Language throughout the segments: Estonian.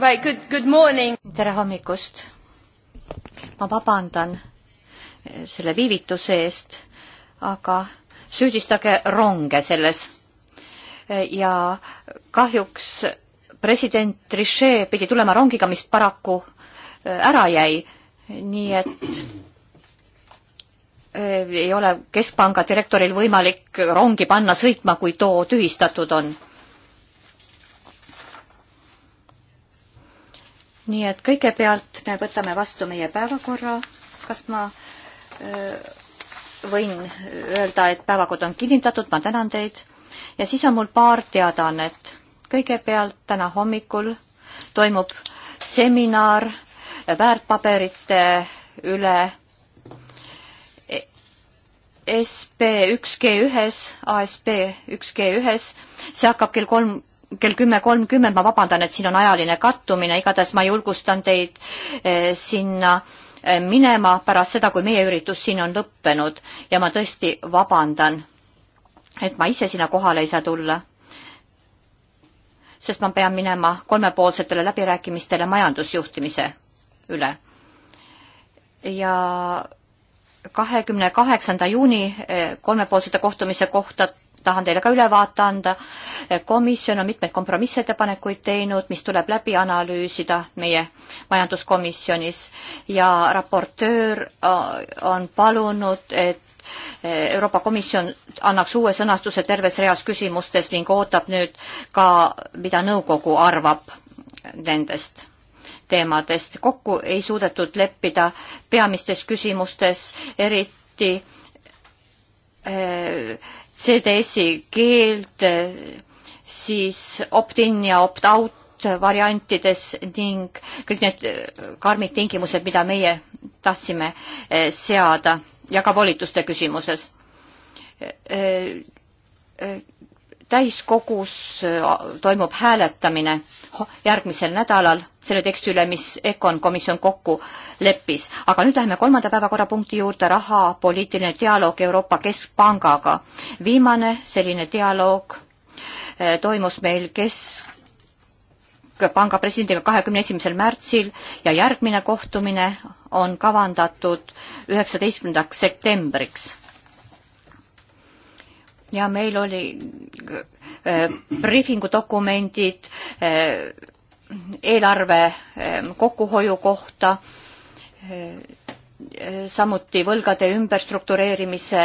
Right, good, good morning. tere hommikust. ma vabandan eh, selle viivituse eest, aga süüdistage ronge selles. Eh, ja kahjuks president Trichet pidi tulema rongiga, mis paraku eh, ära jäi, nii et ei ole keskpanga direktoril võimalik rongi panna sõitma, kui too tühistatud on nii et kõigepealt me võtame vastu meie päevakorra. kas ma öö, võin öelda, et päevakord on kinnitatud, ma tänan teid. ja siis on mul paar teadaannet. kõigepealt täna hommikul toimub seminar väärtpaberite üle SB üks G ühes, ASB üks G ühes, see hakkab kell kolm kell kümme kolmkümmend, ma vabandan, et siin on ajaline kattumine, igatahes ma julgustan teid eh, sinna eh, minema pärast seda, kui meie üritus siin on lõppenud ja ma tõesti vabandan, et ma ise sinna kohale ei saa tulla. sest ma pean minema kolmepoolsetele läbirääkimistele majandusjuhtimise üle. ja kahekümne kaheksanda juuni eh, kolmepoolsete kohtumise kohta tahan teile ka ülevaate anda. komisjon on mitmeid kompromissettepanekuid teinud, mis tuleb läbi analüüsida meie majanduskomisjonis ja raportöör äh, on palunud, et äh, Euroopa Komisjon annaks uue sõnastuse terves reas küsimustes ning ootab nüüd ka, mida nõukogu arvab nendest teemadest. kokku ei suudetud leppida peamistes küsimustes, eriti äh, CDS-i keeld eh, siis opt-in ja opt-out variantides ning kõik need eh, karmid tingimused, mida meie tahtsime eh, seada ja ka volituste küsimuses täiskogus äh, toimub hääletamine järgmisel nädalal selle teksti üle, mis EKON komisjon kokku leppis. aga nüüd läheme kolmanda päevakorrapunkti juurde, rahapoliitiline dialoog Euroopa Keskpangaga. viimane selline dialoog äh, toimus meil Keskpanga presidendiga kahekümne esimesel märtsil ja järgmine kohtumine on kavandatud üheksateistkümnendaks septembriks ja meil oli äh, briifingudokumendid äh, eelarve äh, kokkuhoiu kohta äh, äh, samuti võlgade ümberstruktureerimise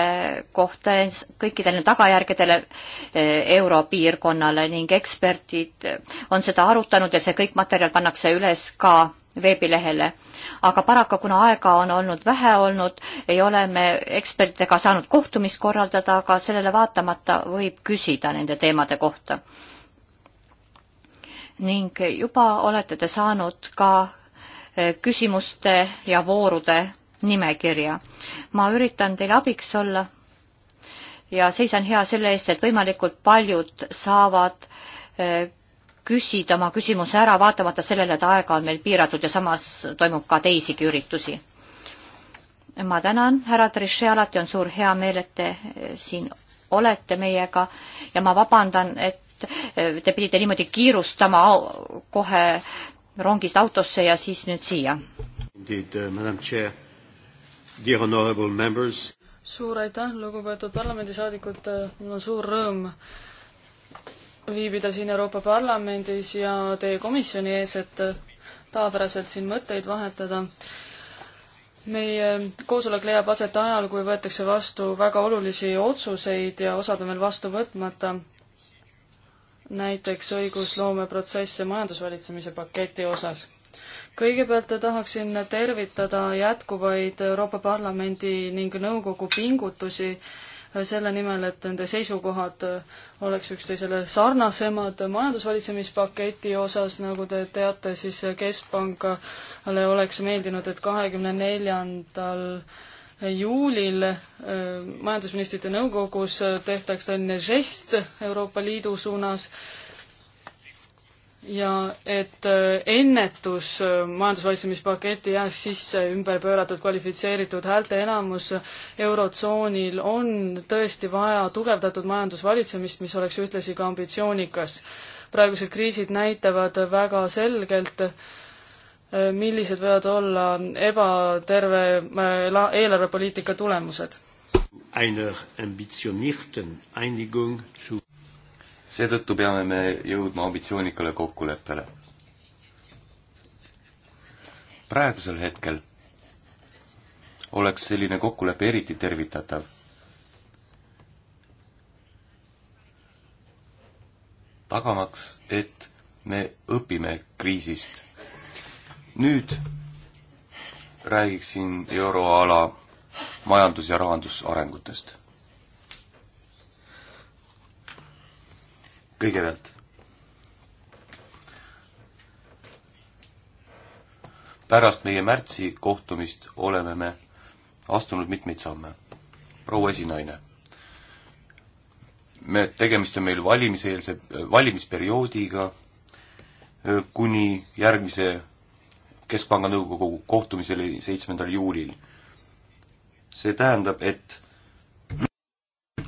kohta ja kõikidele tagajärgedele äh, europiirkonnale ning eksperdid on seda arutanud ja see kõik materjal pannakse üles ka veebilehele. aga paraku, kuna aega on olnud vähe olnud, ei ole me ekspertidega saanud kohtumist korraldada, aga sellele vaatamata võib küsida nende teemade kohta. ning juba olete te saanud ka eh, küsimuste ja voorude nimekirja. ma üritan teile abiks olla ja seisan hea selle eest, et võimalikult paljud saavad eh, küsida oma küsimuse ära, vaatamata sellele, et aega on meil piiratud ja samas toimub ka teisigi üritusi. ma tänan, härra Trichet, alati on suur heameel, et te eh, siin olete meiega ja ma vabandan, et eh, te pidite niimoodi kiirustama kohe rongist autosse ja siis nüüd siia. Uh, suur aitäh, lugupeetud parlamendisaadikud, uh, mul on suur rõõm viibida siin Euroopa Parlamendis ja teie komisjoni ees, et tavapäraselt siin mõtteid vahetada. meie koosolek leiab aset ajal, kui võetakse vastu väga olulisi otsuseid ja osad on veel vastu võtmata. näiteks õigusloomeprotsess ja majandusvalitsemise paketi osas. kõigepealt tahaksin tervitada jätkuvaid Euroopa Parlamendi ning nõukogu pingutusi selle nimel, et nende seisukohad oleks üksteisele sarnasemad. majandusvalitsemispaketi osas, nagu te teate, siis Keskpangale oleks meeldinud, et kahekümne neljandal juulil äh, majandusministrite nõukogus tehtaks selline žest Euroopa Liidu suunas ja et äh, ennetus äh, majandusvalitsemispaketi jääks sisse ümberpööratud kvalifitseeritud häälteenamus äh, Eurotsoonil on tõesti vaja tugevdatud majandusvalitsemist, mis oleks ühtlasi ka ambitsioonikas. praegused kriisid näitavad väga selgelt, millised võivad olla ebaterve eelarvepoliitika tulemused. Einer ambitionierten Einigung zu seetõttu peame me jõudma ambitsioonikale kokkuleppele. praegusel hetkel oleks selline kokkulepe eriti tervitatav. tagamaks, et me õpime kriisist. nüüd räägiksin euroala majandus- ja rahandusarengutest kõigepealt. pärast meie märtsi kohtumist oleme me astunud mitmeid samme. proua esinaine, me, tegemist on meil valimiseelse, valimisperioodiga kuni järgmise Keskpanga nõukogu kohtumiseni seitsmendal juulil. see tähendab, et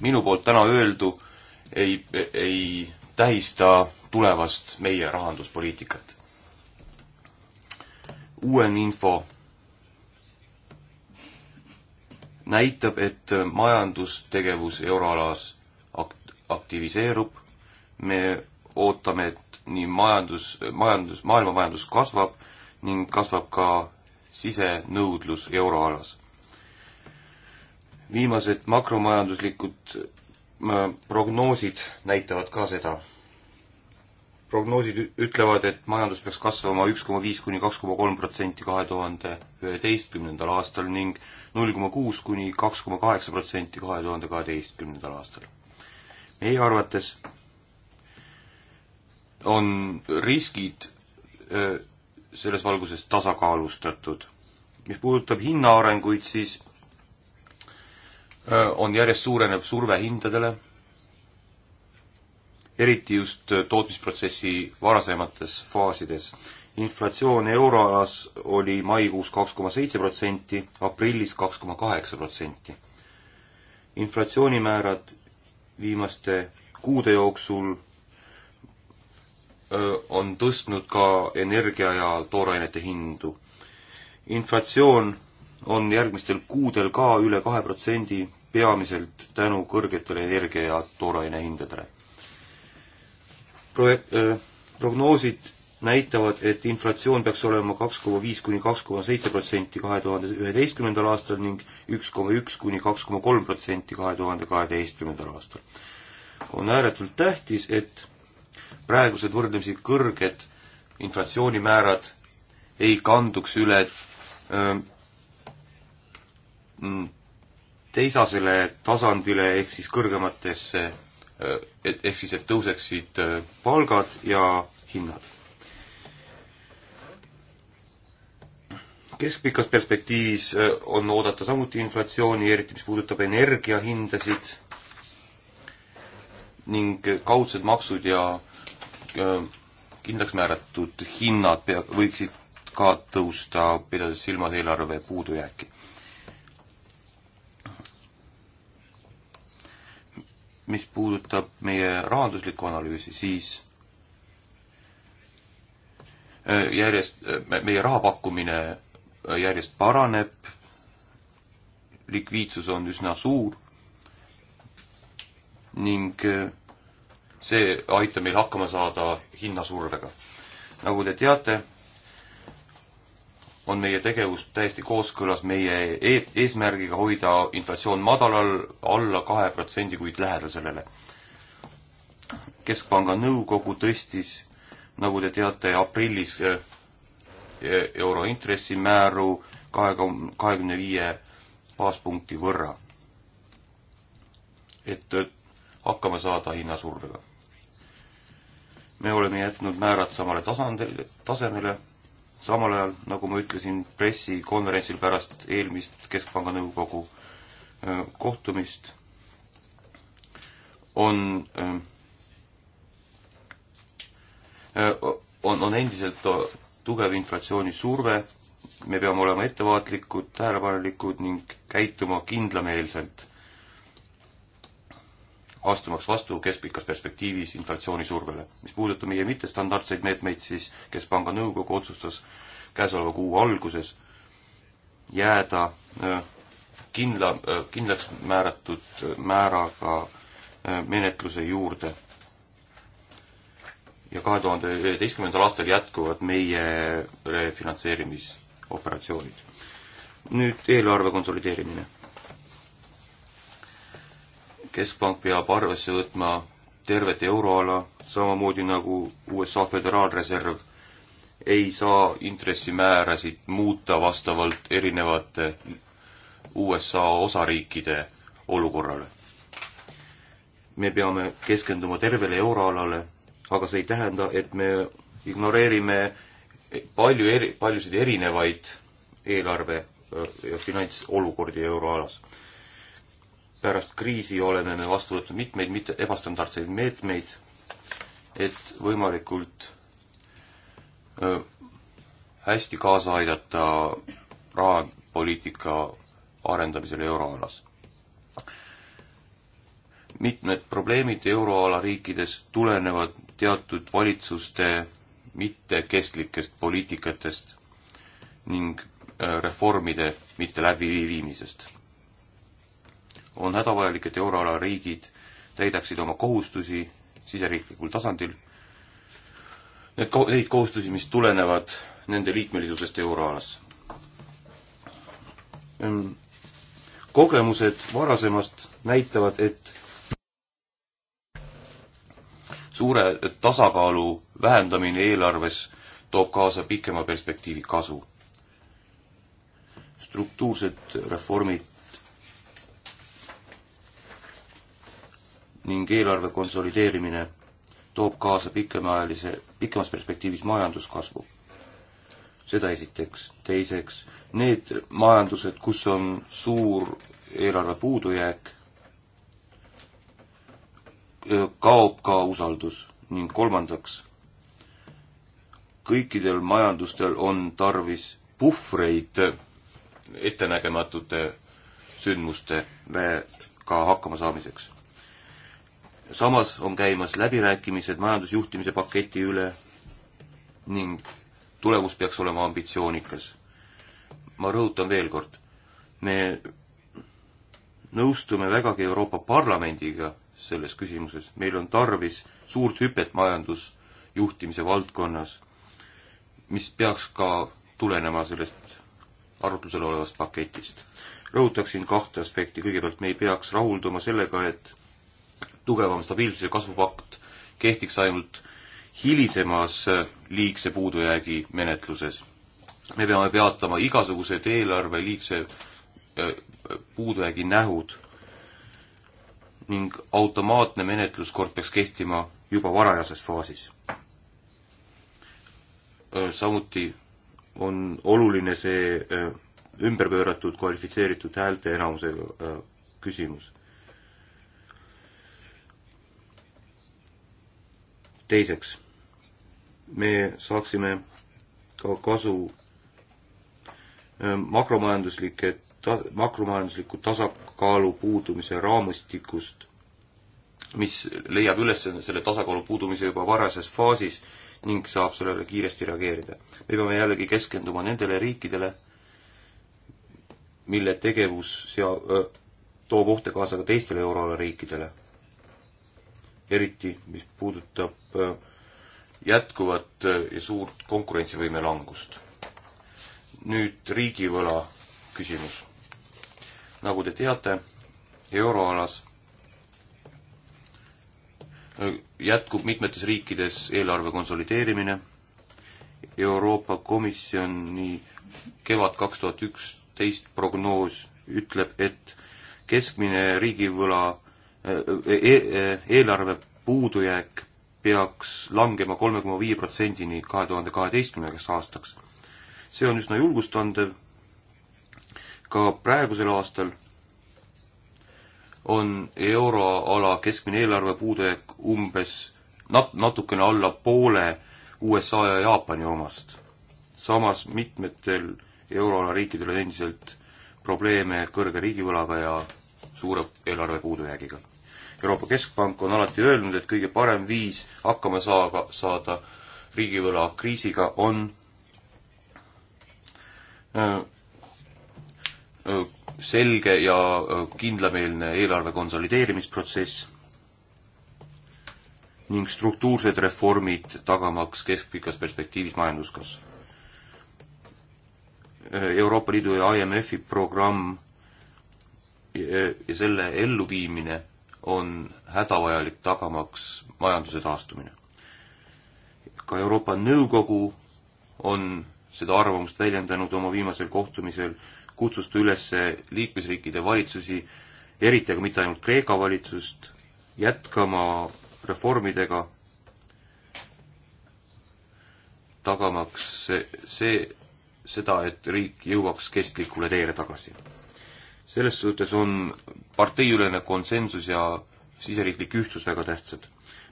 minu poolt täna öeldu ei, ei tähista tulevast meie rahanduspoliitikat. uuem info näitab, et majandustegevus euroalas akt-, aktiviseerub, me ootame, et nii majandus, majandus, maailma majandus kasvab ning kasvab ka sisenõudlus euroalas. viimased makromajanduslikud prognoosid näitavad ka seda. prognoosid ütlevad, et majandus peaks kasvama üks koma viis kuni kaks koma kolm protsenti kahe tuhande üheteistkümnendal aastal ning null koma kuus kuni kaks koma kaheksa protsenti kahe tuhande kaheteistkümnendal aastal. meie arvates on riskid äh, selles valguses tasakaalustatud. mis puudutab hinnaarenguid, siis Äh, on järjest suurenev surve hindadele, eriti just äh, tootmisprotsessi varasemates faasides. inflatsioon euroalas oli maikuus kaks koma seitse protsenti, aprillis kaks koma kaheksa protsenti. inflatsioonimäärad viimaste kuude jooksul äh, on tõstnud ka energia ja toorainete hindu. inflatsioon on järgmistel kuudel ka üle kahe protsendi peamiselt tänu kõrgetele energia ja tooraine hindadele. Projekt äh,, prognoosid näitavad, et inflatsioon peaks olema kaks koma viis kuni kaks koma seitse protsenti kahe tuhande üheteistkümnendal aastal ning üks koma üks kuni kaks koma kolm protsenti kahe tuhande kaheteistkümnendal aastal. on ääretult tähtis, et praegused võrdlemisi kõrged inflatsioonimäärad ei kanduks üle öö, teisasele tasandile ehk siis kõrgematesse, äh, ehk siis, et tõuseksid äh, palgad ja hinnad. keskpikas perspektiivis äh, on oodata samuti inflatsiooni, eriti mis puudutab energiahindasid ning kaudsed maksud ja kindlaks määratud hinnad pea-, võiksid ka tõusta, pidades silmas eelarve puudujääki mis puudutab meie rahanduslikku analüüsi, siis äh, järjest, äh, meie raha pakkumine äh, järjest paraneb, likviidsus on üsna suur ning see aitab meil hakkama saada hinnasurvega. nagu te teate, on meie tegevus täiesti kooskõlas meie e-, eesmärgiga hoida inflatsioon madalal alla kahe protsendi, kuid lähedal sellele. keskpanga nõukogu tõstis, nagu te teate, aprillis eh, eh, euro intressimääru kahe, kahekümne viie baaspunkti võrra. et hakkama saada hinnasurvega. me oleme jätnud määrad samale tasandile, tasemele samal ajal, nagu ma ütlesin pressikonverentsil pärast eelmist Keskpanga nõukogu kohtumist, on, on, on endiselt tugev inflatsioonisurve, me peame olema ettevaatlikud, tähelepanelikud ning käituma kindlameelselt astumaks vastu keskpikas perspektiivis inflatsioonisurvele. mis puudutab meie mittestandardseid meetmeid, siis Keskpanga nõukogu otsustas käesoleva kuu alguses jääda äh, kindla, äh, kindlaks määratud äh, määraga menetluse juurde. ja kahe tuhande üheteistkümnendal aastal jätkuvad meie refinantseerimisoperatsioonid. nüüd eelarve konsolideerimine keskpank peab arvesse võtma tervet euroala, samamoodi nagu USA Föderaalreserv ei saa intressimäärasid muuta vastavalt erinevate USA osariikide olukorrale. me peame keskenduma tervele euroalale, aga see ei tähenda, et me ignoreerime palju eri, paljusid erinevaid eelarve äh, ja finantsolukordi euroalas pärast kriisi oleme me vastu võtnud mitmeid mitte ebastandardseid meetmeid, et võimalikult hästi kaasa aidata rahapoliitika arendamisele euroalas. mitmed probleemid euroala riikides tulenevad teatud valitsuste mittekestlikest poliitikatest ning reformide mitte läbiviimisest on hädavajalik, et euroala riigid täidaksid oma kohustusi siseriiklikul tasandil, need ko-, neid kohustusi, mis tulenevad nende liikmelisusest euroalas. Ehm, kogemused varasemast näitavad, et suure tasakaalu vähendamine eelarves toob kaasa pikema perspektiivi kasu. struktuursed reformid ning eelarve konsolideerimine toob kaasa pikemaajalise, pikemas perspektiivis majanduskasvu. seda esiteks. teiseks, need majandused, kus on suur eelarve puudujääk, kaob ka usaldus ning kolmandaks, kõikidel majandustel on tarvis puhvreid ettenägematute sündmustega hakkama saamiseks samas on käimas läbirääkimised majandusjuhtimise paketi üle ning tulemus peaks olema ambitsioonikas. ma rõhutan veel kord, me nõustume vägagi Euroopa Parlamendiga selles küsimuses, meil on tarvis suurt hüpet majandusjuhtimise valdkonnas, mis peaks ka tulenema sellest arutlusel olevast paketist. rõhutaksin kahte aspekti, kõigepealt me ei peaks rahulduma sellega, et tugevam stabiilsuse kasvupakt kehtiks ainult hilisemas äh, liigse puudujäägi menetluses. me peame peatama igasugused eelarve liigse äh, puudujäägi nähud ning automaatne menetluskord peaks kehtima juba varajases faasis. Äh, samuti on oluline see ümberpööratud kvalifitseeritud häälte enamuse küsimus. teiseks, me saaksime ka kasu äh, makromajanduslike ta,, makromajandusliku tasakaalu puudumise raamistikust, mis leiab üles selle tasakaalu puudumise juba varases faasis ning saab sellele kiiresti reageerida. me peame jällegi keskenduma nendele riikidele, mille tegevus sea-, äh, toob ohte kaasa ka teistele euroala riikidele eriti mis puudutab äh, jätkuvat äh, ja suurt konkurentsivõime langust. nüüd riigivõla küsimus. nagu te teate, euroalas äh, jätkub mitmetes riikides eelarve konsolideerimine, Euroopa Komisjoni kevad kaks tuhat üksteist prognoos ütleb, et keskmine riigivõla Äh, e-, e-, eelarve puudujääk peaks langema kolme koma viie protsendini kahe tuhande kaheteistkümnendaks aastaks. see on üsna julgustandev. ka praegusel aastal on euroala keskmine eelarve puudujääk umbes nat-, natukene alla poole USA ja Jaapani omast. samas mitmetel euroala riikidel on endiselt probleeme kõrge riigivõlaga ja suure eelarve puudujäägiga Euroopa Keskpank on alati öelnud, et kõige parem viis hakkama saaga, saada riigivõla kriisiga on äh, äh, selge ja äh, kindlameelne eelarve konsolideerimisprotsess ning struktuursed reformid tagamaks keskpikas perspektiivis majanduskasv. Euroopa Liidu ja IMF-i programm ja selle elluviimine on hädavajalik tagamaks majanduse taastumine. ka Euroopa Nõukogu on seda arvamust väljendanud oma viimasel kohtumisel, kutsus ta üles liikmesriikide valitsusi, eriti aga mitte ainult Kreeka valitsust, jätkama reformidega, tagamaks see, seda, et riik jõuaks kestlikule teele tagasi selles suhtes on parteiülene konsensus ja siseriiklik ühtsus väga tähtsad.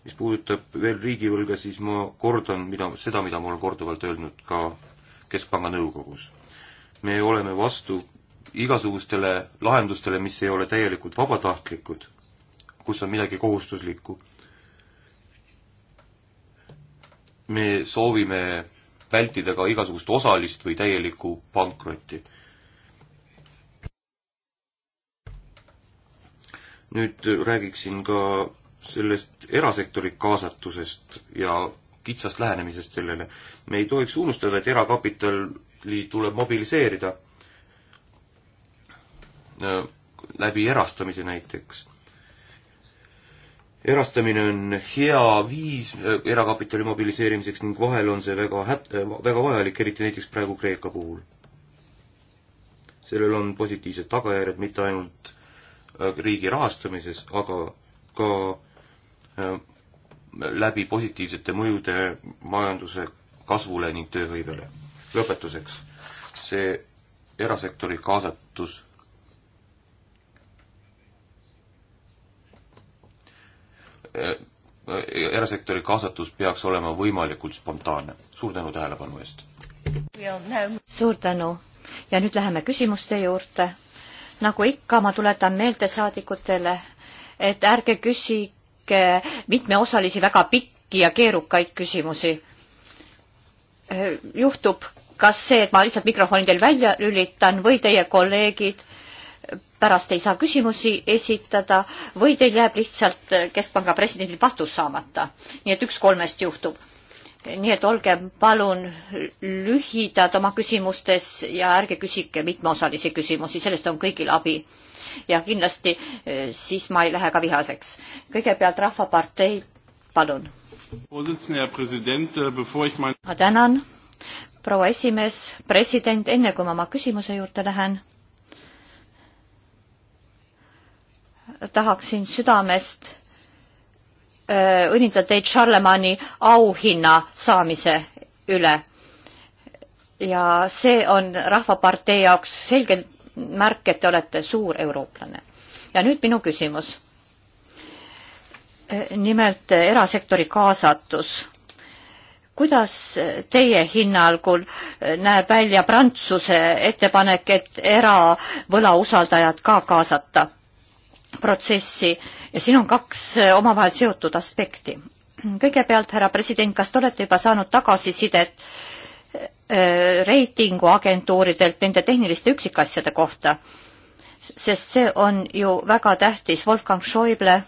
mis puudutab veel riigivõlga, siis ma kordan, mida, seda, mida ma olen korduvalt öelnud ka Keskpanga nõukogus. me oleme vastu igasugustele lahendustele, mis ei ole täielikult vabatahtlikud, kus on midagi kohustuslikku. me soovime vältida ka igasugust osalist või täielikku pankrotti nüüd äh, räägiksin ka sellest erasektori kaasatusest ja kitsast lähenemisest sellele. me ei tohiks unustada, et erakapitali tuleb mobiliseerida äh, läbi erastamise näiteks. erastamine on hea viis äh, erakapitali mobiliseerimiseks ning vahel on see väga hät-, väga vajalik, eriti näiteks praegu Kreeka puhul. sellel on positiivsed tagajärjed mitte ainult Äh, riigi rahastamises, aga ka äh, läbi positiivsete mõjude majanduse kasvule ning tööhõivele. lõpetuseks, see erasektori kaasatus äh, erasektori kaasatus peaks olema võimalikult spontaanne. suur tänu tähelepanu eest! suur tänu ja nüüd läheme küsimuste juurde nagu ikka, ma tuletan meelde saadikutele, et ärge küsige mitmeosalisi väga pikki ja keerukaid küsimusi. Äh, juhtub kas see, et ma lihtsalt mikrofoni teil välja lülitan või teie kolleegid pärast ei saa küsimusi esitada või teil jääb lihtsalt Keskpanga presidendil vastus saamata. nii et üks kolmest juhtub nii et olge palun lühidad oma küsimustes ja ärge küsige mitmeosalisi küsimusi, sellest on kõigil abi. ja kindlasti eh, siis ma ei lähe ka vihaseks. kõigepealt Rahvapartei, palun. Äh, ma tänan, proua esimees, president, enne kui ma oma küsimuse juurde lähen, tahaksin südamest Äh, õnnitleda teid Charlemagne'i auhinna saamise üle. ja see on Rahvapartei jaoks selge märk, et te olete suur eurooplane. ja nüüd minu küsimus. Äh, nimelt äh, erasektori kaasatus. kuidas teie hinnangul näeb välja Prantsuse ettepanek, et eravõlausaldajad ka kaasata? protsessi ja siin on kaks äh, omavahel seotud aspekti. kõigepealt, härra president, kas te olete juba saanud tagasisidet äh, reitinguagentuuridelt nende tehniliste üksikasjade kohta? sest see on ju väga tähtis, Wolfgang Schäuble äh,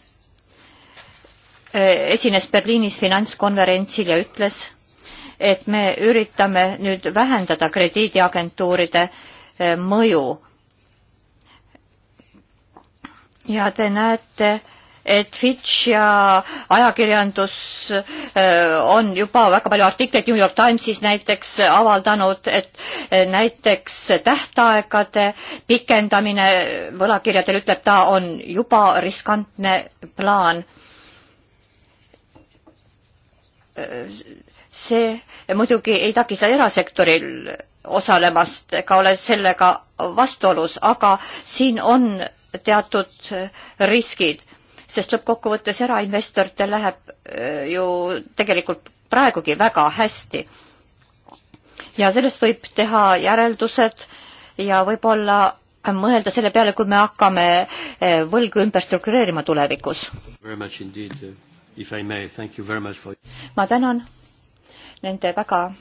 esines Berliinis finantskonverentsil ja ütles, et me üritame nüüd vähendada krediidiagentuuride mõju ja te näete, et Fitch ja ajakirjandus äh, on juba väga palju artikleid New York Timesis näiteks avaldanud, et äh, näiteks tähtaegade pikendamine võlakirjadel, ütleb ta, on juba riskantne plaan. Äh, see muidugi ei takista erasektoril osalemast ega ole sellega vastuolus, aga siin on teatud eh, riskid, sest lõppkokkuvõttes erainvestoritel läheb eh, ju tegelikult praegugi väga hästi. ja sellest võib teha järeldused ja võib-olla mõelda selle peale, kui me hakkame eh, võlgu ümber struktureerima tulevikus. For... ma tänan nende väga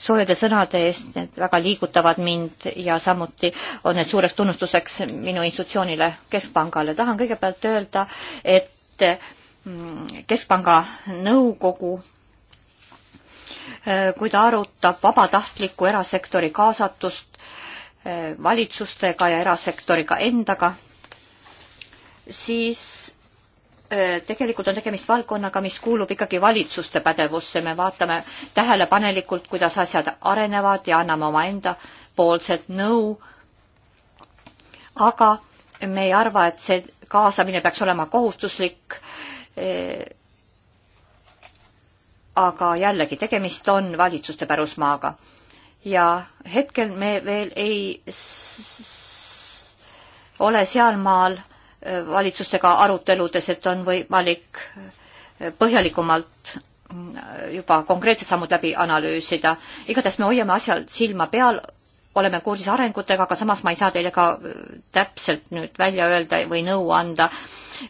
soojade sõnade eest, need väga liigutavad mind ja samuti on need suureks tunnustuseks minu institutsioonile, Keskpangale. tahan kõigepealt öelda, et mm, Keskpanga nõukogu äh, kui ta arutab vabatahtliku erasektori kaasatust äh, valitsustega ja erasektoriga endaga, siis Äh, tegelikult on tegemist valdkonnaga, mis kuulub ikkagi valitsuste pädevusse, me vaatame tähelepanelikult, kuidas asjad arenevad ja anname omaenda poolset nõu. aga me ei arva, et see kaasamine peaks olema kohustuslik. Äh, aga jällegi, tegemist on valitsuste pärusmaaga ja hetkel me veel ei ole sealmaal valitsustega aruteludes, et on võimalik põhjalikumalt juba konkreetsed sammud läbi analüüsida. igatahes me hoiame asjal silma peal, oleme kursis arengutega, aga samas ma ei saa teile ka täpselt nüüd välja öelda või nõu anda,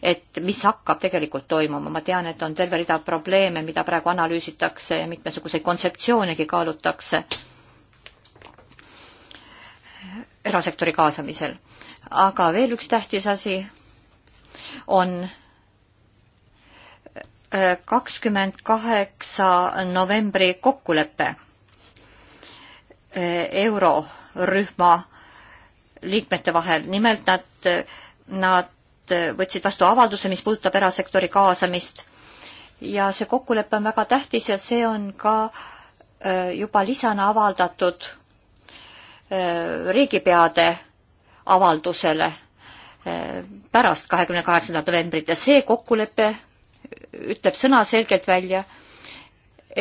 et mis hakkab tegelikult toimuma. ma tean, et on terve rida probleeme, mida praegu analüüsitakse ja mitmesuguseid kontseptsioonegi kaalutakse erasektori kaasamisel. aga veel üks tähtis asi on äh, kakskümmend kaheksa novembri kokkulepe äh, eurorühma liikmete vahel, nimelt nad, nad äh, võtsid vastu avalduse, mis puudutab erasektori kaasamist ja see kokkulepe on väga tähtis ja see on ka juba lisana avaldatud riigipeade avaldusele pärast kahekümne kaheksandat novembrit ja see kokkulepe ütleb sõnaselgelt välja,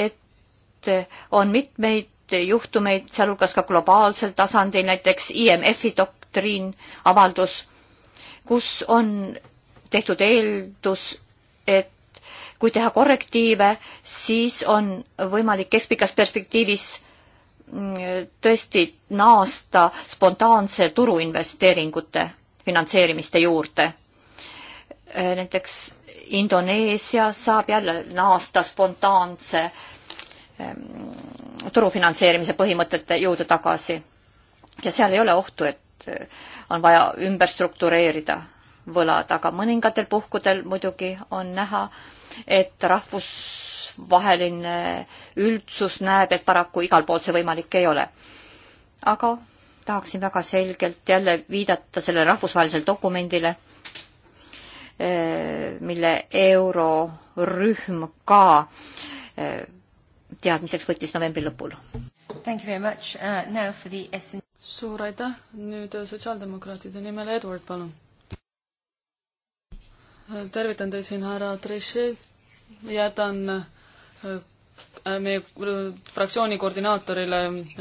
et on mitmeid juhtumeid, sealhulgas ka globaalsel tasandil, näiteks IMF-i doktriin, avaldus, kus on tehtud eeldus, et kui teha korrektiive, siis on võimalik keskpikas perspektiivis mm, tõesti naasta spontaanse turuinvesteeringute finantseerimiste juurde. Äh, näiteks Indoneesia saab jälle naasta spontaanse ähm, turufinantseerimise põhimõtete juurde tagasi. ja seal ei ole ohtu, et äh, on vaja ümber struktureerida võlad, aga mõningatel puhkudel muidugi on näha, et rahvusvaheline üldsus näeb, et paraku igal pool see võimalik ei ole. aga tahaksin väga selgelt jälle viidata sellele rahvusvahelisele dokumendile, eh, mille eurorühm ka eh, teadmiseks võttis novembri lõpul. Uh, suur aitäh, nüüd eh, sotsiaaldemokraatide nimel Edward, palun. tervitan teid siin, härra Trichet, jätan meie fraktsiooni koordinaatorile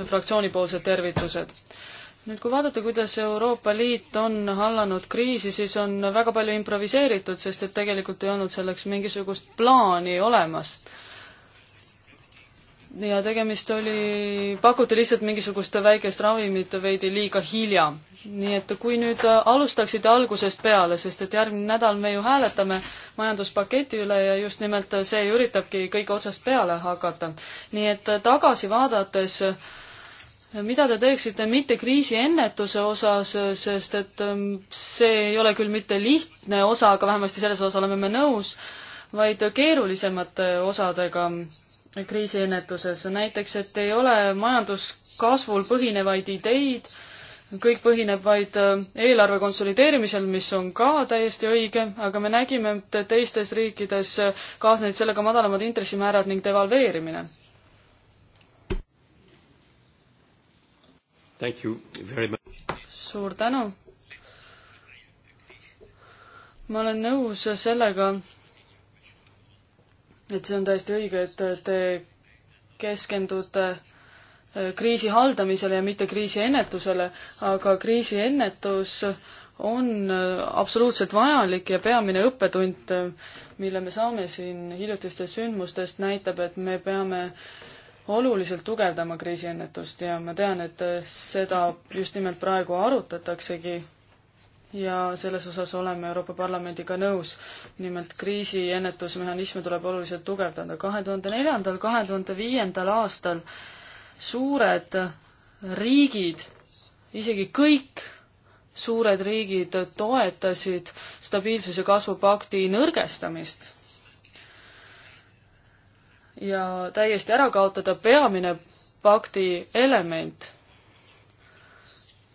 fraktsioonipoolsed tervitused nüüd kui vaadata, kuidas Euroopa Liit on hallanud kriisi, siis on väga palju improviseeritud, sest et tegelikult ei olnud selleks mingisugust plaani olemas. ja tegemist oli, pakuti lihtsalt mingisugust väikest ravimit veidi liiga hilja. nii et kui nüüd alustaksite algusest peale, sest et järgmine nädal me ju hääletame majanduspaketi üle ja just nimelt see üritabki kõige otsast peale hakata. nii et tagasi vaadates äh, mida te teeksite mitte kriisiennetuse osas, sest et ähm, see ei ole küll mitte lihtne osa, aga vähemasti selles osas oleme me nõus, vaid keerulisemate osadega kriisiennetuses, näiteks et ei ole majanduskasvul põhinevaid ideid, kõik põhineb vaid äh, eelarve konsolideerimisel, mis on ka täiesti õige, aga me nägime, et teistes riikides äh, kaasnesid sellega madalamad intressimäärad ning devalveerimine suur tänu. ma olen nõus sellega, et see on täiesti õige, et te keskendute äh, kriisi haldamisele ja mitte kriisi ennetusele, aga kriisi ennetus on äh, absoluutselt vajalik ja peamine õppetund, äh, mille me saame siin hiljutistest sündmustest, näitab, et me peame oluliselt tugevdama kriisiennetust ja ma tean, et seda just nimelt praegu arutataksegi ja selles osas oleme Euroopa Parlamendiga nõus. nimelt kriisiennetusmehhanisme tuleb oluliselt tugevdada. kahe tuhande neljandal, kahe tuhande viiendal aastal suured riigid, isegi kõik suured riigid toetasid stabiilsus- ja kasvupakti nõrgestamist ja täiesti ära kaotada peamine pakti element.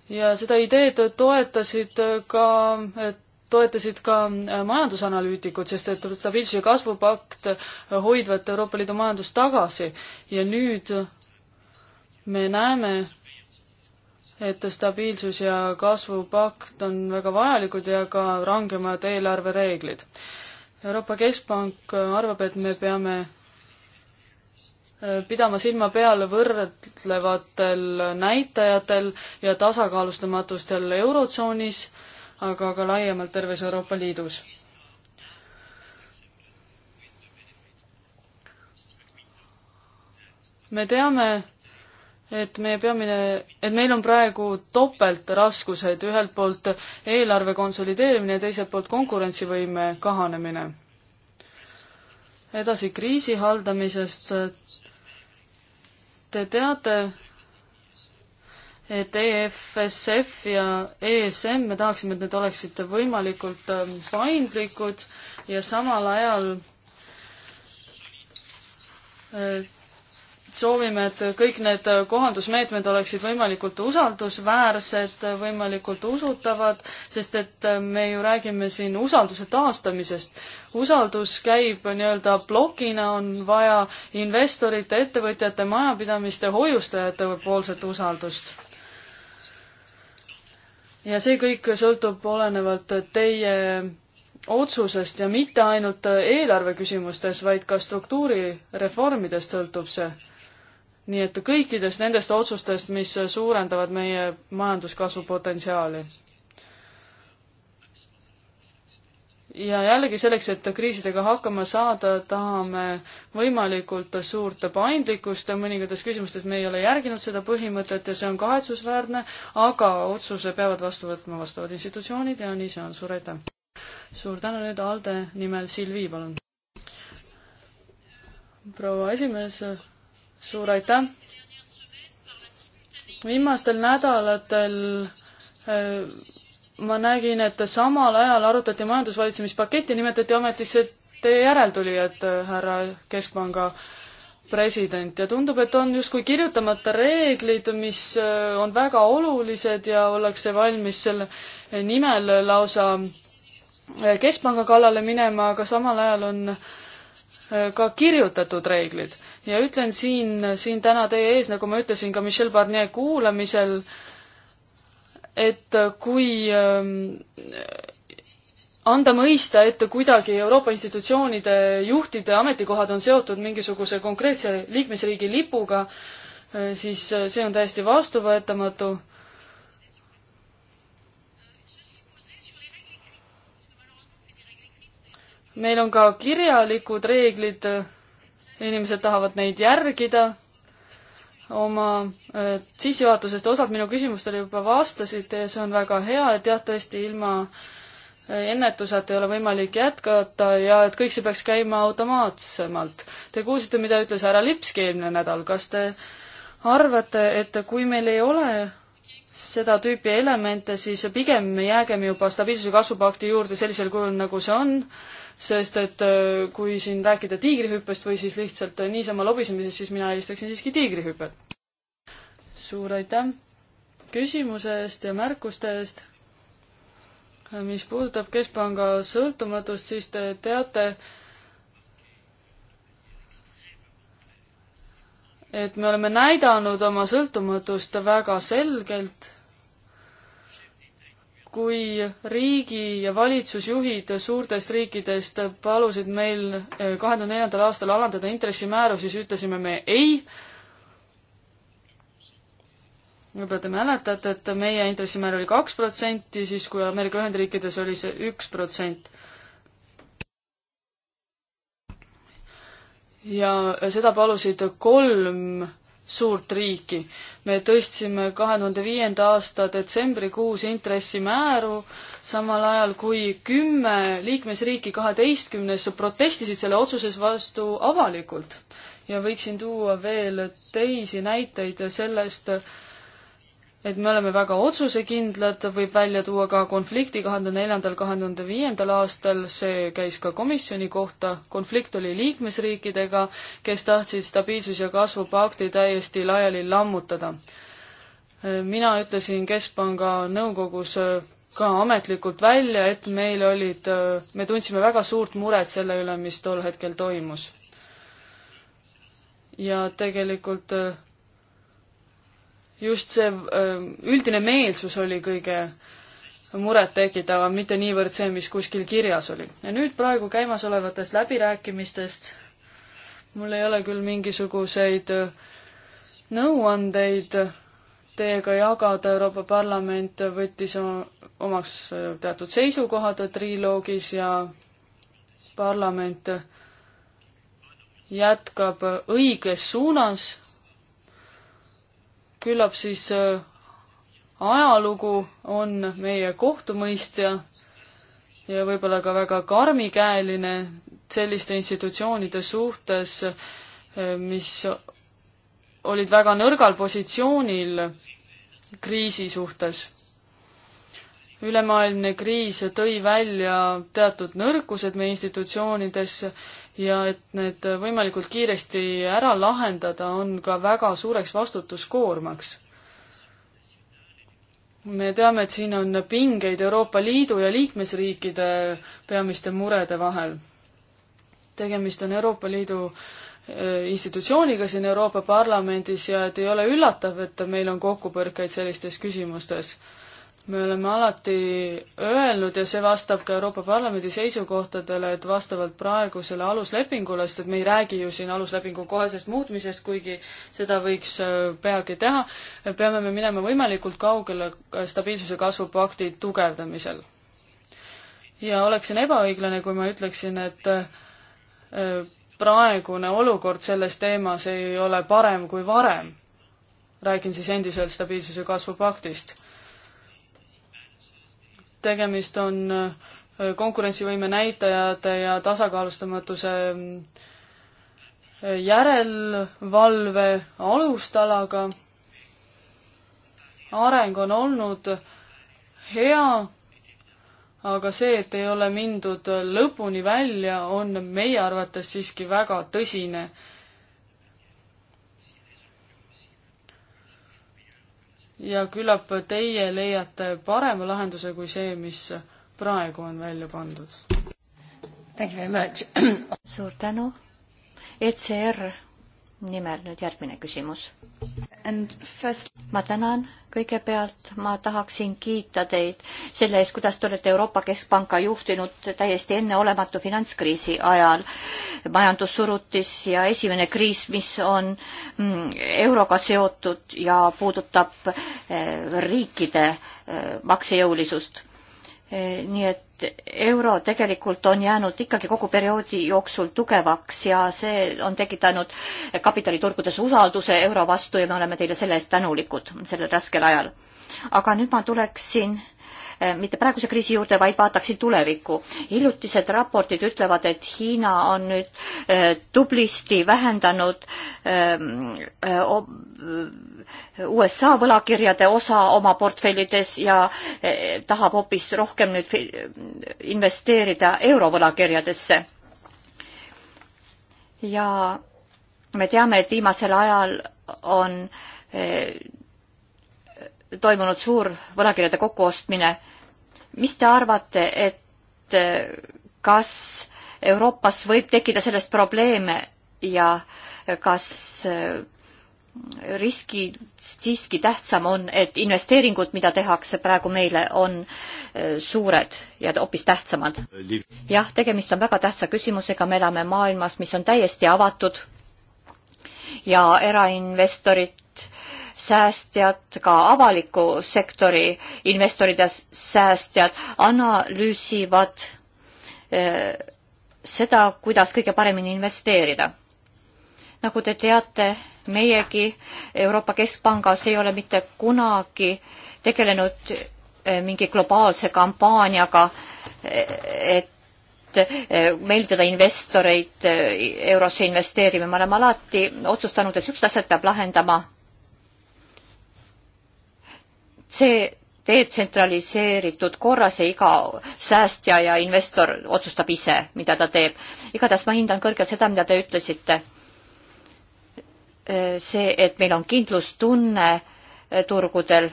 ja seda ideed toetasid ka, toetasid ka äh, majandusanalüütikud, sest et stabiilsuse kasvupakt hoidvat Euroopa Liidu majandust tagasi ja nüüd me näeme, et stabiilsus ja kasvupakt on väga vajalikud ja ka rangemad eelarvereeglid. Euroopa Keskpank arvab, et me peame Äh, pidama silma peal võrdlevatel näitajatel ja tasakaalustamatustel Eurotsoonis, aga ka laiemalt terves Euroopa Liidus. me teame, et meie peamine, et meil on praegu topeltraskused, ühelt poolt eelarve konsolideerimine ja teiselt poolt konkurentsivõime kahanemine. edasi kriisi haldamisest Te teate, et EFSF ja ESM, me tahaksime, et need oleksid võimalikult ähm, paindlikud ja samal ajal äh, soovime, et kõik need kohandusmeetmed oleksid võimalikult usaldusväärsed, võimalikult usutavad, sest et me ju räägime siin usalduse taastamisest. usaldus käib nii-öelda plokina, on vaja investorite, ettevõtjate, majapidamiste, hoiustajate poolset usaldust. ja see kõik sõltub olenevalt teie otsusest ja mitte ainult eelarve küsimustes, vaid ka struktuurireformidest sõltub see nii et kõikidest nendest otsustest, mis suurendavad meie majanduskasvu potentsiaali. ja jällegi selleks, et kriisidega hakkama saada, tahame võimalikult suurt paindlikkust ja mõningates küsimustes me ei ole järginud seda põhimõtet ja see on kahetsusväärne, aga otsuse peavad vastu võtma vastavad institutsioonid ja nii see on, suur aitäh! suur tänu nüüd ALDE nimel Silvi, palun! proua esimees suur aitäh! viimastel nädalatel äh, ma nägin, et samal ajal arutati majandusvalitsemispaketti, nimetati ametisse teie järeltulijad, äh, härra Keskpanga president ja tundub, et on justkui kirjutamata reeglid, mis äh, on väga olulised ja ollakse valmis selle nimel lausa keskpanga kallale minema, aga samal ajal on äh, ka kirjutatud reeglid ja ütlen siin, siin täna teie ees, nagu ma ütlesin ka Michel Barnier kuulamisel, et kui ähm, anda mõista, et kuidagi Euroopa institutsioonide juhtide ametikohad on seotud mingisuguse konkreetse liikmesriigi lipuga, äh, siis äh, see on täiesti vastuvõetamatu meil on ka kirjalikud reeglid, inimesed tahavad neid järgida oma äh, sissejuhatusest, osad minu küsimustele juba vastasite ja see on väga hea, et jah, tõesti ilma äh, ennetuseta ei ole võimalik jätkata ja et kõik see peaks käima automaatsemalt. Te kuulsite, mida ütles härra Lipski eelmine nädal, kas te arvate, et kui meil ei ole seda tüüpi elemente, siis pigem jäägem juba stabiilsuse kasvupakti juurde sellisel kujul, nagu see on, sest et äh, kui siin rääkida tiigrihüppest või siis lihtsalt äh, niisama lobisemisest, siis mina eelistaksin siiski tiigrihüpet. suur aitäh küsimuse eest ja märkuste eest. Äh, mis puudutab keskpanga sõltumatust, siis te teate, et me oleme näidanud oma sõltumatust väga selgelt kui riigi- ja valitsusjuhid suurtest riikidest palusid meil eh, kahe tuhande neljandal aastal alandada intressimääru, siis ütlesime me ei. võib-olla te mäletate, et meie intressimäär oli kaks protsenti, siis kui Ameerika Ühendriikides oli see üks protsent. ja seda palusid kolm suurt riiki. me tõstsime kahe tuhande viienda aasta detsembrikuus intressimääru, samal ajal kui kümme liikmesriiki kaheteistkümnes protestisid selle otsuses vastu avalikult. ja võiksin tuua veel teisi näiteid sellest, et me oleme väga otsusekindlad, võib välja tuua ka konflikti kahe tuhande neljandal, kahe tuhande viiendal aastal, see käis ka komisjoni kohta, konflikt oli liikmesriikidega, kes tahtsid stabiilsus- ja kasvupakti täiesti laiali lammutada. mina ütlesin Keskpanga nõukogus äh, ka ametlikult välja, et meil olid, äh, me tundsime väga suurt muret selle üle, mis tol hetkel toimus. ja tegelikult äh, just see ähm, üldine meelsus oli kõige murettekitavam, mitte niivõrd see, mis kuskil kirjas oli. ja nüüd praegu käimasolevatest läbirääkimistest mul ei ole küll mingisuguseid äh, nõuandeid teiega jagada, Euroopa Parlament võttis omaks äh, teatud seisukohad triloogis ja parlament jätkab õiges suunas küllap siis äh, ajalugu on meie kohtumõistja ja võib-olla ka väga karmikäeline selliste institutsioonide suhtes, äh, mis olid väga nõrgal positsioonil kriisi suhtes ülemaailmne kriis tõi välja teatud nõrkused meie institutsioonides ja et need võimalikult kiiresti ära lahendada, on ka väga suureks vastutuskoormaks. me teame, et siin on pingeid Euroopa Liidu ja liikmesriikide peamiste murede vahel. tegemist on Euroopa Liidu eh, institutsiooniga siin Euroopa Parlamendis ja et ei ole üllatav, et meil on kokkupõrkeid sellistes küsimustes me oleme alati öelnud ja see vastab ka Euroopa Parlamendi seisukohtadele, et vastavalt praegusele aluslepingule, sest et me ei räägi ju siin aluslepingu kohesest muutmisest, kuigi seda võiks äh, peagi teha, peame me minema võimalikult kaugele äh, stabiilsuse kasvupakti tugevdamisel. ja oleksin ebaõiglane, kui ma ütleksin, et äh, praegune olukord selles teemas ei ole parem kui varem. räägin siis endiselt stabiilsuse kasvupaktist tegemist on äh, konkurentsivõime näitajate ja tasakaalustamatuse äh, järelevalve alustalaga. areng on olnud hea, aga see, et ei ole mindud lõpuni välja, on meie arvates siiski väga tõsine ja küllap teie leiate parema lahenduse kui see, mis praegu on välja pandud. suur tänu. ECR nimel nüüd järgmine küsimus. First... ma tänan, kõigepealt ma tahaksin kiita teid selle eest, kuidas te olete Euroopa Keskpanka juhtinud täiesti enneolematu finantskriisi ajal. majandussurutis ja esimene kriis, mis on mm, euroga seotud ja puudutab eh, riikide eh, maksejõulisust eh, nii et euro tegelikult on jäänud ikkagi kogu perioodi jooksul tugevaks ja see on tekitanud kapitaliturgudes usalduse euro vastu ja me oleme teile selle eest tänulikud sellel raskel ajal. aga nüüd ma tuleksin eh, mitte praeguse kriisi juurde, vaid vaataksin tulevikku. hiljutised raportid ütlevad, et Hiina on nüüd eh, tublisti vähendanud eh, USA võlakirjade osa oma portfellides ja eh, tahab hoopis rohkem nüüd investeerida eurovõlakirjadesse. ja me teame, et viimasel ajal on eh, toimunud suur võlakirjade kokkuostmine. mis te arvate, et eh, kas Euroopas võib tekkida sellest probleeme ja kas riskid siiski tähtsam on, et investeeringud, mida tehakse praegu meile, on äh, suured ja hoopis tähtsamad. jah, tegemist on väga tähtsa küsimusega, me elame maailmas, mis on täiesti avatud ja erainvestorid, säästjad, ka avaliku sektori investorid ja säästjad analüüsivad eh, seda, kuidas kõige paremini investeerida. nagu te teate, meiegi Euroopa Keskpangas ei ole mitte kunagi tegelenud eh, mingi globaalse kampaaniaga, eh, et eh, meelitada investoreid eurosse investeerima, me oleme alati otsustanud, et niisugused asjad peab lahendama see detsentraliseeritud korras ja iga säästja ja investor otsustab ise, mida ta teeb. igatahes ma hindan kõrgelt seda, mida te ütlesite see, et meil on kindlustunne eh, turgudel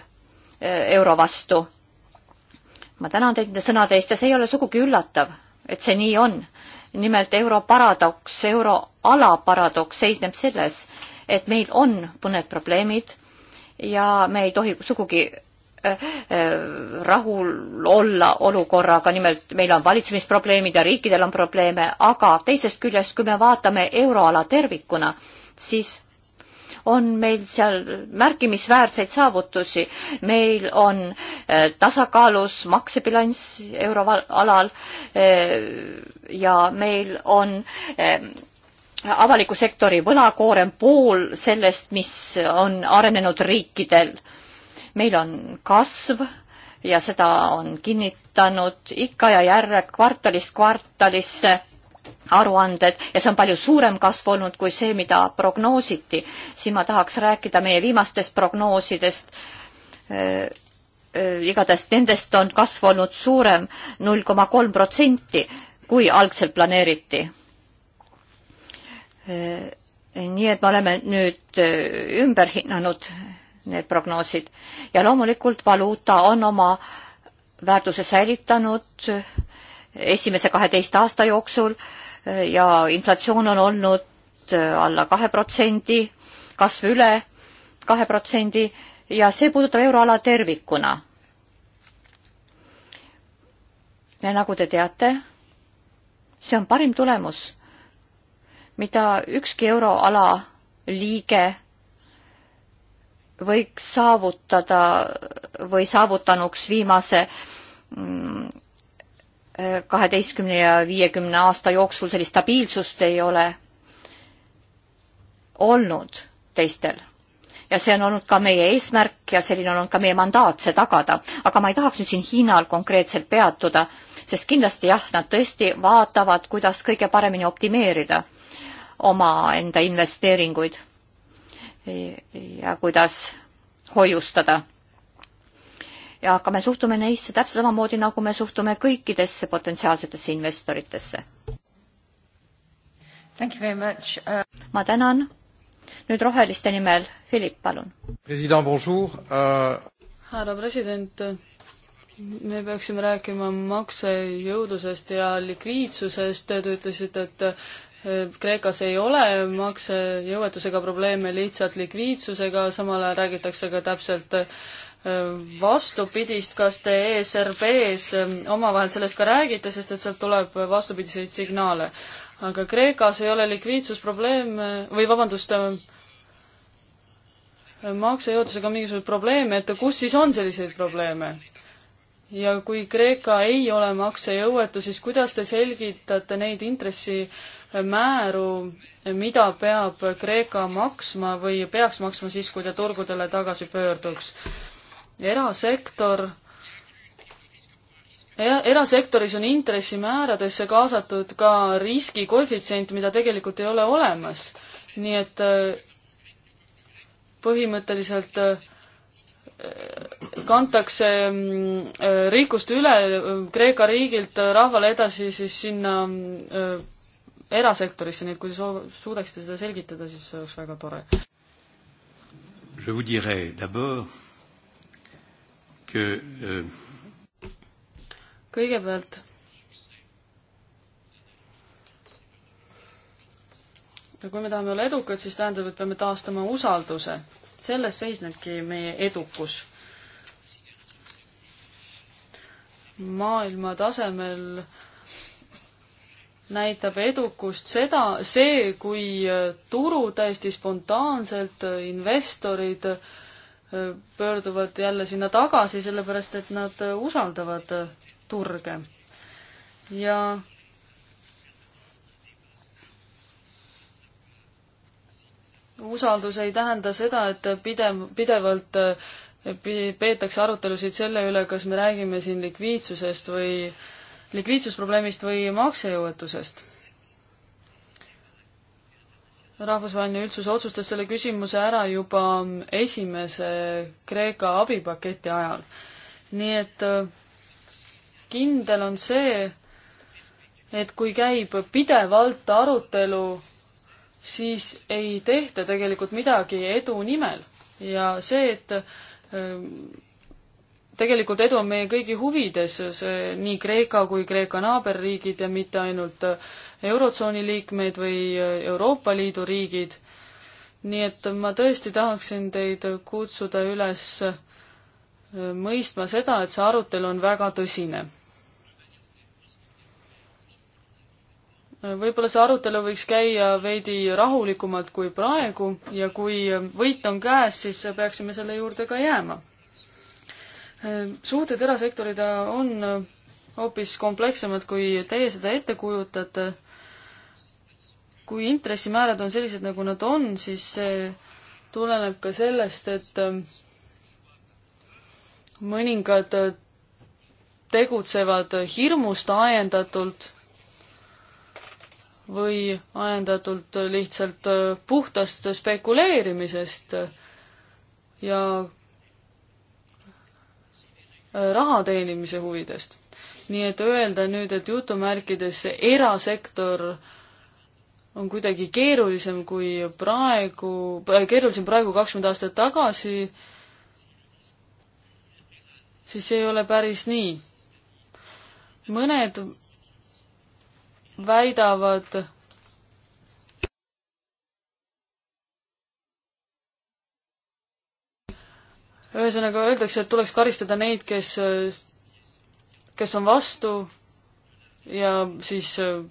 eh, euro vastu. ma tänan teid nende sõnade eest ja see ei ole sugugi üllatav, et see nii on. nimelt euro paradoks, euroala paradoks seisneb selles, et meil on mõned probleemid ja me ei tohi sugugi eh, rahul olla olukorraga, nimelt meil on valitsemisprobleemid ja riikidel on probleeme, aga teisest küljest, kui me vaatame euroala tervikuna, siis on meil seal märkimisväärseid saavutusi. meil on äh, tasakaalus maksebilanss euroalal äh, ja meil on äh, avaliku sektori võlakoorem pool sellest, mis on arenenud riikidel. meil on kasv ja seda on kinnitanud ikka ja järre kvartalist kvartalisse aruanded ja see on palju suurem kasv olnud kui see, mida prognoositi. siin ma tahaks rääkida meie viimastest prognoosidest. Äh, äh, igatahes nendest on kasv olnud suurem null koma kolm protsenti, kui algselt planeeriti. Äh, nii et me oleme nüüd ümber hinnanud need prognoosid ja loomulikult valuuta on oma väärtuse säilitanud esimese kaheteist aasta jooksul ja inflatsioon on olnud äh, alla kahe protsendi, kasv üle kahe protsendi ja see puudutab euroala tervikuna. ja nagu te teate, see on parim tulemus, mida ükski euroala liige võiks saavutada või saavutanuks viimase mm, kaheteistkümne ja viiekümne aasta jooksul sellist stabiilsust ei ole olnud teistel. ja see on olnud ka meie eesmärk ja selline on olnud ka meie mandaat see tagada. aga ma ei tahaks nüüd siin Hiinal konkreetselt peatuda, sest kindlasti jah, nad tõesti vaatavad, kuidas kõige paremini optimeerida omaenda investeeringuid ja kuidas hoiustada ja aga me suhtume neisse täpselt samamoodi, nagu me suhtume kõikidesse potentsiaalsetesse investoritesse. Uh... ma tänan. nüüd Roheliste nimel, Philipp, palun. president, bonjour uh.... härra president, me peaksime rääkima maksejõudusest ja likviidsusest, te ütlesite, et eh, Kreekas ei ole maksejõuetusega probleeme, lihtsalt likviidsusega, samal ajal räägitakse ka täpselt vastupidist, kas te ESRB-s ähm, omavahel sellest ka räägite, sest et sealt tuleb vastupidiseid signaale. aga Kreekas ei ole likviidsusprobleeme äh, või vabandust, äh, äh, maksejõudusega mingisuguseid probleeme, et kus siis on selliseid probleeme? ja kui Kreeka ei ole maksejõuetu, siis kuidas te selgitate neid intressimääru, mida peab Kreeka maksma või peaks maksma siis, kui ta turgudele tagasi pöörduks? erasektor e-, erasektoris on intressimääradesse kaasatud ka riskikoefitsient, mida tegelikult ei ole olemas. nii et äh, põhimõtteliselt äh, kantakse mm, äh, rikkust üle Kreeka riigilt rahvale edasi siis sinna erasektorisse, nii et kui te soov-, suudaksite seda selgitada, siis see oleks väga tore. Je vous dirai d'abord Euh, kõigepealt ja kui me tahame olla edukad, siis tähendab, et peame taastama usalduse. selles seisnebki meie edukus. maailma tasemel näitab edukust seda, see, kui turud täiesti spontaanselt, investorid äh, pöörduvad jälle sinna tagasi, sellepärast et nad usaldavad turge. ja usaldus ei tähenda seda, et pidev, pidevalt eh, peetakse arutelusid selle üle, kas me räägime siin likviidsusest või, likviidsusprobleemist või maksejõuetusest rahvusvaheline üldsus otsustas selle küsimuse ära juba esimese Kreeka abipaketi ajal. nii et äh, kindel on see, et kui käib pidevalt arutelu, siis ei tehta tegelikult midagi edu nimel ja see, et äh, tegelikult edu on meie kõigi huvides, see nii Kreeka kui Kreeka naaberriigid ja mitte ainult äh, Eurotsooni liikmeid või Euroopa Liidu riigid. nii et ma tõesti tahaksin teid kutsuda üles äh, mõistma seda, et see arutelu on väga tõsine võib-olla see arutelu võiks käia veidi rahulikumalt kui praegu ja kui võit on käes, siis peaksime selle juurde ka jääma. Äh, suhted erasektoriga on hoopis komplekssemad, kui teie seda ette kujutate kui intressimäärad on sellised, nagu nad on, siis see tuleneb ka sellest, et ähm, mõningad äh, tegutsevad hirmust ajendatult või ajendatult lihtsalt äh, puhtast spekuleerimisest ja äh, raha teenimise huvidest. nii et öelda nüüd, et jutumärkides erasektor äh, on kuidagi keerulisem kui praegu, äh, keerulisem praegu kakskümmend aastat tagasi, siis ei ole päris nii. mõned väidavad, ühesõnaga öeldakse, et tuleks karistada neid, kes, kes on vastu ja siis äh,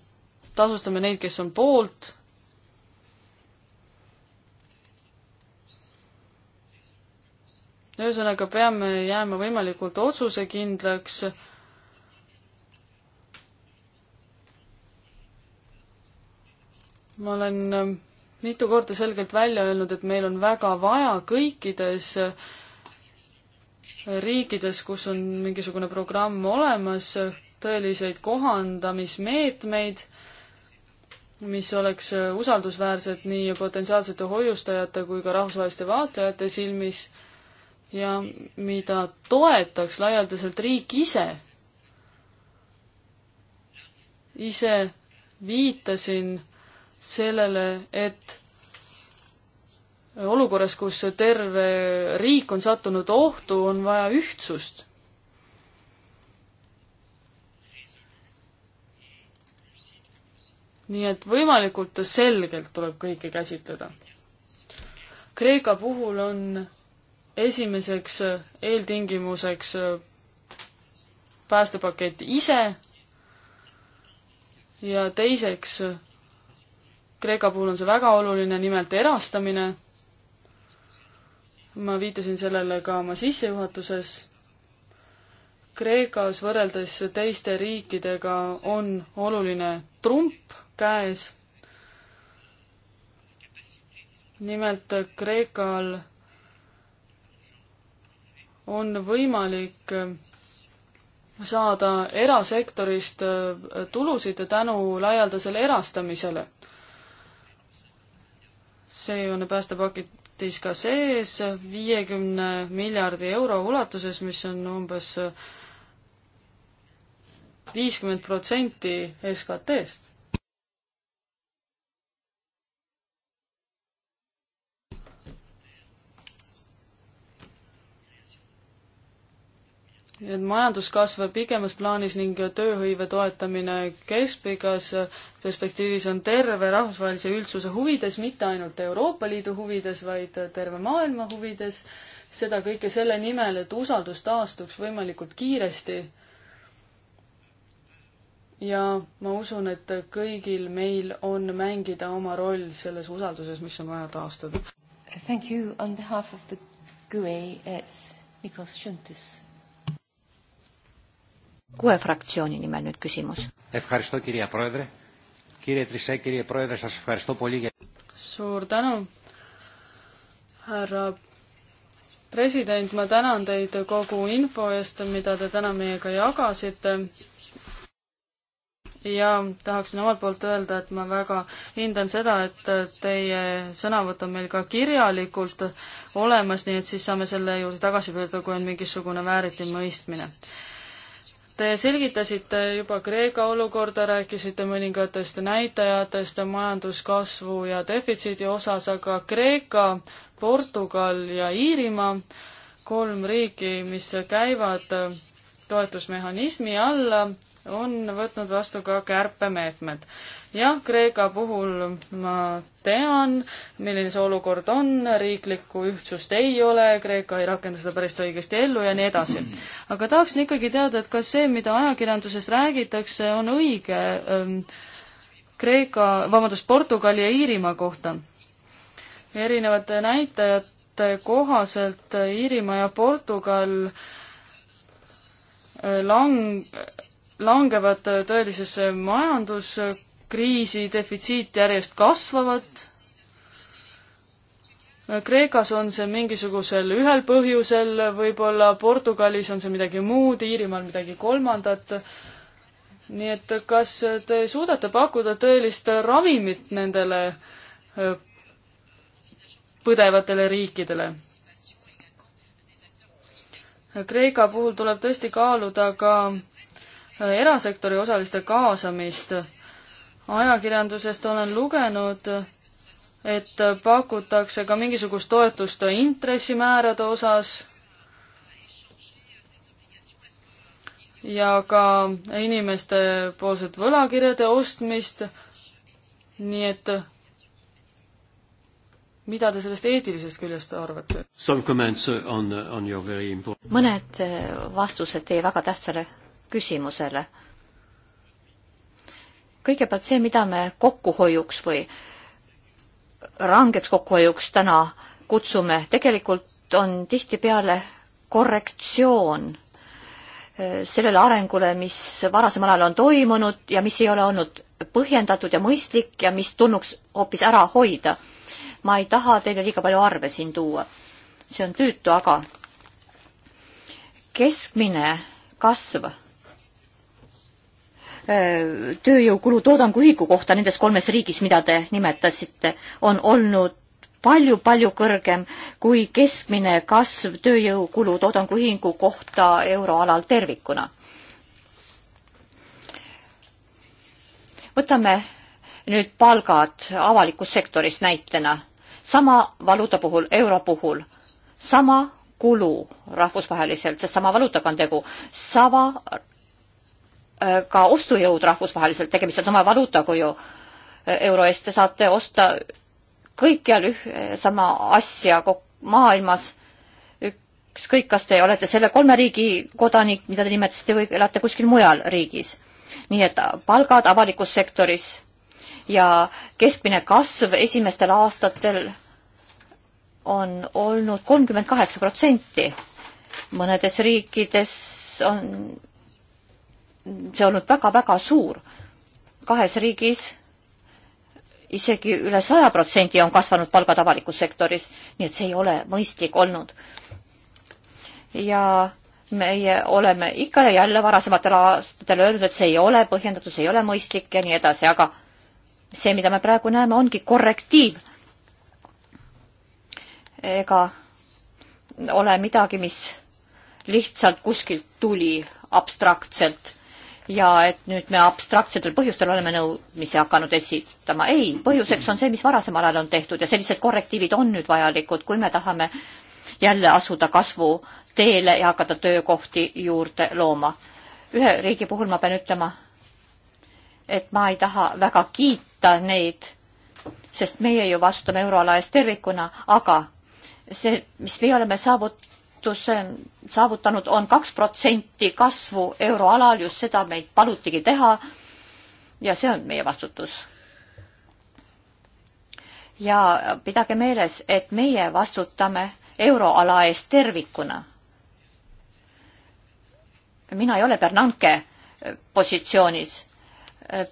tasustame neid, kes on poolt. ühesõnaga, peame jääma võimalikult otsusekindlaks ma olen ähm, mitu korda selgelt välja öelnud, et meil on väga vaja kõikides äh, riikides, kus on mingisugune programm olemas, tõeliseid kohandamismeetmeid mis oleks äh, usaldusväärsed nii potentsiaalsete hoiustajate kui ka rahvusvaheliste vaatlejate silmis ja mida toetaks laialdaselt riik ise. ise viitasin sellele, et olukorras, kus terve riik on sattunud ohtu, on vaja ühtsust nii et võimalikult selgelt tuleb kõike käsitleda. Kreeka puhul on esimeseks eeltingimuseks päästepakett ise ja teiseks, Kreeka puhul on see väga oluline, nimelt erastamine. ma viitasin sellele ka oma sissejuhatuses Kreekas võrreldes teiste riikidega on oluline trump käes. nimelt Kreekal on võimalik saada erasektorist tulusid tänu laialdasele erastamisele. see on päästepaketis ka sees viiekümne miljardi euro ulatuses, mis on umbes viiskümmend protsenti SKT-st. et majanduskasv pigemas plaanis ning tööhõive toetamine keskpikas perspektiivis on terve rahvusvahelise üldsuse huvides, mitte ainult Euroopa Liidu huvides, vaid terve maailma huvides. seda kõike selle nimel, et usaldus taastuks võimalikult kiiresti ja ma usun, et kõigil meil on mängida oma roll selles usalduses, mis on vaja taastada. Thank you on behalf of the GUE, it's Nikos Šuntis. GUE fraktsiooni nimel nüüd küsimus. suur tänu, härra president, ma tänan teid kogu info eest, mida te täna meiega jagasite ja tahaksin omalt poolt öelda, et ma väga hindan seda, et teie sõnavõtt on meil ka kirjalikult olemas, nii et siis saame selle juurde tagasi pöörduda, kui on mingisugune vääritimõistmine. Te selgitasite juba Kreeka olukorda, rääkisite mõningatest näitajatest majanduskasvu ja defitsiidi osas, aga Kreeka, Portugal ja Iirimaa, kolm riiki, mis käivad toetusmehhanismi alla, on võtnud vastu ka kärpemeetmed. jah, Kreeka puhul ma tean, milline see olukord on, riiklikku ühtsust ei ole, Kreeka ei rakenda seda päris õigesti ellu ja nii edasi. aga tahaksin ikkagi teada, et kas see, mida ajakirjanduses räägitakse, on õige ähm, Kreeka, vabandust, Portugali ja Iirimaa kohta. erinevate näitajate kohaselt Iirimaa ja Portugal äh, lang-, langevad tõelisesse majanduskriisi, defitsiit järjest kasvavat. Kreekas on see mingisugusel ühel põhjusel, võib-olla Portugalis on see midagi muud, Iirimaal midagi kolmandat. nii et kas te suudate pakkuda tõelist ravimit nendele põdevatele riikidele? Kreeka puhul tuleb tõesti kaaluda ka erasektori osaliste kaasamist. ajakirjandusest olen lugenud, et pakutakse ka mingisugust toetust intressimäärade osas ja ka inimeste poolset võlakirjade ostmist. nii et mida te sellest eetilisest küljest arvate? mõned äh, vastused teie väga tähtsale küsimusele. kõigepealt see, mida me kokkuhoiuks või rangeks kokkuhoiuks täna kutsume, tegelikult on tihtipeale korrektsioon sellele arengule, mis varasemal ajal on toimunud ja mis ei ole olnud põhjendatud ja mõistlik ja mis tulnuks hoopis ära hoida. ma ei taha teile liiga palju arve siin tuua, see on tüütu, aga keskmine kasv Äh, tööjõukulu toodangu ühiku kohta nendes kolmes riigis, mida te nimetasite, on olnud palju-palju kõrgem kui keskmine kasv tööjõukulu toodangu ühingu kohta euroalal tervikuna. võtame nüüd palgad avalikus sektoris näitena. sama valuuta puhul, euro puhul, sama kulu rahvusvaheliselt, sest sama valuutaga on tegu, sama Äh, ka ostujõud rahvusvaheliselt, tegemist on sama valuuta kui ju äh, euro eest, te saate osta kõikjal üh-, sama asja maailmas, ükskõik, kas te olete selle kolme riigi kodanik, mida te nimetasite, või elate kuskil mujal riigis. nii et palgad avalikus sektoris ja keskmine kasv esimestel aastatel on olnud kolmkümmend kaheksa protsenti. mõnedes riikides on see olnud väga-väga suur. kahes riigis isegi üle saja protsendi on kasvanud palgad avalikus sektoris, nii et see ei ole mõistlik olnud. ja meie oleme ikka ja jälle varasematel aastatel öelnud, et see ei ole põhjendatud, see ei ole mõistlik ja nii edasi, aga see, mida me praegu näeme, ongi korrektiiv. ega ole midagi, mis lihtsalt kuskilt tuli abstraktselt ja et nüüd me abstraktsetel põhjustel oleme nõudmisi hakanud esitama. ei, põhjuseks on see, mis varasemal ajal on tehtud ja sellised korrektiivid on nüüd vajalikud, kui me tahame jälle asuda kasvu teele ja hakata töökohti juurde looma. ühe riigi puhul ma pean ütlema, et ma ei taha väga kiita neid, sest meie ju vastutame euroala eest tervikuna, aga see, mis meie oleme saavutanud, toetuse saavutanud on kaks protsenti kasvu euroalal, just seda meid palutigi teha. ja see on meie vastutus. ja pidage meeles, et meie vastutame euroala eest tervikuna. mina ei ole Bernanke positsioonis.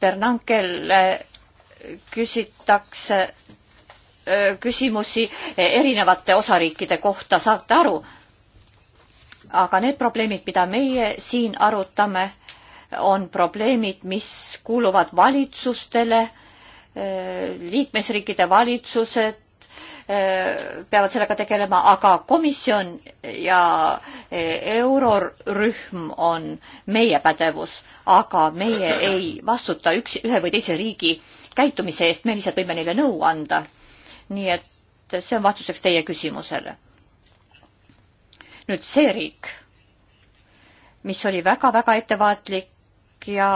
Bernankel eh, küsitakse eh, küsimusi erinevate osariikide kohta, saate aru aga need probleemid, mida meie siin arutame, on probleemid, mis kuuluvad valitsustele, liikmesriikide valitsused eh, peavad sellega tegelema, aga komisjon ja eh, eurorühm on meie pädevus, aga meie ei vastuta üks, ühe või teise riigi käitumise eest, me lihtsalt võime neile nõu anda. nii et see on vastuseks teie küsimusele nüüd see riik, mis oli väga-väga ettevaatlik ja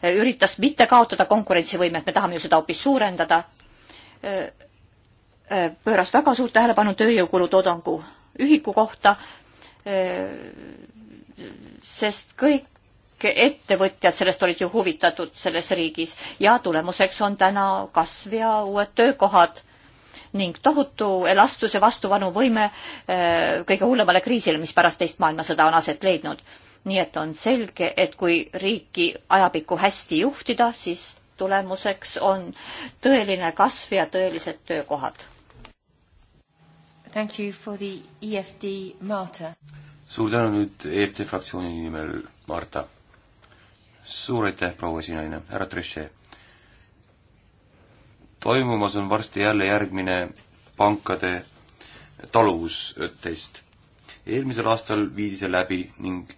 e, üritas mitte kaotada konkurentsivõimet, me tahame ju seda hoopis suurendada, e, e, pööras väga suurt tähelepanu tööjõukulu toodangu ühiku kohta, sest kõik ettevõtjad sellest olid ju huvitatud selles riigis ja tulemuseks on täna kasv ja uued töökohad ning tohutu elastus ja vastupanuvõime äh, kõige hullemale kriisile, mis pärast teist maailmasõda on aset leidnud. nii et on selge, et kui riiki ajapikku hästi juhtida, siis tulemuseks on tõeline kasv ja tõelised töökohad. Thank you for the EFD, Marta. suur tänu nüüd EFD fraktsiooni nimel, Marta. suur aitäh, proua esinaine, härra Trichet toimumas on varsti jälle järgmine pankade taluvustest. eelmisel aastal viidi see läbi ning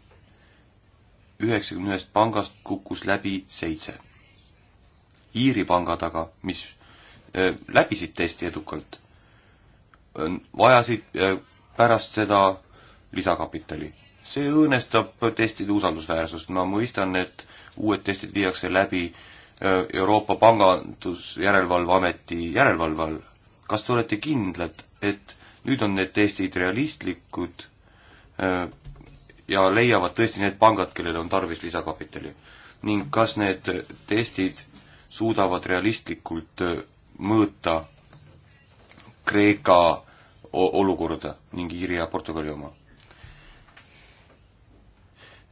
üheksakümne ühest pangast kukkus läbi seitse. Iiri pangad aga, mis äh, läbisid testi edukalt, äh, vajasid äh, pärast seda lisakapitali. see õõnestab testide usaldusväärsust, ma mõistan, et uued testid viiakse läbi äh, Äh, Euroopa Pangandusjärelevalve Ameti järelevalve all. kas te olete kindlad, et nüüd on need testid realistlikud äh, ja leiavad tõesti need pangad, kellel on tarvis lisakapitali? ning kas need testid suudavad realistlikult äh, mõõta Kreeka olukorda ning Iiri ja Portugali oma?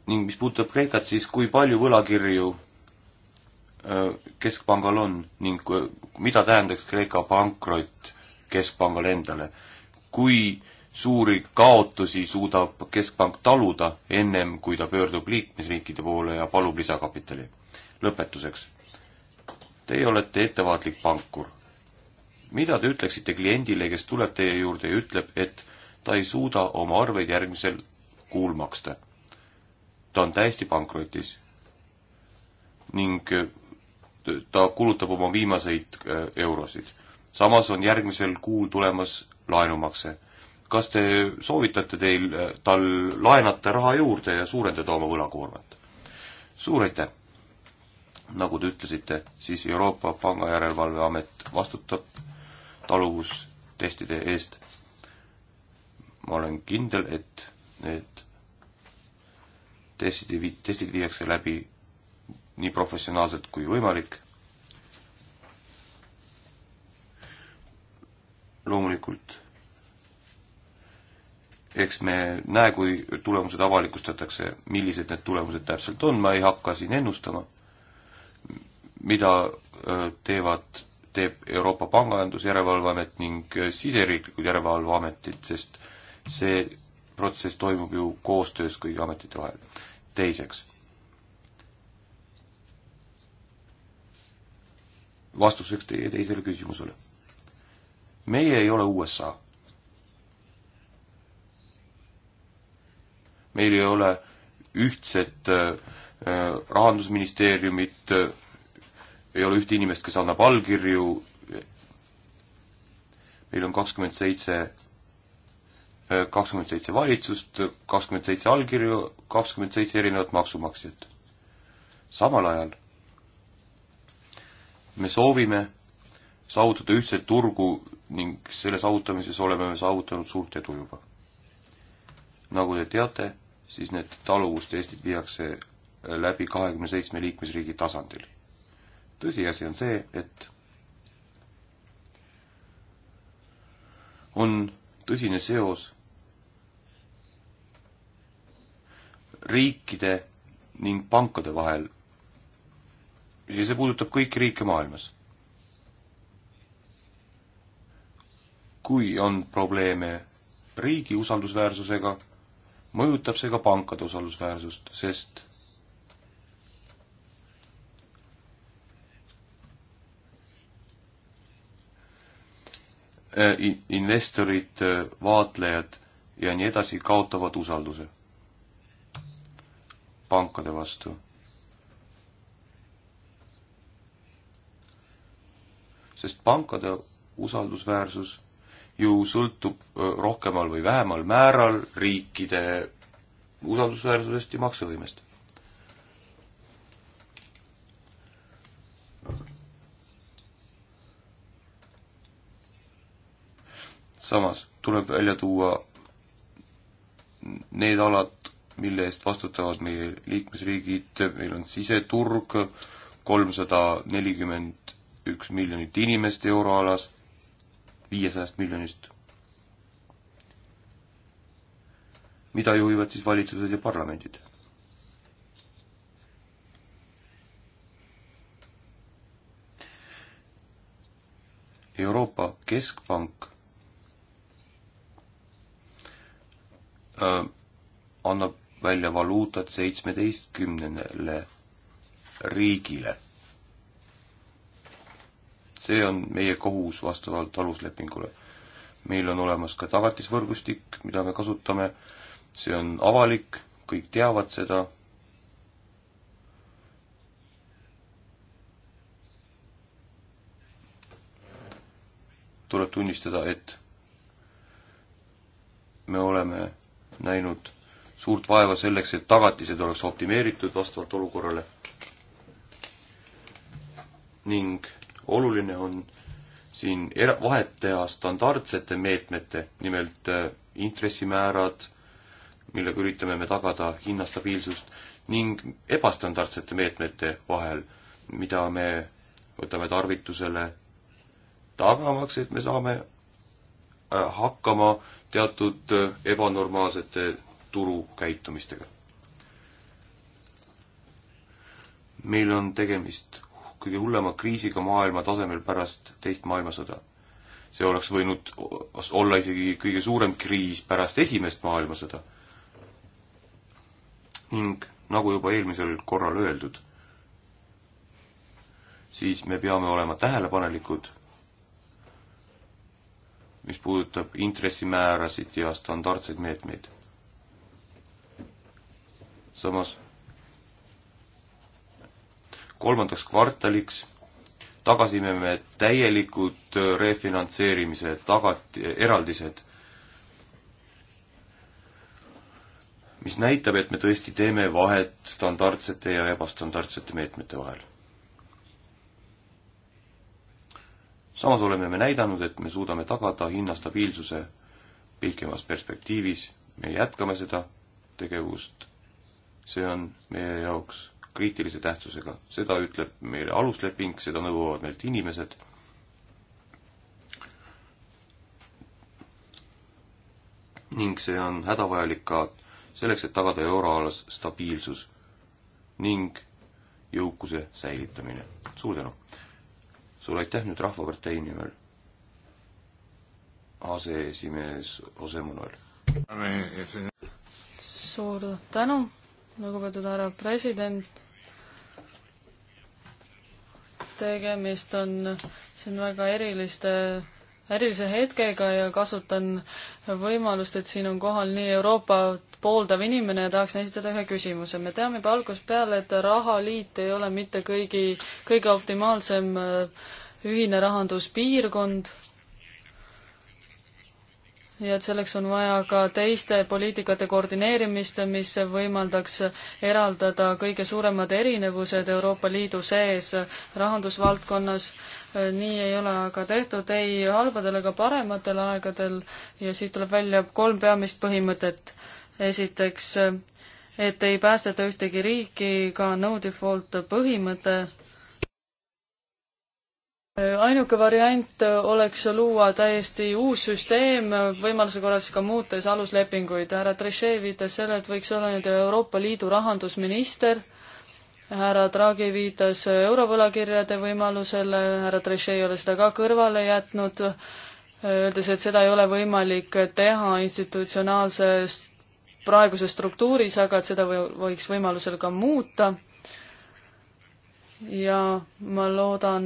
ning mis puudutab Kreekat, siis kui palju võlakirju Äh, keskpangal on ning äh, mida tähendaks Kreeka pankrot keskpangale endale. kui suuri kaotusi suudab keskpank taluda ennem, kui ta pöördub liikmesriikide poole ja palub lisakapitali. lõpetuseks. Teie olete ettevaatlik pankur. mida te ütleksite kliendile, kes tuleb teie juurde ja ütleb, et ta ei suuda oma arveid järgmisel kuul maksta? ta on täiesti pankrotis ning äh, ta kulutab oma viimaseid äh, eurosid. samas on järgmisel kuul tulemas laenumakse. kas te soovitate teil äh, tal laenata raha juurde ja suurendada oma võlakoormat? suur aitäh! nagu te ütlesite, siis Euroopa Pangajärelevalveamet vastutab taluvustestide eest. ma olen kindel, et need testid, testid viiakse läbi nii professionaalselt kui võimalik. loomulikult, eks me näe, kui tulemused avalikustatakse, millised need tulemused täpselt on, ma ei hakka siin ennustama, mida teevad, teeb Euroopa Pangandusjärelevalveamet ning siseriiklikud järelevalveametid, sest see protsess toimub ju koostöös kõigi ametite vahel. teiseks vastuseks teie teisele küsimusele. meie ei ole USA. meil ei ole ühtset äh, äh, rahandusministeeriumit äh,, ei ole ühte inimest, kes annab allkirju, meil on kakskümmend seitse äh, kakskümmend seitse valitsust, kakskümmend seitse allkirju, kakskümmend seitse erinevat maksumaksjat. samal ajal me soovime saavutada ühtset turgu ning selle saavutamises oleme me saavutanud suurt edu juba. nagu te teate, siis need taluvustestid viiakse läbi kahekümne seitsme liikmesriigi tasandil. tõsiasi on see, et on tõsine seos riikide ning pankade vahel ja see puudutab kõiki riike maailmas. kui on probleeme riigi usaldusväärsusega, mõjutab see ka pankade usaldusväärsust, sest äh, investorid, äh, vaatlejad ja nii edasi kaotavad usalduse pankade vastu sest pankade usaldusväärsus ju sõltub rohkemal või vähemal määral riikide usaldusväärsusest ja maksevõimest. samas tuleb välja tuua need alad, mille eest vastutavad meie liikmesriigid, meil on siseturg, kolmsada nelikümmend üks miljonit inimest euroalas, viiesajast miljonist, mida juhivad siis valitsused ja parlamendid. Euroopa Keskpank äh, annab välja valuutat seitsmeteistkümnele riigile see on meie kohus vastavalt aluslepingule. meil on olemas ka tagatisvõrgustik, mida me kasutame, see on avalik, kõik teavad seda, tuleb tunnistada, et me oleme näinud suurt vaeva selleks, et tagatised oleks optimeeritud vastavalt olukorrale ning oluline on siin era-, vahet teha standardsete meetmete, nimelt äh, intressimäärad, millega üritame me tagada hinnastabiilsust, ning ebastandardsete meetmete vahel, mida me võtame tarvitusele tagamaks, et me saame äh, hakkama teatud äh, ebanormaalsete turukäitumistega. meil on tegemist kõige hullema kriisiga maailma tasemel pärast teist maailmasõda. see oleks võinud olla isegi kõige suurem kriis pärast esimest maailmasõda. ning nagu juba eelmisel korral öeldud, siis me peame olema tähelepanelikud, mis puudutab intressimäärasid ja standardseid meetmeid. samas kolmandaks kvartaliks tagasime me täielikud äh, refinantseerimise tagat-, eraldised, mis näitab, et me tõesti teeme vahet standardsete ja ebastandardsete meetmete vahel. samas oleme me näidanud, et me suudame tagada hinnastabiilsuse pikemas perspektiivis, me jätkame seda tegevust, see on meie jaoks kriitilise tähtsusega, seda ütleb meile alusleping, seda nõuavad meilt inimesed. ning see on hädavajalik ka selleks, et tagada euroalas stabiilsus ning jõukuse säilitamine. suur tänu! suur aitäh nüüd Rahvapartei nimel, aseesimees Jose Manuel! suur tänu! lugupeetud härra president. tegemist on siin väga eriliste, erilise hetkega ja kasutan võimalust, et siin on kohal nii Euroopat pooldav inimene ja tahaksin esitada ühe küsimuse. me teame juba algusest peale, et rahaliit ei ole mitte kõigi, kõige optimaalsem äh, ühine rahanduspiirkond ja et selleks on vaja ka teiste poliitikate koordineerimist, mis võimaldaks eraldada kõige suuremad erinevused Euroopa Liidu sees rahandusvaldkonnas. nii ei ole aga tehtud ei halbadel ega parematel aegadel ja siit tuleb välja kolm peamist põhimõtet. esiteks, et ei päästeta ühtegi riiki, ka no default põhimõte ainuke variant oleks luua täiesti uus süsteem, võimaluse korral siis ka muutes aluslepinguid. härra Trichet viitas sellele, et võiks olla nüüd Euroopa Liidu rahandusminister, härra Draghi viitas eurovõlakirjade võimalusele, härra Trichet ei ole seda ka kõrvale jätnud, öeldes, et seda ei ole võimalik teha institutsionaalses praeguses struktuuris, aga et seda võiks võimalusel ka muuta. ja ma loodan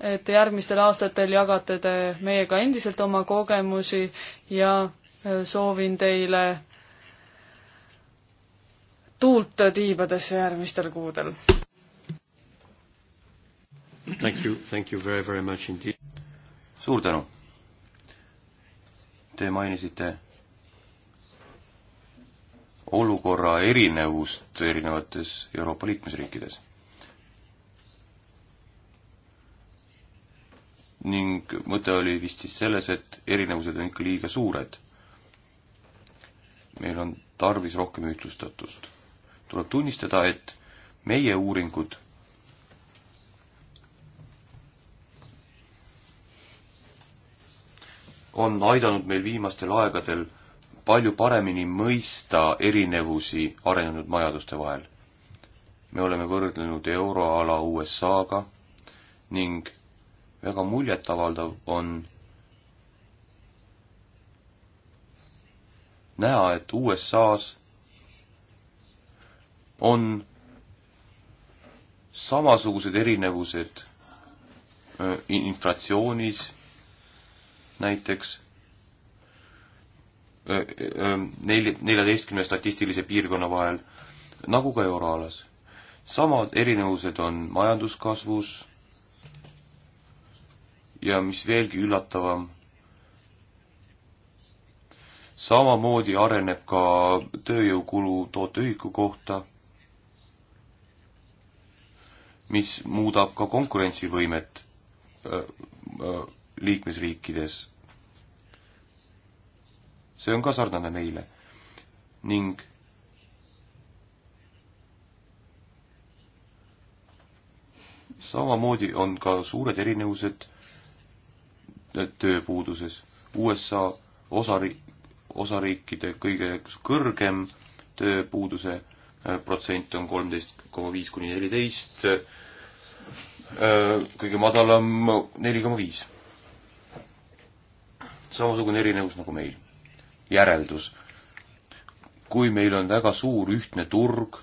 et järgmistel aastatel jagate te meiega endiselt oma kogemusi ja äh, soovin teile tuult tiibadesse järgmistel kuudel. Thank you, thank you very, very much indeed. suur tänu. Te mainisite olukorra erinevust erinevates Euroopa liikmesriikides ning mõte oli vist siis selles, et erinevused on ikka liiga suured. meil on tarvis rohkem ühtlustatust. tuleb tunnistada, et meie uuringud on aidanud meil viimastel aegadel palju paremini mõista erinevusi arenenud majanduste vahel. me oleme võrdlenud euroala USA-ga ning väga muljetavaldav on näha, et USA-s on samasugused erinevused inflatsioonis näiteks neli, neljateistkümne statistilise piirkonna vahel, nagu ka euroalas. samad erinevused on majanduskasvus, ja mis veelgi üllatavam, samamoodi areneb ka tööjõukulu tooteühiku kohta, mis muudab ka konkurentsivõimet äh, äh, liikmesriikides. see on ka sarnane meile ning samamoodi on ka suured erinevused tööpuuduses. USA osariik, osariikide kõige kõrgem tööpuuduse äh, protsent on kolmteist koma viis kuni neliteist, äh, kõige madalam neli koma viis. samasugune erinevus nagu meil. järeldus. kui meil on väga suur ühtne turg,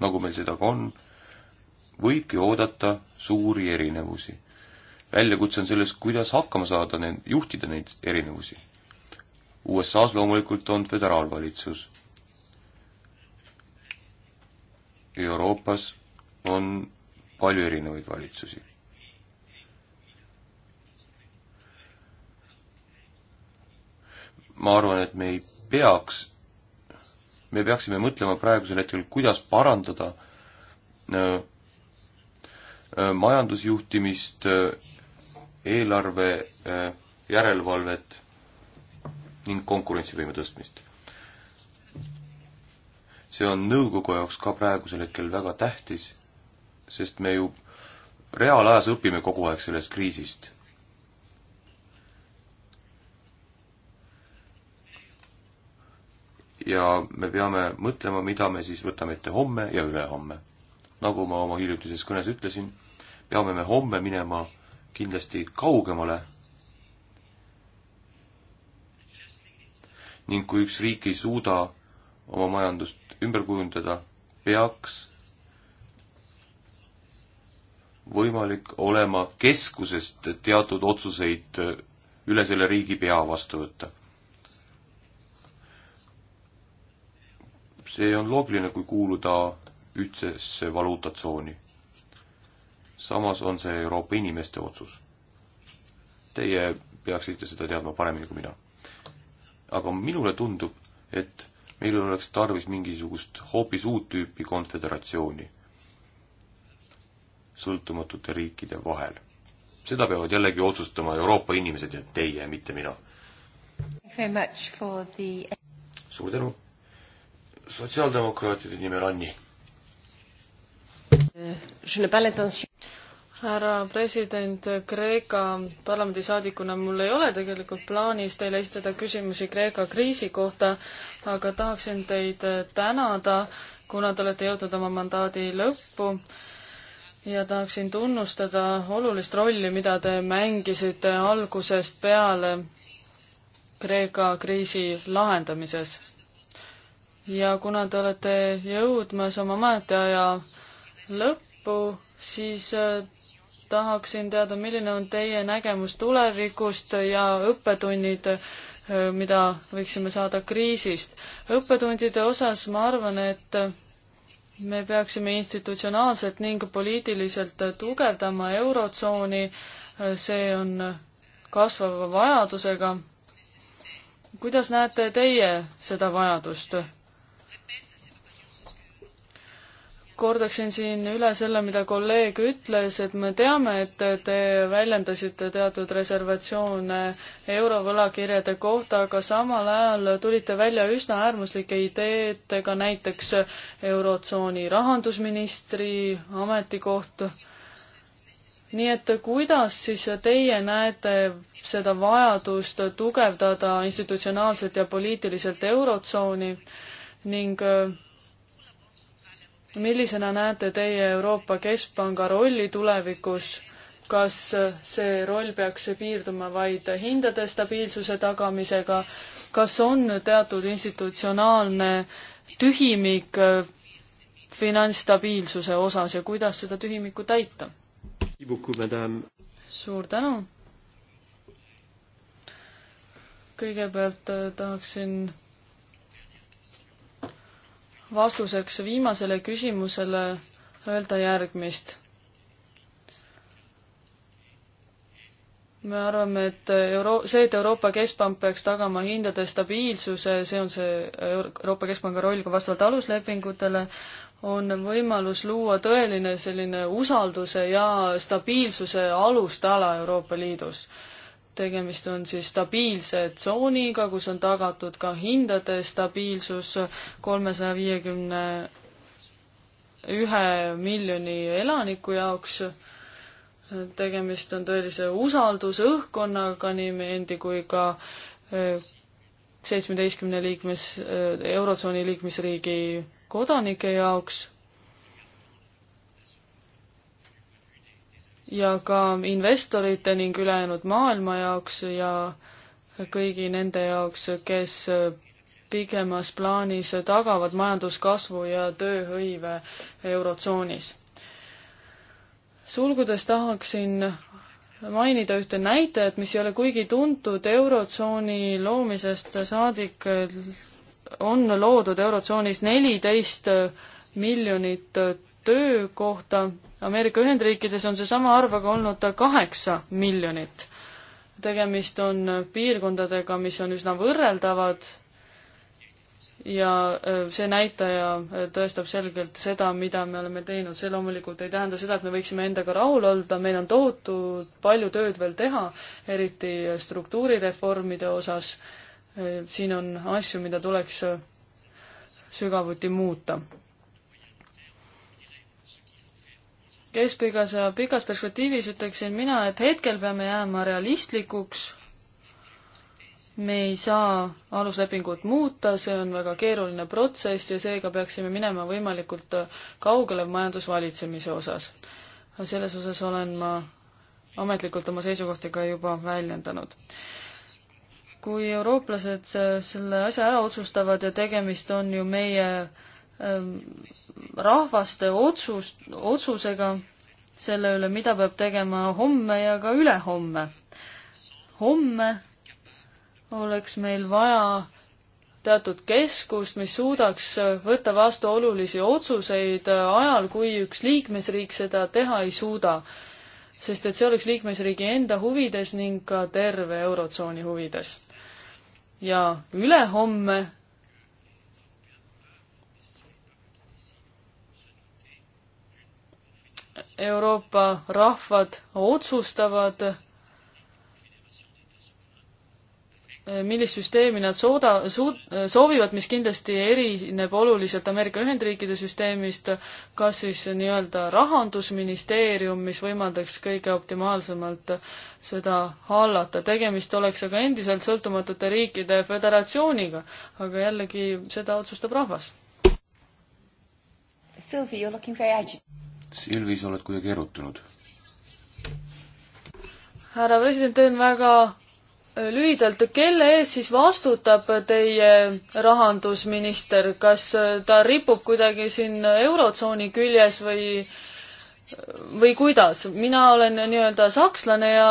nagu meil seda ka on, võibki oodata suuri erinevusi väljakutse on selles, kuidas hakkama saada, juhtida neid erinevusi. USA-s loomulikult on föderaalvalitsus. Euroopas on palju erinevaid valitsusi. ma arvan, et me ei peaks, me peaksime mõtlema praegusel hetkel, kuidas parandada äh, äh, majandusjuhtimist äh, eelarve äh, järelevalvet ning konkurentsivõime tõstmist. see on nõukogu jaoks ka praegusel hetkel väga tähtis, sest me ju reaalajas õpime kogu aeg sellest kriisist. ja me peame mõtlema, mida me siis võtame ette homme ja ülehomme. nagu ma oma hiljutises kõnes ütlesin, peame me homme minema kindlasti kaugemale. ning kui üks riik ei suuda oma majandust ümber kujundada, peaks võimalik olema keskusest teatud otsuseid üle selle riigi pea vastu võtta see on loogiline, kui kuuluda ühtsesse valuutatsooni samas on see Euroopa inimeste otsus. Teie peaksite seda teadma paremini kui mina. aga minule tundub, et meil oleks tarvis mingisugust hoopis uut tüüpi konföderatsiooni sõltumatute riikide vahel. seda peavad jällegi otsustama Euroopa inimesed ja teie, mitte mina. The... suur tänu sotsiaaldemokraatide nimel Anni härra president, Kreeka parlamendisaadikuna mul ei ole tegelikult plaanis teile esitada küsimusi Kreeka kriisi kohta, aga tahaksin teid tänada, kuna te olete jõudnud oma mandaadi lõppu ja tahaksin tunnustada olulist rolli, mida te mängisite algusest peale Kreeka kriisi lahendamises. ja kuna te olete jõudmas oma ametiaja lõppu, siis äh, tahaksin teada, milline on teie nägemus tulevikust ja õppetunnid, äh, mida võiksime saada kriisist. õppetundide osas ma arvan, et me peaksime institutsionaalselt ning poliitiliselt tugevdama Eurotsooni, äh, see on kasvava vajadusega. kuidas näete teie seda vajadust? kordaksin siin üle selle, mida kolleeg ütles, et me teame, et te väljendasite teatud reservatsioone eurovõlakirjade kohta, aga samal ajal tulite välja üsna äärmuslike ideedega, näiteks Eurotsooni rahandusministri ametikoht. nii et kuidas siis teie näete seda vajadust tugevdada institutsionaalselt ja poliitiliselt Eurotsooni ning äh, millisena näete teie Euroopa Keskpanga rolli tulevikus? kas see roll peaks piirduma vaid hindade stabiilsuse tagamisega? kas on teatud institutsionaalne tühimik äh, finantsstabiilsuse osas ja kuidas seda tühimikku täita? suur tänu! kõigepealt äh, tahaksin vastuseks viimasele küsimusele öelda järgmist. me arvame, et euro-, see, et Euroopa Keskpank peaks tagama hindade stabiilsuse, see on see Euroopa Keskpanga roll ka vastavalt aluslepingutele, on võimalus luua tõeline selline usalduse ja stabiilsuse alustala Euroopa Liidus tegemist on siis stabiilse tsooniga, kus on tagatud ka hindade stabiilsus kolmesaja viiekümne ühe miljoni elaniku jaoks. tegemist on tõelise usaldusõhkkonnaga nii meie endi kui ka e, seitsmeteistkümne liikmes, e, Eurotsooni liikmesriigi kodanike jaoks ja ka investorite ning ülejäänud maailma jaoks ja kõigi nende jaoks, kes pigemas plaanis tagavad majanduskasvu ja tööhõive Eurotsoonis. sulgudes tahaksin mainida ühte näitajat, mis ei ole kuigi tuntud Eurotsooni loomisest saadik, on loodud Eurotsoonis neliteist miljonit töökohta. Ameerika Ühendriikides on seesama arv aga olnud kaheksa miljonit. tegemist on piirkondadega, mis on üsna võrreldavad ja see näitaja tõestab selgelt seda, mida me oleme teinud. see loomulikult ei tähenda seda, et me võiksime endaga rahul olla, meil on tohutult palju tööd veel teha, eriti struktuurireformide osas. siin on asju, mida tuleks sügavuti muuta keskpikas ja pikas perspektiivis ütleksin mina, et hetkel peame jääma realistlikuks. me ei saa aluslepingut muuta, see on väga keeruline protsess ja seega peaksime minema võimalikult kaugele majandusvalitsemise osas. selles osas olen ma ametlikult oma seisukohti ka juba väljendanud kui eurooplased selle asja ära otsustavad ja tegemist on ju meie ähm, rahvaste otsus, otsusega, selle üle, mida peab tegema homme ja ka ülehomme. homme oleks meil vaja teatud keskust, mis suudaks võtta vastu olulisi otsuseid ajal, kui üks liikmesriik seda teha ei suuda. sest et see oleks liikmesriigi enda huvides ning ka terve Eurotsooni huvides. ja ülehomme Euroopa rahvad otsustavad, millist süsteemi nad sooda-, su-, soovivad, mis kindlasti erineb oluliselt Ameerika Ühendriikide süsteemist, kas siis nii-öelda rahandusministeerium, mis võimaldaks kõige optimaalsemalt seda hallata, tegemist oleks aga endiselt sõltumatute riikide föderatsiooniga, aga jällegi, seda otsustab rahvas. Sylvie, you are looking very agitated. Silvi, sa oled kuidagi erutunud. härra president, teen väga äh, lühidalt, kelle ees siis vastutab teie rahandusminister, kas äh, ta ripub kuidagi siin äh, Eurotsooni küljes või või kuidas, mina olen nii-öelda sakslane ja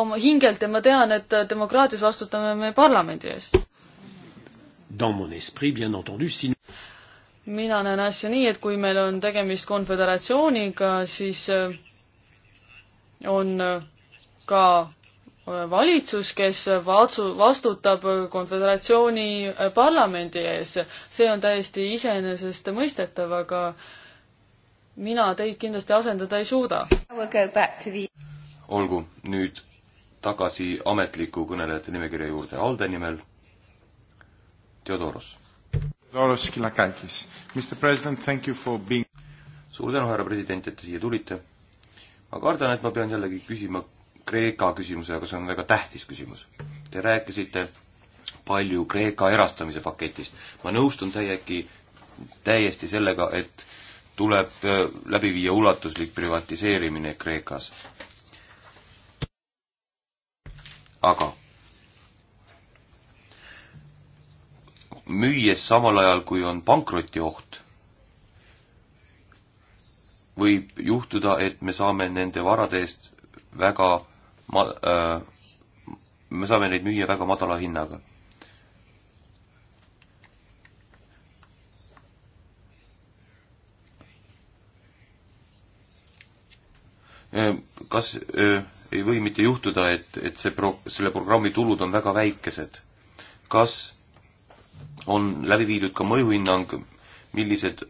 oma hingelt ja ma tean, et demokraatias vastutame me parlamendi ees. Dans mon esprit, bien entendu, si mina näen asja nii, et kui meil on tegemist konföderatsiooniga, siis äh, on äh, ka äh, valitsus, kes vatsu-, vastutab konföderatsiooni parlamendi ees. see on täiesti iseenesestmõistetav, aga mina teid kindlasti asendada ei suuda. olgu, nüüd tagasi ametliku kõnelejate nimekirja juurde Alde nimel. Theodoros Doros Skilakakis. Mr President, thank you for being suur tänu, härra president, et te siia tulite. ma kardan, et ma pean jällegi küsima Kreeka küsimuse, aga see on väga tähtis küsimus. Te rääkisite palju Kreeka erastamise paketist. ma nõustun täiegi, täiesti sellega, et tuleb äh, läbi viia ulatuslik privatiseerimine Kreekas. aga müües samal ajal, kui on pankrotioht, võib juhtuda, et me saame nende varade eest väga ma- äh,, me saame neid müüa väga madala hinnaga. Äh, kas öö, äh, ei või mitte juhtuda, et, et see pro-, selle programmi tulud on väga väikesed? kas on läbi viidud ka mõjuhinnang, millised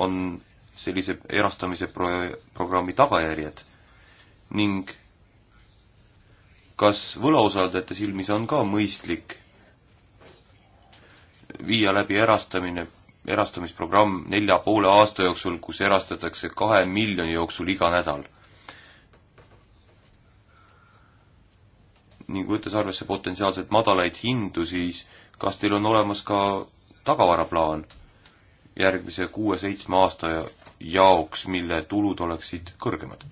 on sellise erastamise pro-, programmi tagajärjed ning kas võlausaldajate silmis on ka mõistlik viia läbi erastamine, erastamisprogramm nelja poole aasta jooksul, kus erastatakse kahe miljoni jooksul iga nädal. ning võttes arvesse potentsiaalselt madalaid hindu, siis äh, kas teil on olemas ka tagavaraplaan järgmise kuue-seitsme aasta jaoks, mille tulud oleksid kõrgemad?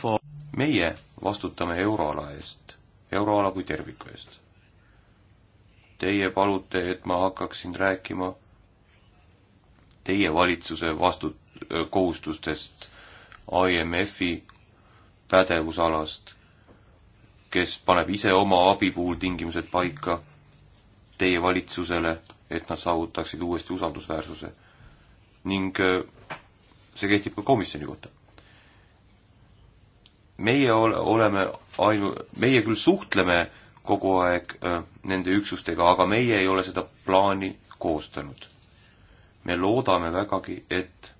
For... meie vastutame euroala eest, euroala kui terviku eest. Teie palute, et ma hakkaksin rääkima teie valitsuse vastu-, kohustustest, IMF-i pädevusalast kes paneb ise oma abi puhul tingimused paika teie valitsusele, et nad saavutaksid uuesti usaldusväärsuse. ning äh, see kehtib ka komisjoni kohta. meie ole, oleme ainu-, meie küll suhtleme kogu aeg äh, nende üksustega, aga meie ei ole seda plaani koostanud. me loodame vägagi, et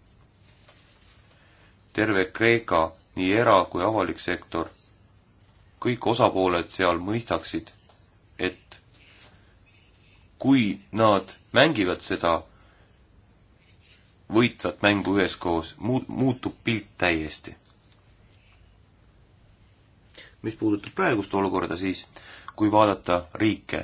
terve Kreeka, nii era- kui avalik sektor kõik osapooled seal mõistaksid, et kui nad mängivad seda võitvat mängu üheskoos, muut-, muutub pilt täiesti. mis puudutab praegust olukorda, siis kui vaadata riike,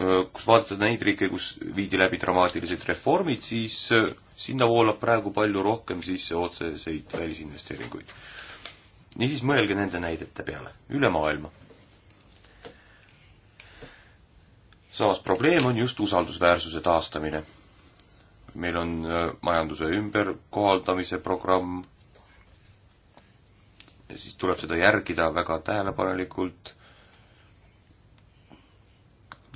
Äh, kus vaadata neid riike, kus viidi läbi dramaatilised reformid, siis äh, sinna voolab praegu palju rohkem sisse otseseid välisinvesteeringuid. niisiis mõelge nende näidete peale, üle maailma. samas probleem on just usaldusväärsuse taastamine. meil on äh, majanduse ümberkohaldamise programm, siis tuleb seda järgida väga tähelepanelikult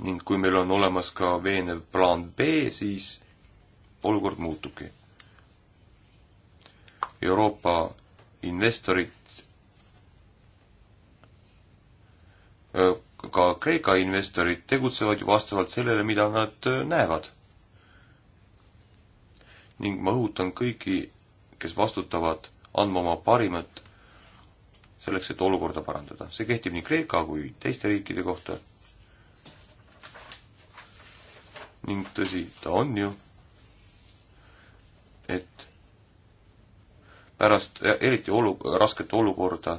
ning kui meil on olemas ka veenev plaan B, siis olukord muutubki. Euroopa investorid, ka Kreeka investorid tegutsevad ju vastavalt sellele, mida nad näevad. ning ma õhutan kõiki, kes vastutavad, andma oma parimat selleks, et olukorda parandada. see kehtib nii Kreeka kui teiste riikide kohta ning tõsi ta on ju, et pärast eriti olu-, rasket olukorda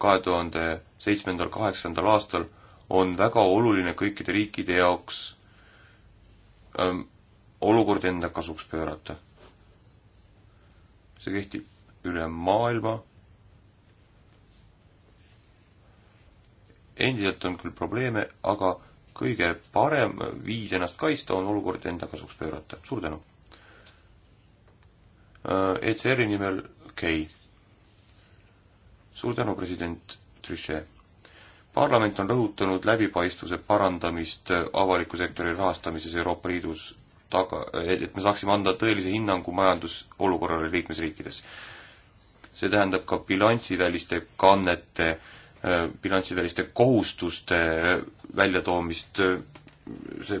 kahe tuhande seitsmendal, kaheksandal aastal on väga oluline kõikide riikide jaoks ähm, olukord enda kasuks pöörata. see kehtib üle maailma. endiselt on küll probleeme, aga kõige parem viis ennast kaitsta on olukord enda kasuks pöörata. suur tänu! Äh, ECR-i nimel Kei. suur tänu, president Trichet! parlament on rõhutanud läbipaistvuse parandamist avaliku sektori rahastamises Euroopa Liidus taga, et me saaksime anda tõelise hinnangu majandusolukorrale liikmesriikides. see tähendab ka bilansiväliste kannete äh, bilanssiliste kohustuste väljatoomist, see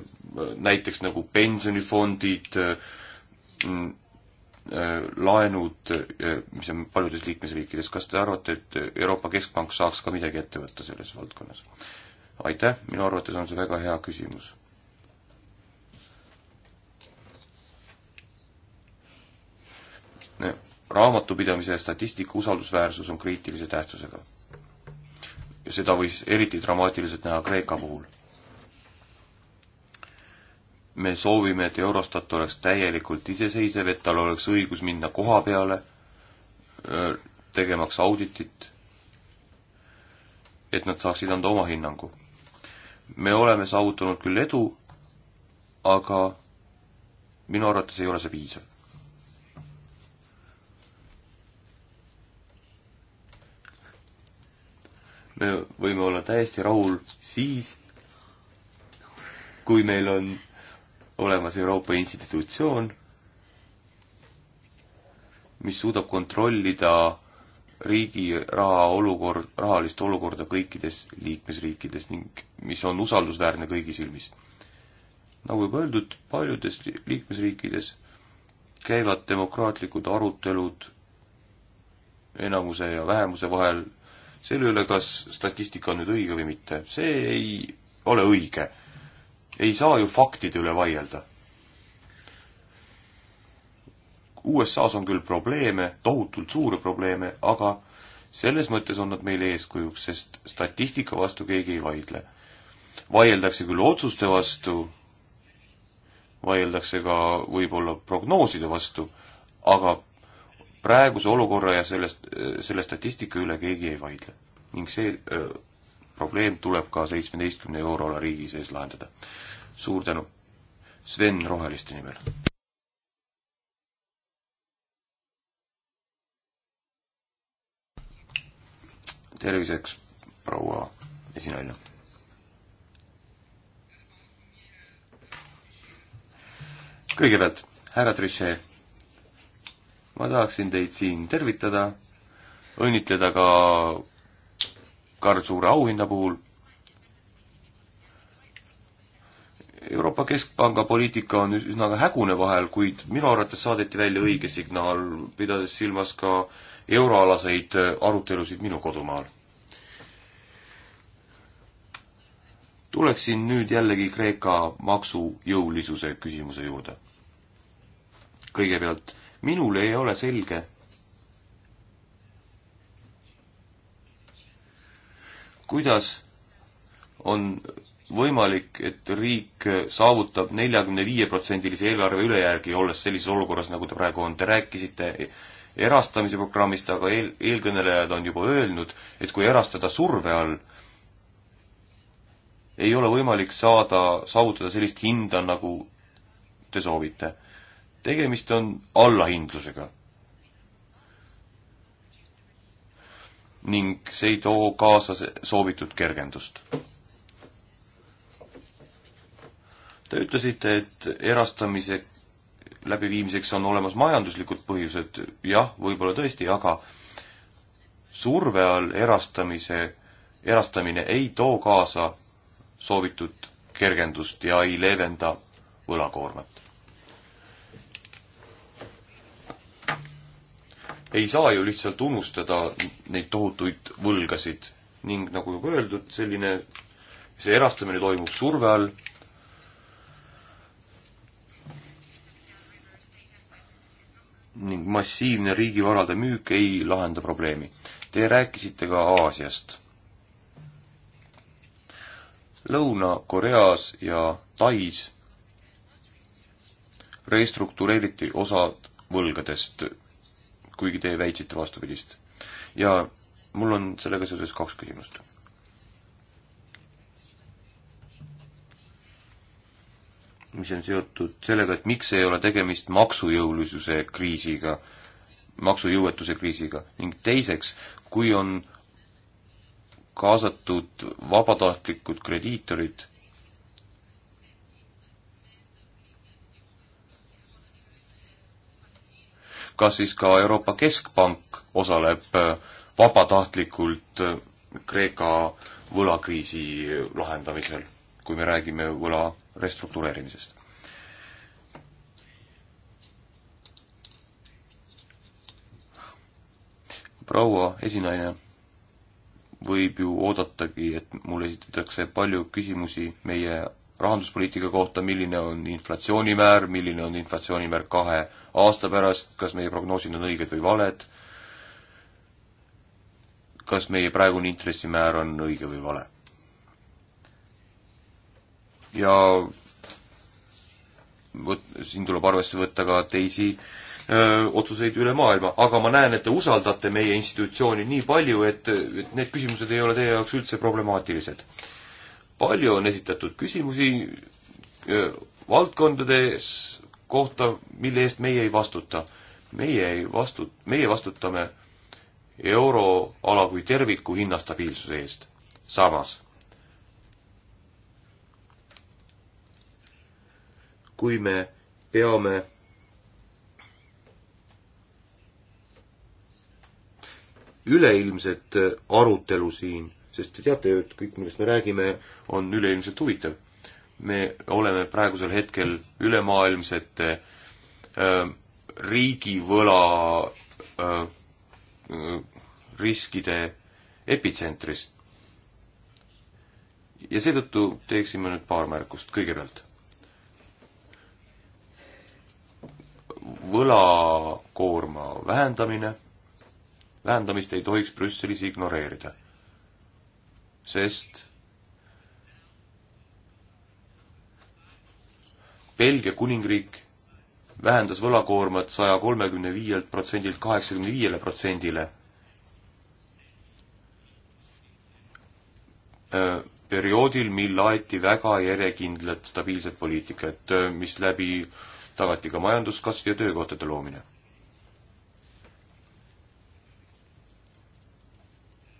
näiteks nagu pensionifondid, mm, äh, laenud, äh, mis on paljudes liikmesriikides, kas te arvate, et Euroopa Keskpank saaks ka midagi ette võtta selles valdkonnas? aitäh, minu arvates on see väga hea küsimus raamatupidamise ja statistika usaldusväärsus on kriitilise tähtsusega seda võis eriti dramaatiliselt näha Kreeka puhul. me soovime, et Eurostat oleks täielikult iseseisev, et tal oleks õigus minna koha peale, tegemaks auditit, et nad saaksid anda oma hinnangu. me oleme saavutanud küll edu, aga minu arvates ei ole see piisav me võime olla täiesti rahul siis, kui meil on olemas Euroopa institutsioon, mis suudab kontrollida riigi raha olukord, rahalist olukorda kõikides liikmesriikides ning mis on usaldusväärne kõigi silmis. nagu juba öeldud, paljudes liikmesriikides käivad demokraatlikud arutelud enamuse ja vähemuse vahel selle üle, kas statistika on nüüd õige või mitte. see ei ole õige. ei saa ju faktide üle vaielda. USA-s on küll probleeme, tohutult suuri probleeme, aga selles mõttes on nad meile eeskujuks, sest statistika vastu keegi ei vaidle. vaieldakse küll otsuste vastu, vaieldakse ka võib-olla prognooside vastu, aga praeguse olukorra ja sellest, selle statistika üle keegi ei vaidle. ning see öö, probleem tuleb ka seitsmeteistkümne euroala riigi sees lahendada. suur tänu! Sven Roheliste nimel. terviseks, proua esinaine. kõigepealt, härra Trichet ma tahaksin teid siin tervitada, õnnitleda ka Karl Suure auhinna puhul. Euroopa Keskpanga poliitika on üsna hägune vahel, kuid minu arvates saadeti välja õige signaal, pidades silmas ka euroalaseid arutelusid minu kodumaal. tuleksin nüüd jällegi Kreeka maksujõulisuse küsimuse juurde. kõigepealt minul ei ole selge. kuidas on võimalik, et riik saavutab neljakümne viie protsendilise eelarve ülejärgi, olles sellises olukorras, nagu ta praegu on. Te rääkisite erastamise programmist, aga eel, eelkõnelejad on juba öelnud, et kui erastada surve all, ei ole võimalik saada, saavutada sellist hinda, nagu te soovite tegemist on allahindlusega. ning see ei too kaasa soovitud kergendust. Te ütlesite, et erastamise läbiviimiseks on olemas majanduslikud põhjused, jah, võib-olla tõesti, aga surve all erastamise, erastamine ei too kaasa soovitud kergendust ja ei leevenda võlakoormat. ei saa ju lihtsalt unustada neid tohutuid võlgasid ning nagu juba öeldud, selline, see erastamine toimub surve all. ning massiivne riigivarade müük ei lahenda probleemi. Te rääkisite ka Aasiast. Lõuna-Koreas ja Tais restruktureeriti osad võlgadest kuigi te väitsite vastupidist. ja mul on sellega seoses kaks küsimust. mis on seotud sellega, et miks ei ole tegemist maksujõulisuse kriisiga, maksujõuetuse kriisiga ning teiseks, kui on kaasatud vabatahtlikud krediitorid kas siis ka Euroopa Keskpank osaleb äh, vabatahtlikult äh, Kreeka võlakriisi äh, lahendamisel, kui me räägime võla restruktureerimisest? proua esinaine võib ju oodatagi, et mulle esitatakse palju küsimusi meie rahanduspoliitika kohta, milline on inflatsioonimäär, milline on inflatsioonimäär kahe aasta pärast, kas meie prognoosid on õiged või valed, kas meie praegune intressimäär on õige või vale. ja võt-, siin tuleb arvesse võtta ka teisi öö, otsuseid üle maailma, aga ma näen, et te usaldate meie institutsiooni nii palju, et, et need küsimused ei ole teie jaoks üldse problemaatilised palju on esitatud küsimusi valdkondades kohta, mille eest meie ei vastuta. meie ei vastu, meie vastutame euroala kui terviku hinnastabiilsuse eest. samas, kui me peame üleilmset arutelu siin, sest te teate ju, et kõik, millest me räägime, on üleilmselt huvitav. me oleme praegusel hetkel ülemaailmsete ähm, äh, riigivõla äh, riskide epitsentris. ja seetõttu teeksime nüüd paar märkust kõigepealt. võlakoorma vähendamine, vähendamist ei tohiks Brüsselis ignoreerida sest Belgia kuningriik vähendas võlakoormat saja kolmekümne viielt protsendilt kaheksakümne viiele protsendile perioodil, mil aeti väga järjekindlat stabiilset poliitikat, mis läbi tagati ka majanduskasv ja töökohtade loomine.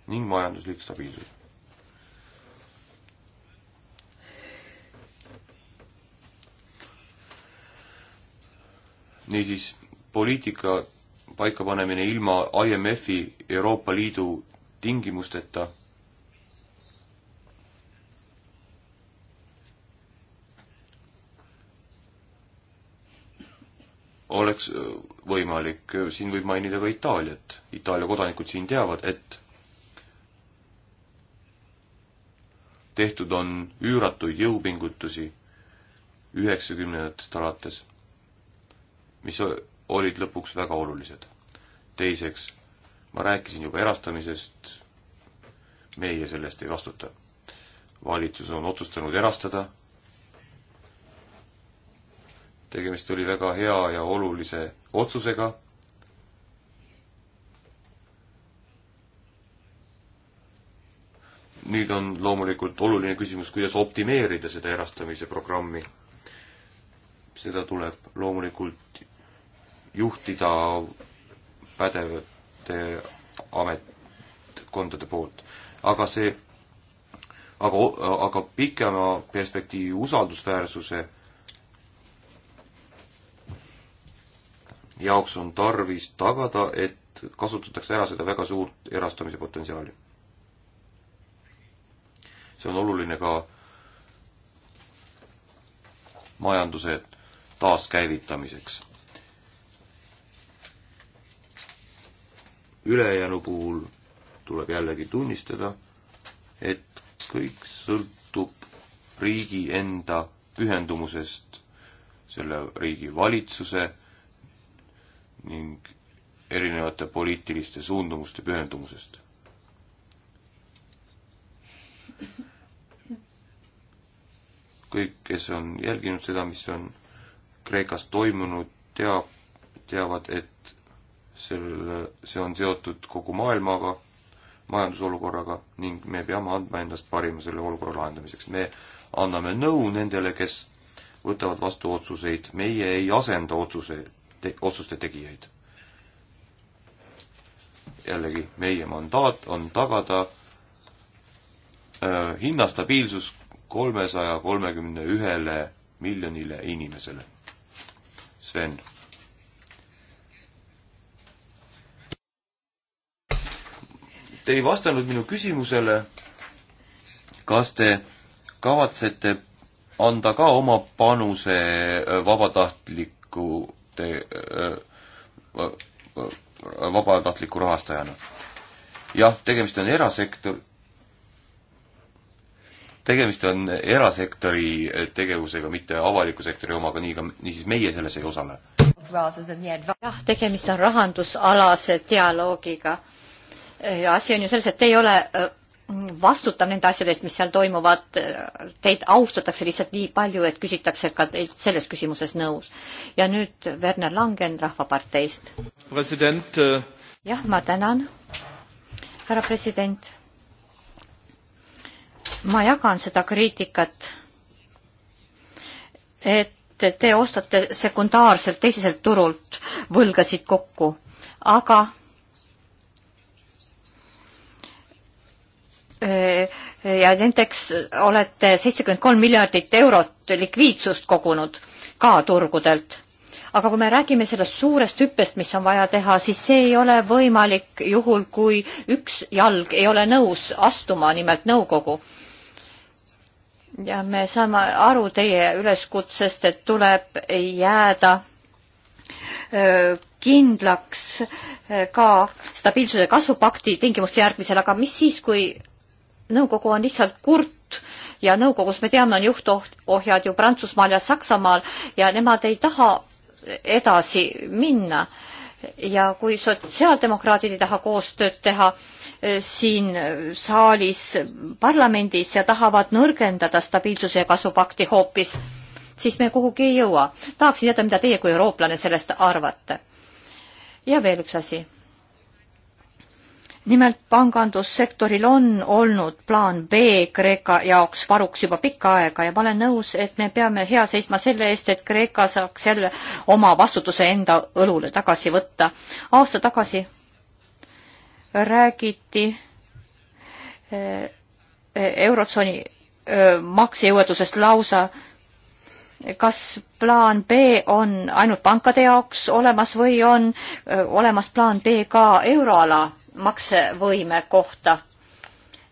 ning majanduslik stabiilsus. niisiis, poliitika paikapanemine ilma IMF-i Euroopa Liidu tingimusteta oleks äh, võimalik, siin võib mainida ka Itaaliat. Itaalia kodanikud siin teavad, et tehtud on üüratuid jõupingutusi üheksakümnendatest alates mis olid lõpuks väga olulised. teiseks, ma rääkisin juba erastamisest, meie selle eest ei vastuta. valitsus on otsustanud erastada, tegemist oli väga hea ja olulise otsusega, nüüd on loomulikult oluline küsimus, kuidas optimeerida seda erastamise programmi. seda tuleb loomulikult juhtida pädevate ametkondade poolt. aga see, aga, aga pikema perspektiivi usaldusväärsuse jaoks on tarvis tagada, et kasutatakse ära seda väga suurt erastamise potentsiaali. see on oluline ka majanduse taaskäivitamiseks. ülejäänu puhul tuleb jällegi tunnistada, et kõik sõltub riigi enda pühendumusest, selle riigi valitsuse ning erinevate poliitiliste suundumuste pühendumusest. kõik, kes on jälginud seda, mis on Kreekas toimunud, teab, teavad, et sel, see on seotud kogu maailmaga, majandusolukorraga ning me peame andma endast parima selle olukorra lahendamiseks. me anname nõu nendele, kes võtavad vastu otsuseid, meie ei asenda otsuse te,, otsuste tegijaid. jällegi, meie mandaat on tagada äh, hinnastabiilsus kolmesaja kolmekümne ühele miljonile inimesele. Sven Te ei vastanud minu küsimusele, kas te kavatsete anda ka oma panuse äh, vabatahtliku te, äh, äh, vabatahtliku rahastajana. jah, tegemist on erasektor, tegemist on erasektori tegevusega, mitte avaliku sektori omaga, nii ka, niisiis meie selles ei osale. jah, tegemist on rahandusalase dialoogiga ja asi on ju selles, et te ei ole vastutav nende asjade eest, mis seal toimuvad, teid austatakse lihtsalt nii palju, et küsitakse ka teilt selles küsimuses nõus. ja nüüd Werner Langen Rahvaparteist. president. jah, ma tänan, härra president. ma jagan seda kriitikat, et te ostate sekundaarselt teiseselt turult võlgasid kokku, aga ja nendeks olete seitsekümmend kolm miljardit eurot likviidsust kogunud ka turgudelt. aga kui me räägime sellest suurest hüppest, mis on vaja teha, siis see ei ole võimalik juhul, kui üks jalg ei ole nõus astuma, nimelt nõukogu. ja me saame aru teie üleskutsest, et tuleb jääda kindlaks ka stabiilsuse kasvupakti tingimuste järgmisel, aga mis siis, kui nõukogu on lihtsalt kurt ja nõukogus me teame, on juhtohjad ju Prantsusmaal ja Saksamaal ja nemad ei taha edasi minna. ja kui sotsiaaldemokraadid ei taha koostööd teha eh, siin saalis parlamendis ja tahavad nõrgendada stabiilsuse ja kasvupakti hoopis, siis me kuhugi ei jõua. tahaksin teada, mida teie kui eurooplane sellest arvate. ja veel üks asi nimelt pangandussektoril on olnud plaan B Kreeka jaoks varuks juba pikka aega ja ma olen nõus, et me peame hea seisma selle eest, et Kreeka saaks jälle oma vastutuse enda õlule tagasi võtta. aasta tagasi räägiti eh, Eurotsooni eh, maksejõuetusest lausa kas plaan B on ainult pankade jaoks olemas või on eh, olemas plaan B ka euroala maksevõime kohta.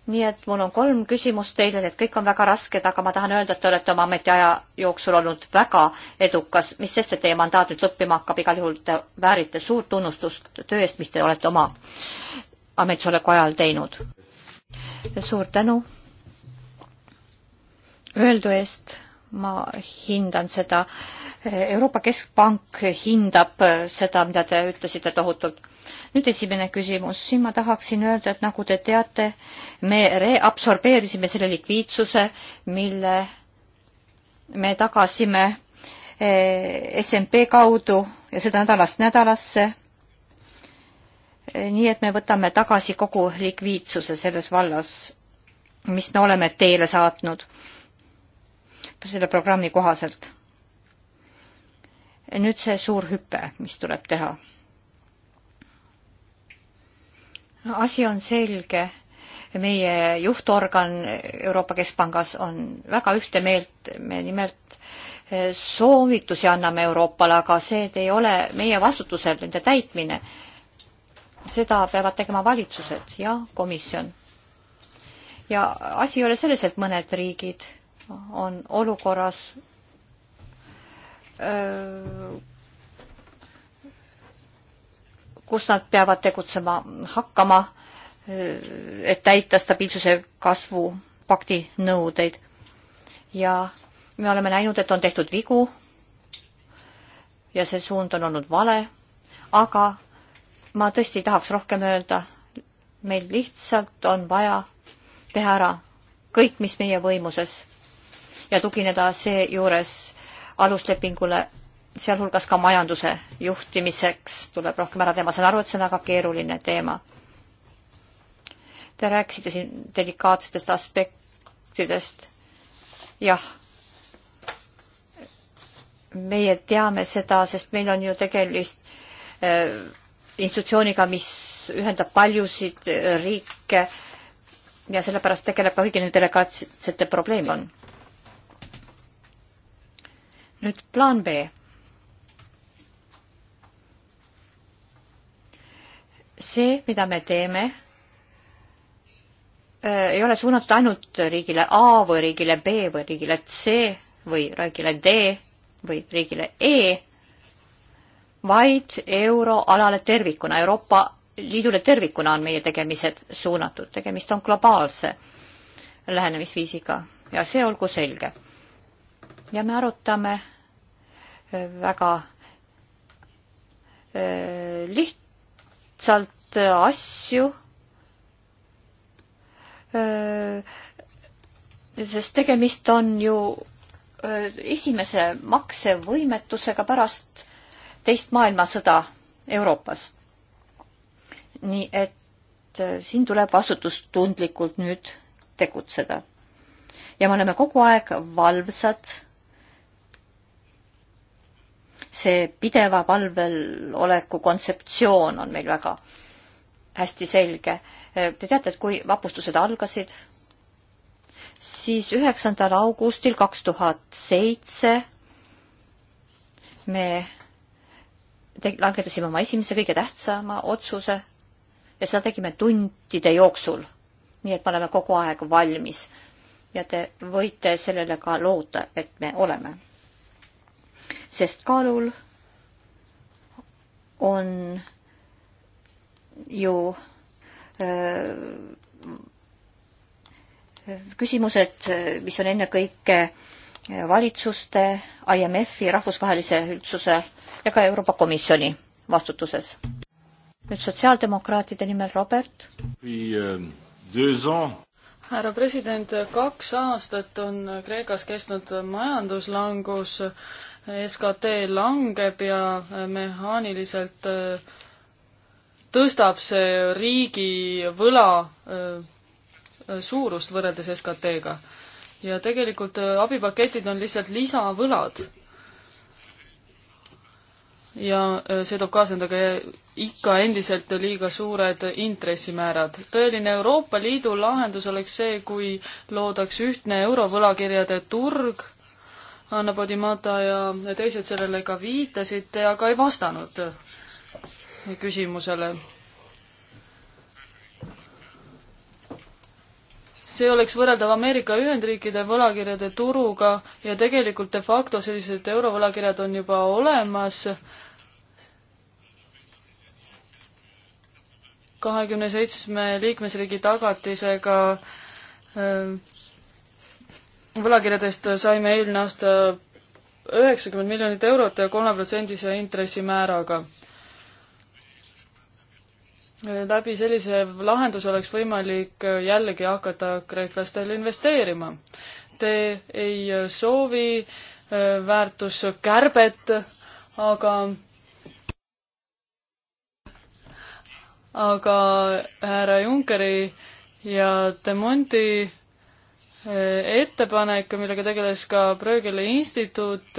nii et mul on kolm küsimust teile, need kõik on väga rasked, aga ma tahan öelda, et te olete oma ametiaja jooksul olnud väga edukas, mis sest, et teie mandaat nüüd lõppema hakkab, igal juhul te väärite suurt tunnustust töö eest, mis te olete oma ametisoleku ajal teinud. suur tänu öeldu eest ma hindan seda. Euroopa Keskpank hindab seda, mida te ütlesite tohutult. nüüd esimene küsimus, siin ma tahaksin öelda, et nagu te teate, me reabsorbeerisime selle likviidsuse, mille me tagasime eh, SMP kaudu ja seda nädalast nädalasse. Eh, nii et me võtame tagasi kogu likviidsuse selles vallas, mis me oleme teele saatnud selle programmi kohaselt. nüüd see suur hüpe, mis tuleb teha. asi on selge, meie juhtorgan Euroopa Keskpangas on väga ühte meelt, me nimelt eh, soovitusi anname Euroopale, aga see ei ole meie vastutusel, nende täitmine. seda peavad tegema valitsused ja komisjon. ja asi ei ole selles, et mõned riigid on olukorras, kus nad peavad tegutsema hakkama, et täita stabiilsuse kasvu pakti nõudeid. ja me oleme näinud, et on tehtud vigu ja see suund on olnud vale, aga ma tõesti tahaks rohkem öelda. meil lihtsalt on vaja teha ära kõik, mis meie võimuses ja tugineda seejuures aluslepingule, sealhulgas ka majanduse juhtimiseks tuleb rohkem ära teha, ma saan aru, et see on väga keeruline teema. Te rääkisite siin delikaatsetest aspektidest. jah, meie teame seda, sest meil on ju tegelist äh, institutsiooniga, mis ühendab paljusid äh, riike ja sellepärast tegeleb ka kõigi nende delikaatsete probleem on nüüd plaan B. see, mida me teeme, äh, ei ole suunatud ainult riigile A või riigile B või riigile C või riigile D või riigile E, vaid euroalale tervikuna, Euroopa Liidule tervikuna on meie tegemised suunatud, tegemist on globaalse lähenemisviisiga ja see olgu selge. ja me arutame väga äh, lihtsalt äh, asju, äh, sest tegemist on ju esimese maksevõimetusega pärast teist maailmasõda Euroopas. nii et siin tuleb vastutustundlikult nüüd tegutseda. ja me oleme kogu aeg valvsad see pideva palvel oleku kontseptsioon on meil väga hästi selge. Te teate, et kui vapustused algasid, siis üheksandal augustil kaks tuhat seitse me langetasime oma esimese kõige tähtsama otsuse ja seda tegime tundide jooksul. nii et me oleme kogu aeg valmis ja te võite sellele ka loota, et me oleme sest kaalul on ju äh, küsimused, mis on ennekõike valitsuste, IMF-i, rahvusvahelise üldsuse ja ka Euroopa Komisjoni vastutuses. nüüd sotsiaaldemokraatide nimel Robert. Euh, härra president, kaks aastat on Kreekas kestnud majanduslangus SKT langeb ja äh, mehaaniliselt äh, tõstab see riigi võla äh, suurust võrreldes SKT-ga. ja tegelikult abipaketid on lihtsalt lisavõlad. ja see toob kaasa endaga ikka endiselt liiga suured intressimäärad. tõeline Euroopa Liidu lahendus oleks see, kui loodaks ühtne eurovõlakirjade turg Anna Podimata ja teised sellele ka viitasid, aga ei vastanud küsimusele. see oleks võrreldav Ameerika Ühendriikide võlakirjade turuga ja tegelikult de facto sellised eurovõlakirjad on juba olemas. kahekümne seitsme liikmesriigi tagatisega võlakirjadest saime eelmine aasta üheksakümmend miljonit eurot kolmeprotsendise intressimääraga. läbi sellise lahenduse oleks võimalik jällegi hakata kreeklastele investeerima. Te ei soovi äh, väärtuskärbet, aga aga härra Junckeri ja Demonti ettepanek, millega tegeles ka Brögeli instituut,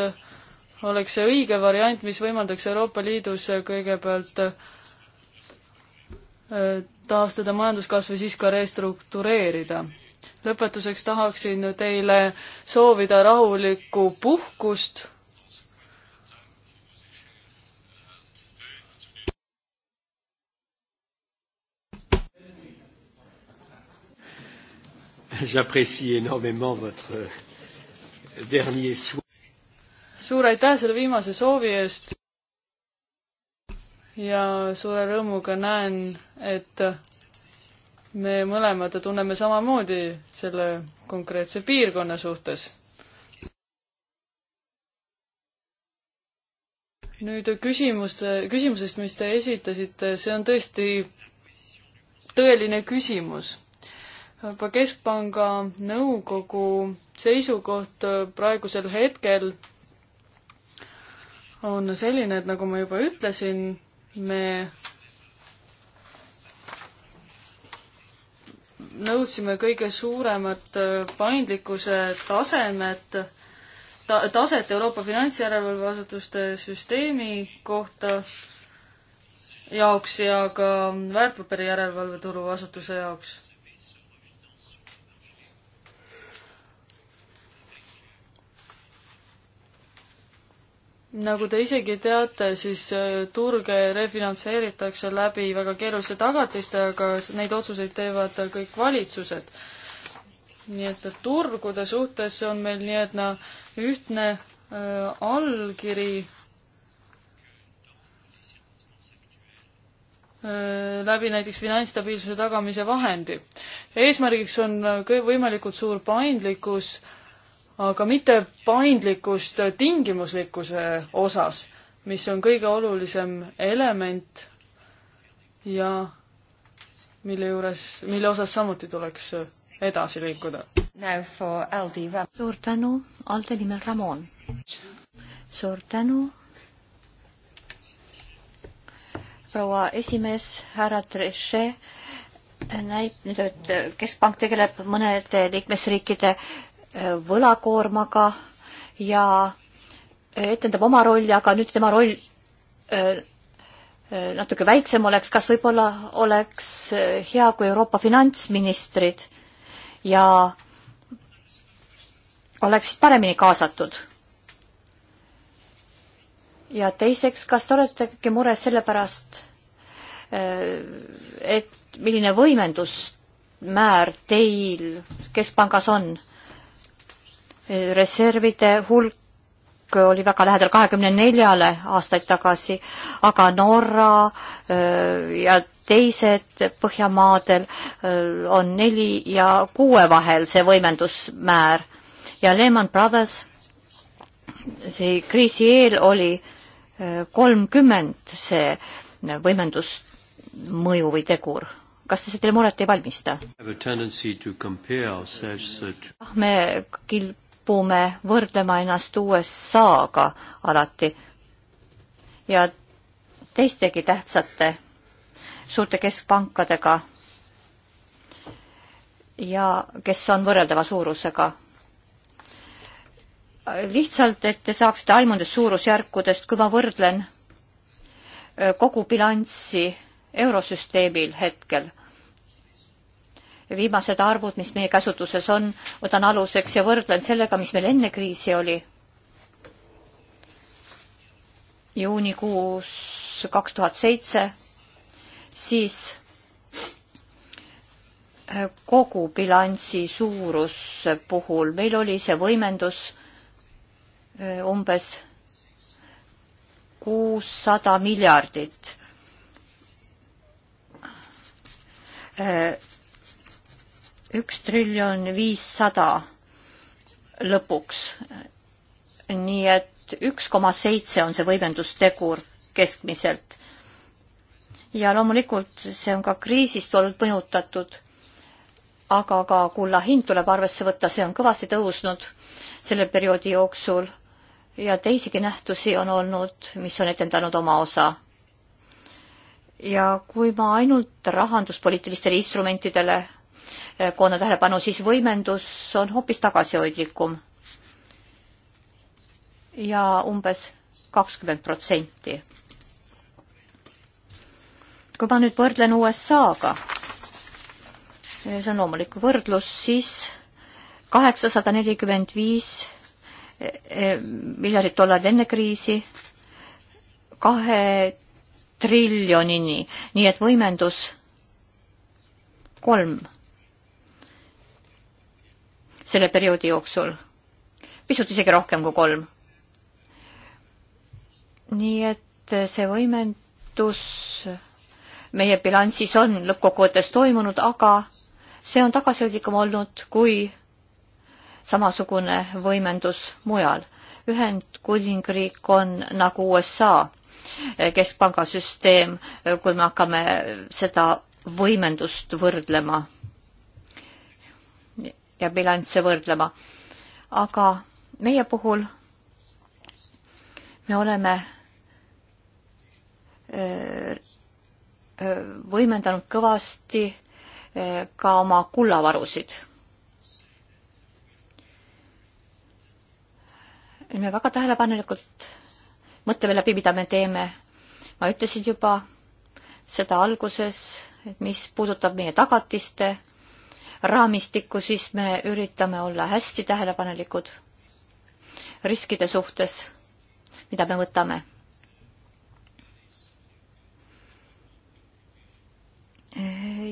oleks see õige variant, mis võimaldaks Euroopa Liidus kõigepealt äh, taastada majanduskasv ja siis ka restruktureerida. lõpetuseks tahaksin teile soovida rahulikku puhkust J'apprécie énormément votre euh, dernier souhait. suur aitäh selle viimase soovi eest. ja suure rõõmuga näen, et me mõlemad tunneme samamoodi selle konkreetse piirkonna suhtes. nüüd küsimus, küsimusest, mis te esitasite, see on tõesti tõeline küsimus Euroopa Keskpanga nõukogu seisukoht äh, praegusel hetkel on selline, et nagu ma juba ütlesin, me nõudsime kõige suuremat äh, paindlikkuse tasemet, ta-, taset Euroopa finantsjärelevalveasutuste süsteemi kohta jaoks ja ka väärtpaberi järelevalveturu asutuse jaoks nagu te isegi teate, siis äh, turge refinantseeritakse läbi väga keeruliste tagatiste, aga neid otsuseid teevad kõik valitsused. nii et turgude suhtes on meil nii-öelda ühtne äh, allkiri äh, läbi näiteks finantsstabiilsuse tagamise vahendi. eesmärgiks on äh, võimalikult suur paindlikkus äh, aga mitte paindlikkust tingimuslikkuse osas, mis on kõige olulisem element ja mille juures, mille osas samuti tuleks edasi liikuda. suur tänu, Alde nimel Ramon. suur tänu, proua esimees, härra Trichet näib nüüd, et Keskpank tegeleb mõnede liikmesriikide Äh, võlakoormaga ja äh, etendab oma rolli, aga nüüd tema roll äh, natuke väiksem oleks, kas võib-olla oleks hea, kui Euroopa finantsministrid ja oleksid paremini kaasatud? ja teiseks, kas te olete ikkagi mures selle pärast, et milline võimendusmäär teil keskpangas on? reservide hulk oli väga lähedal kahekümne neljale aastaid tagasi, aga Norra ja teised Põhjamaadel on neli ja kuue vahel see võimendusmäär ja Lehman Brothers see kriisi eel oli kolmkümmend see võimendusmõju või tegur kas te see teile muret ei valmista? Uh, me kil-, kipume võrdlema ennast USA-ga alati ja teistegi tähtsate suurte keskpankadega ja kes on võrreldava suurusega. lihtsalt, et te saaksite aimundust suurusjärkudest, kui ma võrdlen kogu bilanssi eurosüsteemil hetkel viimased arvud, mis meie käsutuses on, võtan aluseks ja võrdlen sellega, mis meil enne kriisi oli. juunikuus kaks tuhat seitse, siis äh, kogu bilansi suuruse puhul meil oli see võimendus äh, umbes kuussada miljardit äh, üks triljon viissada lõpuks. nii et üks koma seitse on see võimendustegur keskmiselt. ja loomulikult see on ka kriisist olnud mõjutatud, aga ka kulla hind tuleb arvesse võtta, see on kõvasti tõusnud selle perioodi jooksul ja teisigi nähtusi on olnud, mis on etendanud oma osa. ja kui ma ainult rahanduspoliitilistele instrumentidele koona tähelepanu, siis võimendus on hoopis tagasihoidlikum. ja umbes kakskümmend protsenti. kui ma nüüd võrdlen USA-ga, see on loomulik võrdlus, siis kaheksasada nelikümmend viis eh, miljardit dollarit enne kriisi, kahe triljonini, nii et võimendus kolm selle perioodi jooksul, pisut isegi rohkem kui kolm. nii et see võimendus meie bilansis on lõppkokkuvõttes toimunud, aga see on tagasihoidlikum olnud kui samasugune võimendus mujal. Ühendkuningriik on nagu USA keskpangasüsteem, kui me hakkame seda võimendust võrdlema ja bilansse võrdlema. aga meie puhul me oleme võimendanud kõvasti ka oma kullavarusid. me väga tähelepanelikult mõtleme läbi, mida me teeme. ma ütlesin juba seda alguses, et mis puudutab meie tagatiste raamistikku, siis me üritame olla hästi tähelepanelikud riskide suhtes, mida me võtame.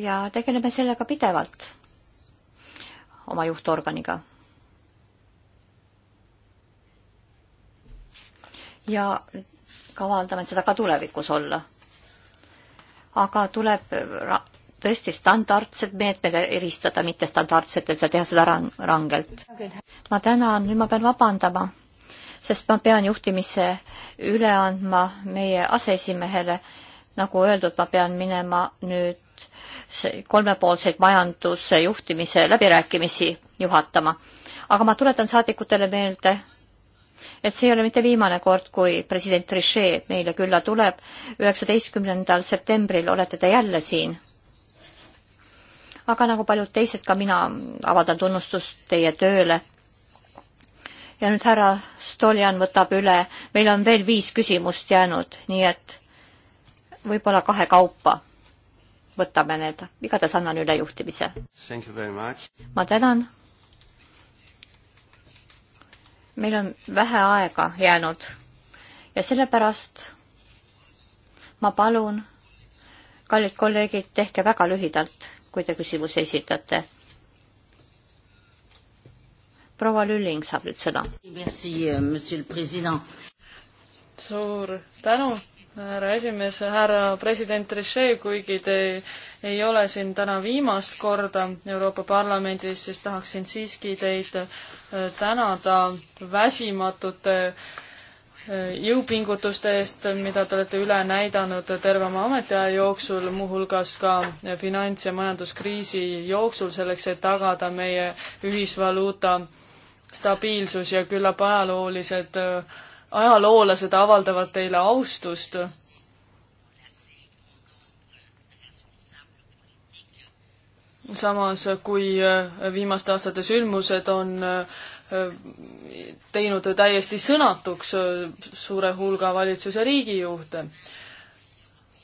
ja tegeleme sellega pidevalt oma juhtorganiga. ja kavandame seda ka tulevikus olla. aga tuleb tõesti standardsed meetmed eristada mittestandardsetelt ja teha seda rang rangelt. ma tänan, nüüd ma pean vabandama, sest ma pean juhtimise üle andma meie aseesimehele. nagu öeldud, ma pean minema nüüd kolmepoolseid majanduse juhtimise läbirääkimisi juhatama. aga ma tuletan saadikutele meelde, et see ei ole mitte viimane kord, kui president Trichet meile külla tuleb. üheksateistkümnendal septembril olete te jälle siin aga nagu paljud teised ka mina avaldan tunnustust teie tööle. ja nüüd härra Stoljan võtab üle, meil on veel viis küsimust jäänud, nii et võib-olla kahekaupa võtame need, igatahes annan üle juhtimise. ma tänan. meil on vähe aega jäänud ja sellepärast ma palun, kallid kolleegid, tehke väga lühidalt kui te küsimusi esitate. proua Lülling saab nüüd sõna. Euh, suur tänu härra esimees, härra president Trichet, kuigi te ei ole siin täna viimast korda Euroopa Parlamendis, siis tahaksin siiski teid äh, tänada väsimatute jõupingutuste eest, mida te olete üle näidanud terve oma ametiaja jooksul, muuhulgas ka finants- ja majanduskriisi jooksul, selleks et tagada meie ühisvaluuta stabiilsus ja küllap ajaloolised, ajaloolased avaldavad teile austust. samas, kui viimaste aastate sündmused on äh, teinud täiesti sõnatuks suure hulga valitsuse riigijuhte.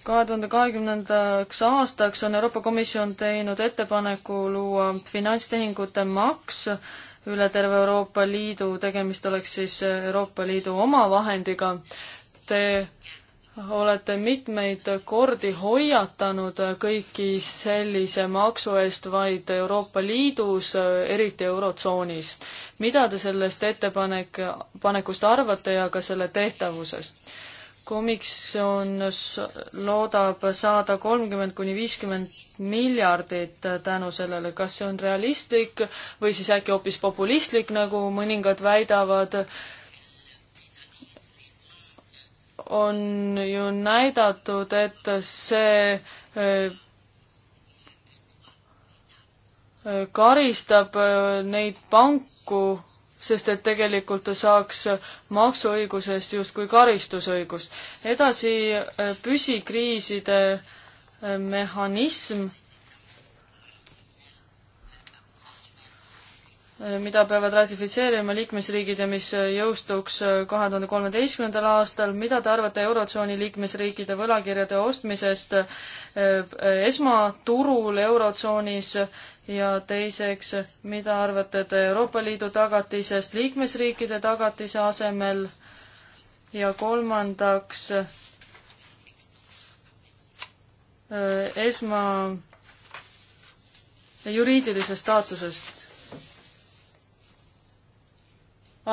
kahe tuhande kahekümnendaks aastaks on Euroopa Komisjon teinud ettepaneku luua finantstehingute maks üle terve Euroopa Liidu, tegemist oleks siis Euroopa Liidu omavahendiga. Te olete mitmeid kordi hoiatanud kõiki sellise maksu eest vaid Euroopa Liidus, eriti Eurotsoonis. mida te sellest ettepanek, panekust arvate ja ka selle tehtavusest? komisjon loodab saada kolmkümmend kuni viiskümmend miljardit tänu sellele, kas see on realistlik või siis äkki hoopis populistlik, nagu mõningad väidavad, on ju näidatud, et see eh, karistab eh, neid panku, sest et tegelikult saaks maksuõigusest justkui karistusõigus. edasi eh, püsikriiside mehhanism Äh, mida peavad ratifitseerima liikmesriigid ja mis äh, jõustuks äh, kahe tuhande kolmeteistkümnendal aastal. mida te arvate Eurotsooni liikmesriikide võlakirjade ostmisest esmaturul Eurotsoonis ja teiseks, mida arvate te Euroopa Liidu tagatisest liikmesriikide tagatise asemel ja kolmandaks esma juriidilisest staatusest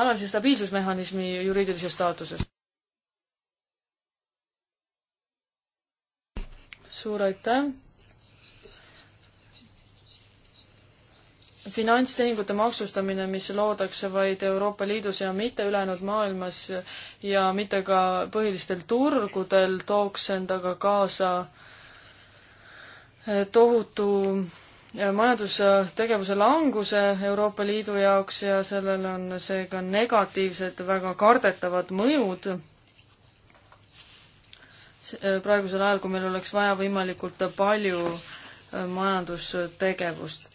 alalise stabiilsusmehhanismi juriidilise staatuse. suur aitäh. finantstehingute maksustamine, mis loodakse vaid Euroopa Liidus ja mitte ülejäänud maailmas ja mitte ka põhilistel turgudel, tooks endaga kaasa tohutu majandustegevuse languse Euroopa Liidu jaoks ja sellel on seega negatiivsed, väga kardetavad mõjud äh, praegusel ajal, kui meil oleks vaja võimalikult palju äh, majandustegevust.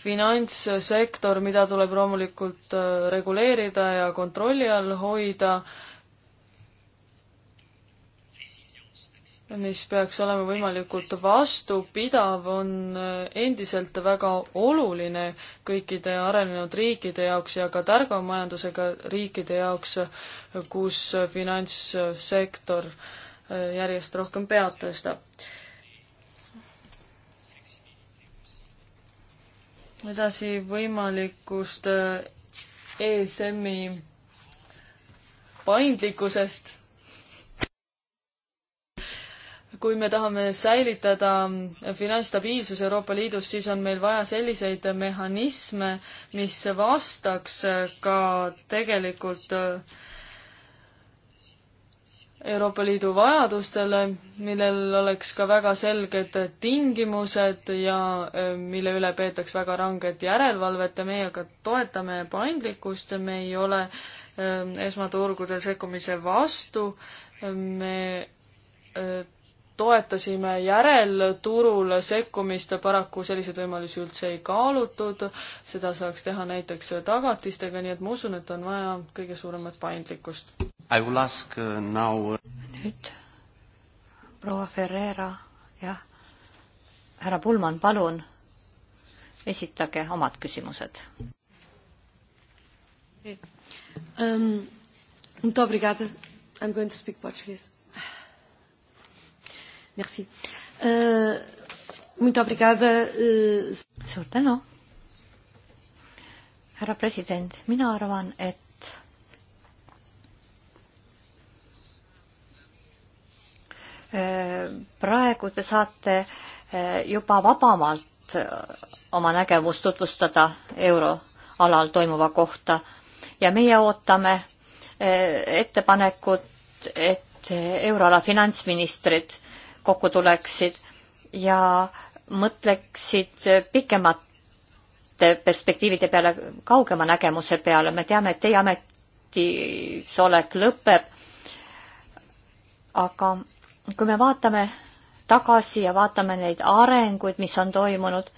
finantssektor, mida tuleb loomulikult äh, reguleerida ja kontrolli all hoida, mis peaks olema võimalikult vastupidav, on äh, endiselt väga oluline kõikide arenenud riikide jaoks ja ka targa majandusega riikide jaoks, kus finantssektor äh, järjest rohkem pead tõstab. edasi võimalikust äh, ESM-i paindlikkusest kui me tahame säilitada finantsstabiilsus Euroopa Liidus, siis on meil vaja selliseid mehhanisme, mis vastaks ka tegelikult äh, Euroopa Liidu vajadustele, millel oleks ka väga selged tingimused ja äh, mille üle peetaks väga ranget järelevalvet ja meie ka toetame paindlikkust ja me ei ole äh, esmaturgudel sekkumise vastu, me toetasime järelturul sekkumist, paraku selliseid võimalusi üldse ei kaalutud, seda saaks teha näiteks tagatistega, nii et ma usun, et on vaja kõige suuremat paindlikkust. Uh, now... Uh, nüüd proua Ferreira, jah, härra Pullmann, palun esitage omad küsimused. Um, muito obrigada. I'm going to speak Portuguese. Merci. Uh, muito obrigada. Uh... suur tänu. härra president, mina arvan, et eh, praegu te saate eh, juba vabamalt oma nägemust tutvustada euroalal toimuva kohta ja meie ootame ettepanekut, et euroala finantsministrid kokku tuleksid ja mõtleksid pikemate perspektiivide peale, kaugema nägemuse peale. me teame, et teie ametisolek lõpeb. aga kui me vaatame tagasi ja vaatame neid arenguid, mis on toimunud,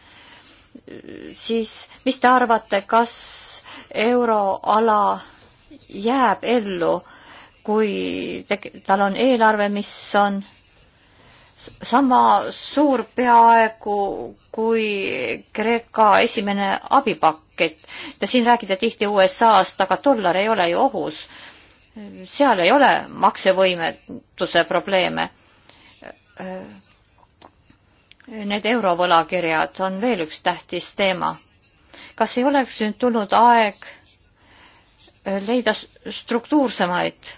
siis mis te arvate, kas euroala jääb ellu, kui te, tal on eelarve, mis on sama suur peaaegu kui Kreeka esimene abipakett. ja siin räägite tihti USA-st, aga dollar ei ole ju ohus. seal ei ole maksevõimetuse probleeme. Need eurovõlakirjad on veel üks tähtis teema. kas ei oleks nüüd tulnud aeg leida struktuursemaid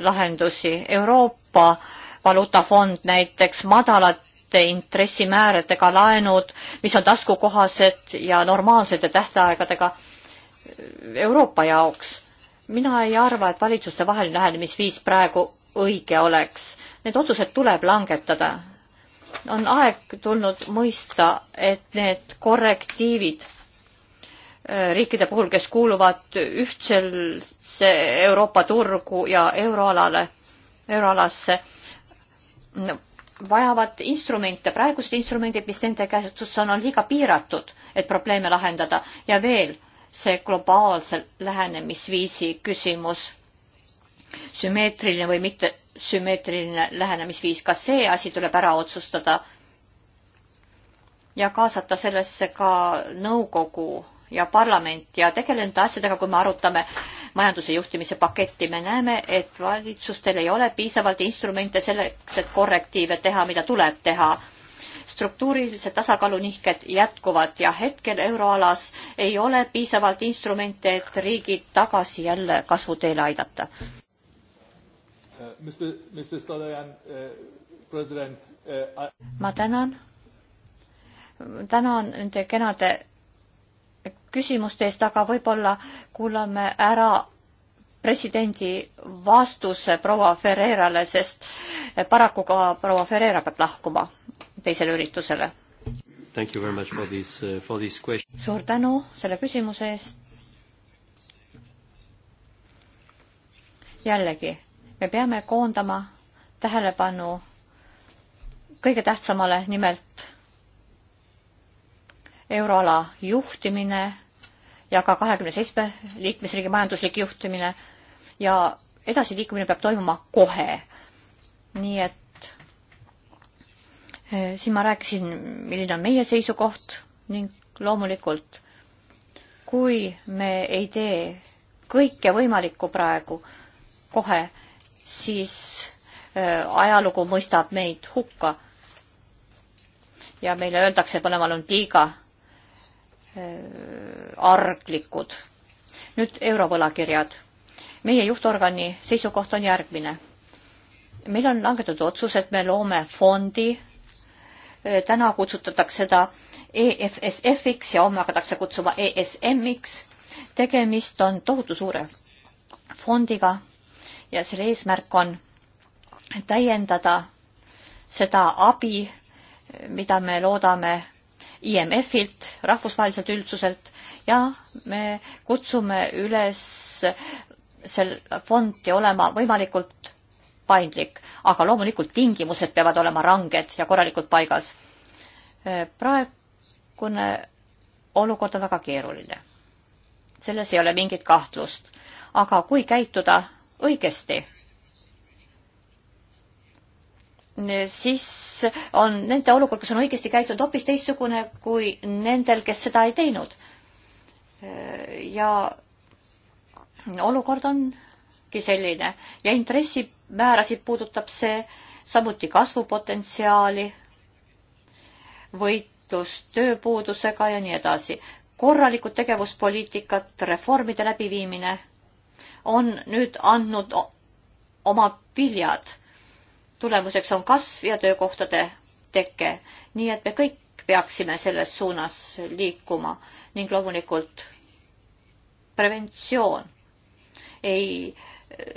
lahendusi Euroopa äh, valuutafond näiteks madalate intressimääradega laenud, mis on taskukohased ja normaalsete tähtaegadega Euroopa jaoks. mina ei arva, et valitsuste vaheline lähenemisviis praegu õige oleks. Need otsused tuleb langetada. on aeg tulnud mõista, et need korrektiivid äh, riikide puhul, kes kuuluvad ühtsesse Euroopa turgu ja euroalale, euroalasse, vajavad instrumente, praegused instrumendid, mis nende käsutuses on, on liiga piiratud, et probleeme lahendada ja veel see globaalse lähenemisviisi küsimus, sümmeetriline või mitte sümmeetriline lähenemisviis, ka see asi tuleb ära otsustada ja kaasata sellesse ka nõukogu ja parlament ja tegelen nende asjadega, kui me arutame majanduse juhtimise paketti, me näeme, et valitsustel ei ole piisavalt instrumente selleks, et korrektiive teha, mida tuleb teha. struktuurilised tasakaalunihked jätkuvad ja hetkel euroalas ei ole piisavalt instrumente, et riigid tagasi jälle kasvuteele aidata. Uh, uh, uh, ma tänan, tänan nende kenade küsimuste eest, aga võib-olla kuulame ära presidendi vastuse proua Ferreirale, sest paraku ka proua Ferreira peab lahkuma teisele üritusele. Uh, suur tänu selle küsimuse eest. jällegi, me peame koondama tähelepanu kõige tähtsamale, nimelt euroala juhtimine ja ka kahekümne seitsme liikmesriigi majanduslik juhtimine ja edasiliikumine peab toimuma kohe. nii et eh, siin ma rääkisin, milline on meie seisukoht ning loomulikult, kui me ei tee kõike võimalikku praegu kohe, siis eh, ajalugu mõistab meid hukka. ja meile öeldakse, et mõlemal on tiiga Äh, arglikud. nüüd eurovõlakirjad. meie juhtorgani seisukoht on järgmine. meil on langetatud otsus, et me loome fondi, äh, täna kutsutatakse seda EFSF-iks ja homme hakatakse kutsuma ESM-iks. tegemist on tohutu suure fondiga ja selle eesmärk on täiendada seda abi, mida me loodame IMF-ilt, rahvusvaheliselt üldsuselt ja me kutsume üles sel fondi olema võimalikult paindlik, aga loomulikult tingimused peavad olema ranged ja korralikult paigas. Äh, praegune olukord on väga keeruline. selles ei ole mingit kahtlust. aga kui käituda õigesti siis on nende olukord, kes on õigesti käitunud, hoopis teistsugune kui nendel, kes seda ei teinud. ja olukord ongi selline ja intressimäärasid puudutab see samuti kasvupotentsiaali, võitlust tööpuudusega ja nii edasi. korralikud tegevuspoliitikat, reformide läbiviimine on nüüd andnud omad viljad tulemuseks on kasv ja töökohtade teke. nii et me kõik peaksime selles suunas liikuma ning loomulikult preventsioon ei,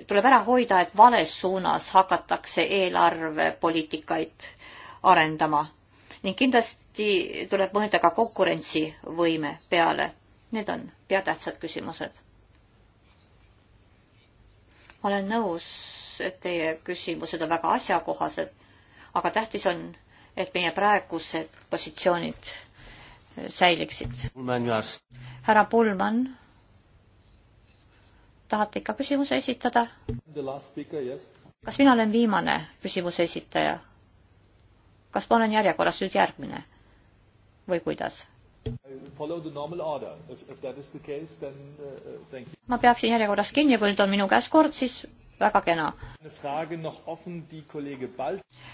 tuleb ära hoida, et vales suunas hakatakse eelarvepoliitikaid arendama ning kindlasti tuleb mõelda ka konkurentsivõime peale. Need on peatähtsad küsimused. ma olen nõus teie küsimused on väga asjakohased, aga tähtis on, et meie praegused positsioonid äh, säiliksid. härra Pullmann, tahate ikka küsimuse esitada? Yes. kas mina olen viimane küsimuse esitaja? kas ma olen järjekorras nüüd järgmine või kuidas? Uh, uh, ma peaksin järjekorras kinni, kui nüüd on minu käes kord, siis väga kena.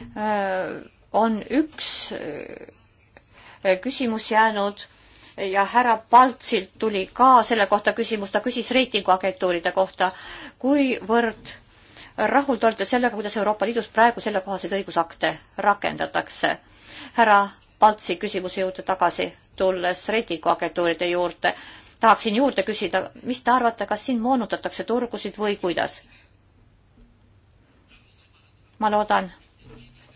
Äh, on üks äh, küsimus jäänud ja härra Paltsilt tuli ka selle kohta küsimus, ta küsis reitinguagentuuride kohta. kuivõrd rahul te olete sellega, kuidas Euroopa Liidus praegu sellekohaseid õigusakte rakendatakse? härra Paltsi küsimuse juurde tagasi tulles reitinguagentuuride juurde, tahaksin juurde küsida, mis te arvate, kas siin moonutatakse turgusid või kuidas? ma loodan,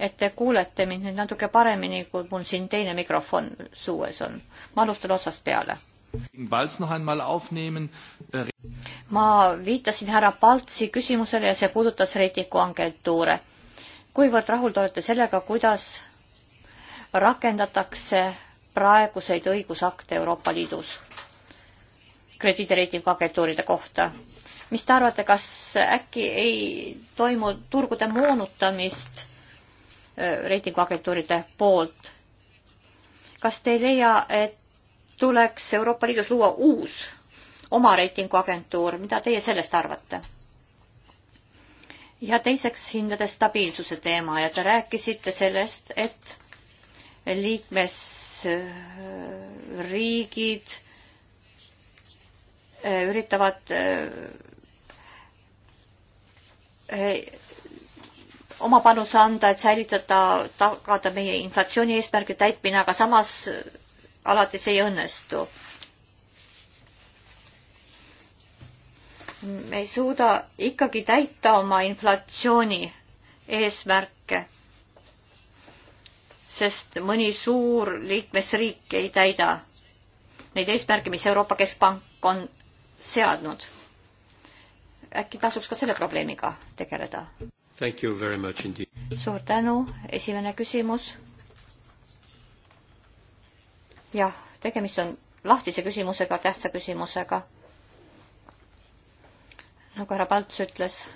et te kuulete mind nüüd natuke paremini, kui mul siin teine mikrofon suues on. ma alustan otsast peale. ma viitasin härra Paltsi küsimusele ja see puudutas Reitiku agentuure. kuivõrd rahul te olete sellega, kuidas rakendatakse praeguseid õigusakte Euroopa Liidus krediidireitingu agentuuride kohta? mis te arvate, kas äkki ei toimu turgude moonutamist äh, reitinguagentuuride poolt? kas te ei leia, et tuleks Euroopa Liidus luua uus oma reitinguagentuur, mida teie sellest arvate? ja teiseks hindade stabiilsuse teema ja te rääkisite sellest, et liikmesriigid äh, üritavad äh, Eh, oma panuse anda, et säilitada, tagada meie inflatsiooni eesmärgi täitmine, aga samas eh, alati see ei õnnestu. me ei suuda ikkagi täita oma inflatsiooni eesmärke, sest mõni suur liikmesriik ei täida neid eesmärke, mis Euroopa Keskpank on seadnud äkki tasuks ka selle probleemiga tegeleda? suur tänu, esimene küsimus. jah, tegemist on lahtise küsimusega, tähtsa küsimusega. nagu härra Palts ütles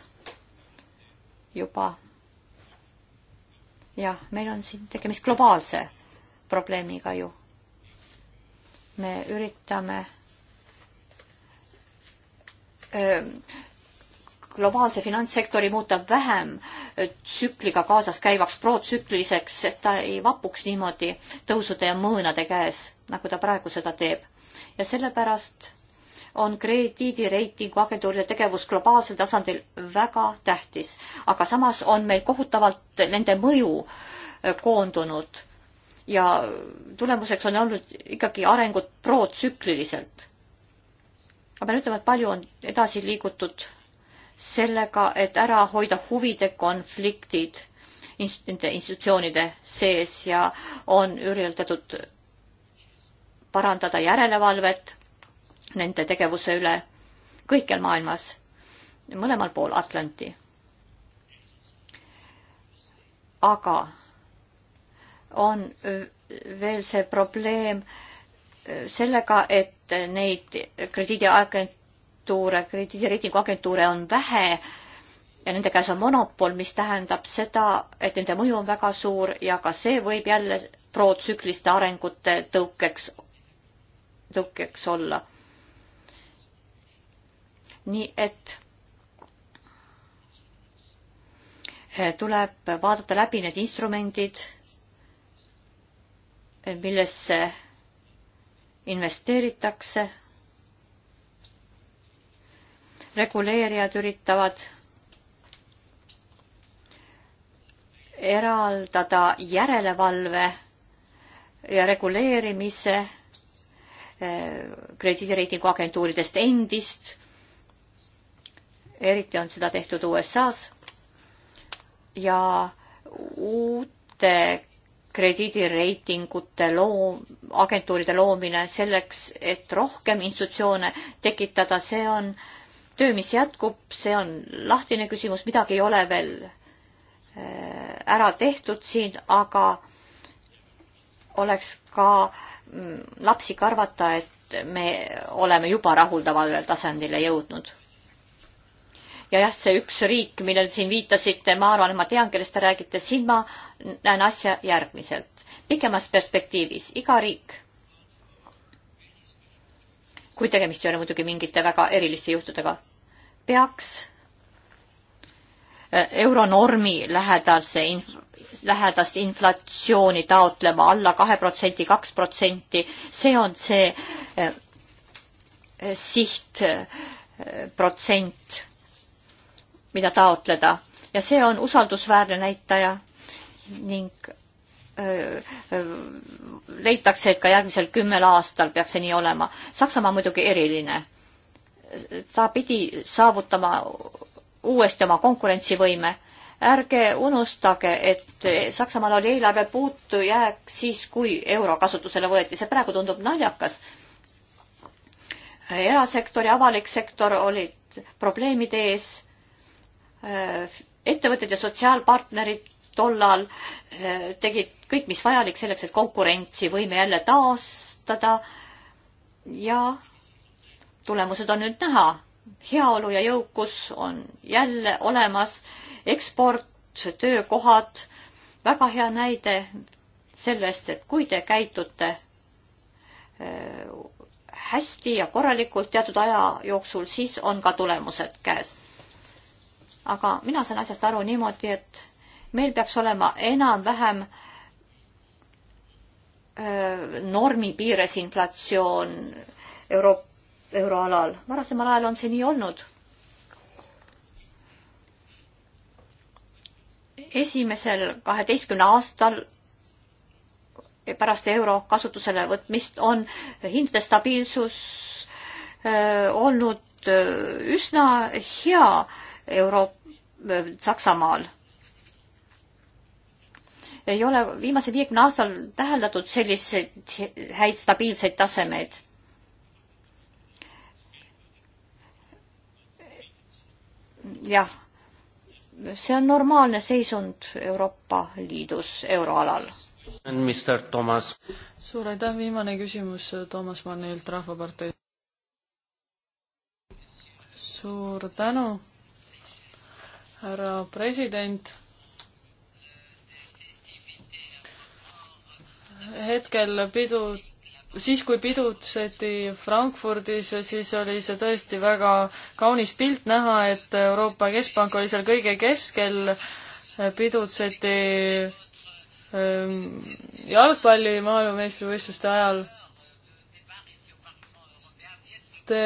juba. jah, meil on siin tegemist globaalse probleemiga ju. me üritame öö, ähm, globaalse finantssektori muuta vähem tsükliga kaasas käivaks protsükliliseks, et ta ei vapuks niimoodi tõusude ja mõõnade käes, nagu ta praegu seda teeb. ja sellepärast on krediidireitingu agentuuride tegevus globaalsel tasandil väga tähtis, aga samas on meil kohutavalt nende mõju koondunud ja tulemuseks on olnud ikkagi arengud protsükliliselt. ma pean ütlema, et palju on edasi liigutud sellega, et ära hoida huvide konfliktid nende institutsioonide sees ja on üritatud parandada järelevalvet nende tegevuse üle kõikjal maailmas, mõlemal pool Atlandi. aga on veel see probleem sellega, et neid krediidiagent-, agentuure, krediidireitinguagentuure on vähe ja nende käes on monopol, mis tähendab seda, et nende mõju on väga suur ja ka see võib jälle protsükliste arengute tõukeks, tõukeks olla. nii et tuleb vaadata läbi need instrumendid, millesse investeeritakse reguleerijad üritavad eraldada järelevalve ja reguleerimise eh, krediidireitingu agentuuridest endist. eriti on seda tehtud USA-s ja uute krediidireitingute loom, agentuuride loomine selleks, et rohkem institutsioone tekitada, see on äh, töö, mis jätkub, see on lahtine küsimus, midagi ei ole veel äh, ära tehtud siin, aga oleks ka mm, lapsi karvata, et me oleme juba rahuldavale tasandile jõudnud. ja jah, see üks riik, millele siin viitasite, ma arvan, ma tean, kellest te räägite, siin ma näen asja järgmiselt. pikemas perspektiivis iga riik, kui tegemist ei ole muidugi mingite väga eriliste juhtudega peaks äh, euronormi lähedase inf-, lähedast inflatsiooni taotlema alla kahe protsendi, kaks protsenti, see on see äh, sihtprotsent, äh, mida taotleda ja see on usaldusväärne näitaja ning leitakse, et ka järgmisel kümmel aastal peaks see nii olema. Saksamaa muidugi eriline ta pidi saavutama uuesti oma konkurentsivõime. ärge unustage, et Saksamaal oli eelarve puutujääk siis, kui euro kasutusele võeti, see praegu tundub naljakas. erasektor ja avalik sektor olid probleemide ees. ettevõtted ja sotsiaalpartnerid tollal eh, tegid kõik, mis vajalik selleks, et konkurentsivõime jälle taastada ja tulemused on nüüd näha. heaolu ja jõukus on jälle olemas, eksport, töökohad, väga hea näide sellest, et kui te käitute äh, hästi ja korralikult teatud aja jooksul, siis on ka tulemused käes. aga mina saan asjast aru niimoodi, et meil peaks olema enam-vähem äh, normi piires inflatsioon Euroopa euroalal. varasemal ajal on see nii olnud. esimesel kaheteistkümne aastal pärast euro kasutusele võtmist on hindade stabiilsus öö, äh, olnud öö, äh, üsna hea Euro-, äh, Saksamaal ei ole viimase viiekümne aastal täheldatud selliseid häid stabiilseid tasemeid. jah, see on normaalne seisund Euroopa Liidus, euroalal. suur aitäh, viimane küsimus Toomas Mannilt Rahvapartei. suur tänu, härra president hetkel pidu, siis, kui pidutseti Frankfurdis, siis oli see tõesti väga kaunis pilt näha, et Euroopa Keskpank oli seal kõige keskel, pidutseti ähm, jalgpalli maailmameistrivõistluste ajal. Te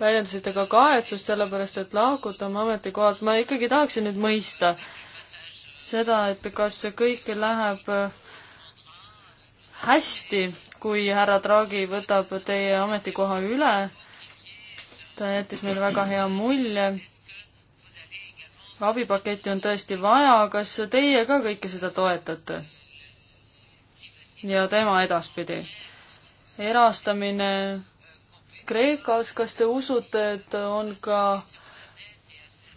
väljendasite ka kahetsust, sellepärast et laaguta oma ametikohalt, ma ikkagi tahaksin nüüd mõista, seda, et kas see kõik läheb äh, hästi, kui härra Draghi võtab teie ametikoha üle. ta jättis meile väga hea mulje. abipaketti on tõesti vaja, kas teie ka kõike seda toetate? ja tema edaspidi. erastamine Kreekas, kas te usute, et on ka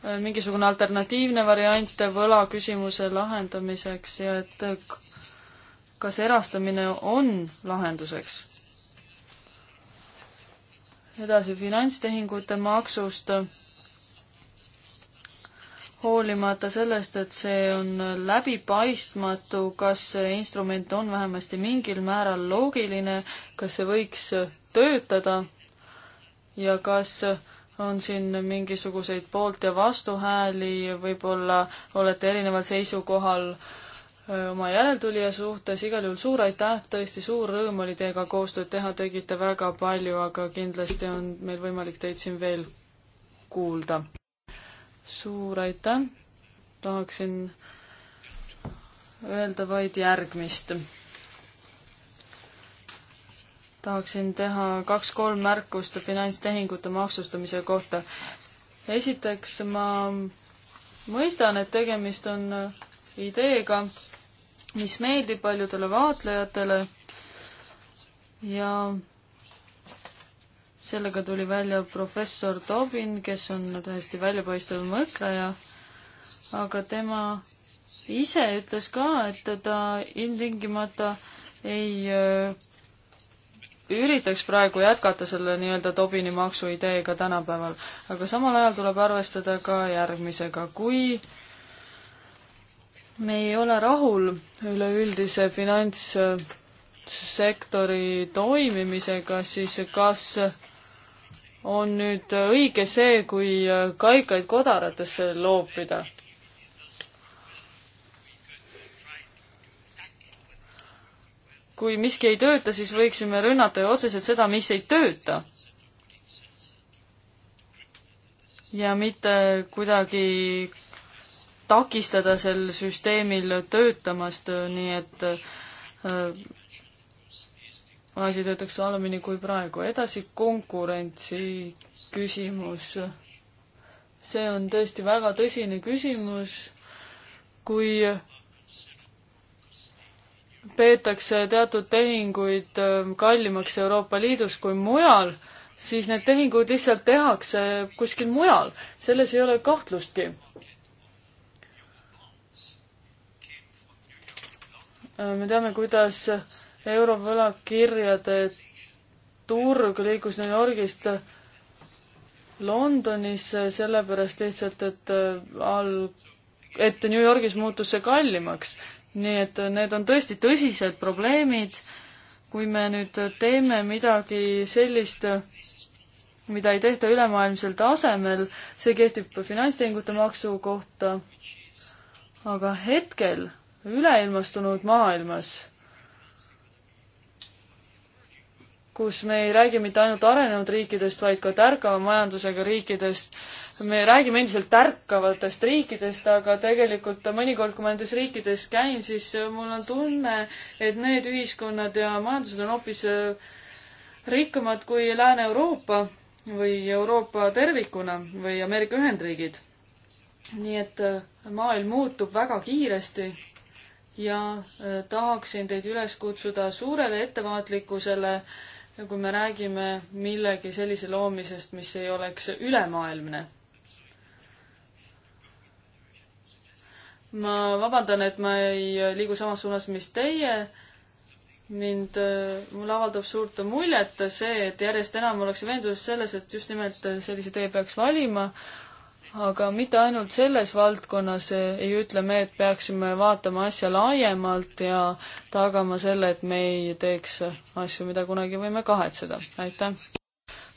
Äh, mingisugune alternatiivne variant võlaküsimuse lahendamiseks ja et kas erastamine on lahenduseks? edasi finantstehingute maksust. hoolimata sellest, et see on läbipaistmatu, kas see instrument on vähemasti mingil määral loogiline, kas see võiks töötada ja kas äh, on siin mingisuguseid poolt- ja vastuhääli, võib-olla olete erineval seisukohal oma järeltulija suhtes, igal juhul suur aitäh, tõesti suur rõõm oli teiega koostööd teha, tegite väga palju, aga kindlasti on meil võimalik teid siin veel kuulda. suur aitäh, tahaksin öelda vaid järgmist tahaksin teha kaks-kolm märkust finantstehingute maksustamise kohta. esiteks, ma mõistan, et tegemist on ideega, mis meeldib paljudele vaatlejatele ja sellega tuli välja professor Tobin, kes on täiesti väljapaistev mõtleja, aga tema ise ütles ka, et ta ilmtingimata ei äh, üritaks praegu jätkata selle nii-öelda Tobini maksu ideega tänapäeval, aga samal ajal tuleb arvestada ka järgmisega, kui me ei ole rahul üleüldise finantssektori toimimisega, siis kas on nüüd õige see, kui kaikaid kodaratesse loopida kui miski ei tööta, siis võiksime rünnata ju otseselt seda, mis ei tööta. ja mitte kuidagi takistada sel süsteemil töötamast, nii et äh, asi töötaks halvemini kui praegu. edasi konkurentsi küsimus. see on tõesti väga tõsine küsimus, kui äh, peetakse teatud tehinguid ähm, kallimaks Euroopa Liidus kui mujal, siis need tehingud lihtsalt tehakse kuskil mujal, selles ei ole kahtlustki. Äh, me teame, kuidas eurovõlakirjade turg liikus New Yorgist Londonisse sellepärast lihtsalt, et äh, all, et New Yorgis muutus see kallimaks nii et need on tõesti tõsised probleemid. kui me nüüd teeme midagi sellist, mida ei tehta ülemaailmsel tasemel, see kehtib finantstehingute maksu kohta, aga hetkel üleilmastunud maailmas kus me ei räägi mitte ainult arenenud riikidest, vaid ka tärkava majandusega riikidest. me räägime endiselt tärkavatest riikidest, aga tegelikult mõnikord, kui ma nendes riikides käin, siis äh, mul on tunne, et need ühiskonnad ja majandused on hoopis äh, rikkamad kui Lääne-Euroopa või Euroopa tervikuna või Ameerika Ühendriigid. nii et äh, maailm muutub väga kiiresti ja tahaksin teid üles kutsuda suurele ettevaatlikkusele äh, ja kui me räägime millegi sellise loomisest, mis ei oleks ülemaailmne. ma vabandan, et ma ei liigu samas suunas, mis teie. mind, äh, mulle avaldab suurt muljet see, et järjest enam oleks veenduses selles, et just nimelt sellise tee peaks valima aga mitte ainult selles valdkonnas eh, ei ütle me, et peaksime vaatama asja laiemalt ja tagama selle, et me ei teeks asju, mida kunagi võime kahetseda. aitäh!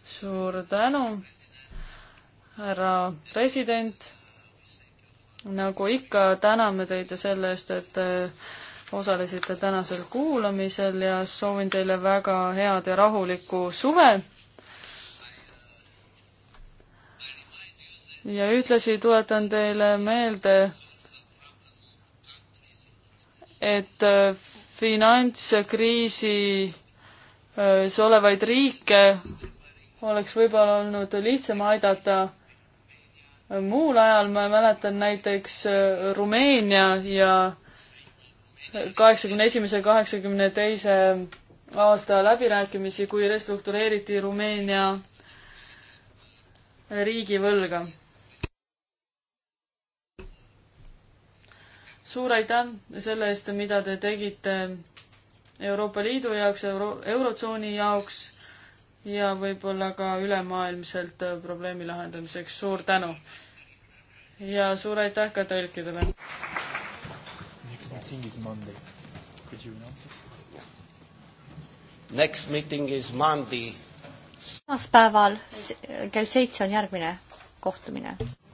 suur tänu, härra president! nagu ikka, täname teid selle eest, et eh, osalesite tänasel kuulamisel ja soovin teile väga head ja rahulikku suve! ja ühtlasi tuletan teile meelde, et äh, finantskriisis äh, olevaid riike oleks võib-olla olnud lihtsam aidata äh, muul ajal, ma mäletan näiteks Rumeenia ja kaheksakümne esimese, kaheksakümne teise aasta läbirääkimisi, kui restruktureeriti Rumeenia riigivõlga suur aitäh selle eest, mida te tegite Euroopa Liidu jaoks, euro, Eurotsooni jaoks ja võib-olla ka ülemaailmselt probleemi lahendamiseks, suur tänu! ja suur aitäh ka tõlkidele! Next meeting is Monday. Could you announce this? Next meeting is Monday. esmaspäeval kell seitse on järgmine kohtumine.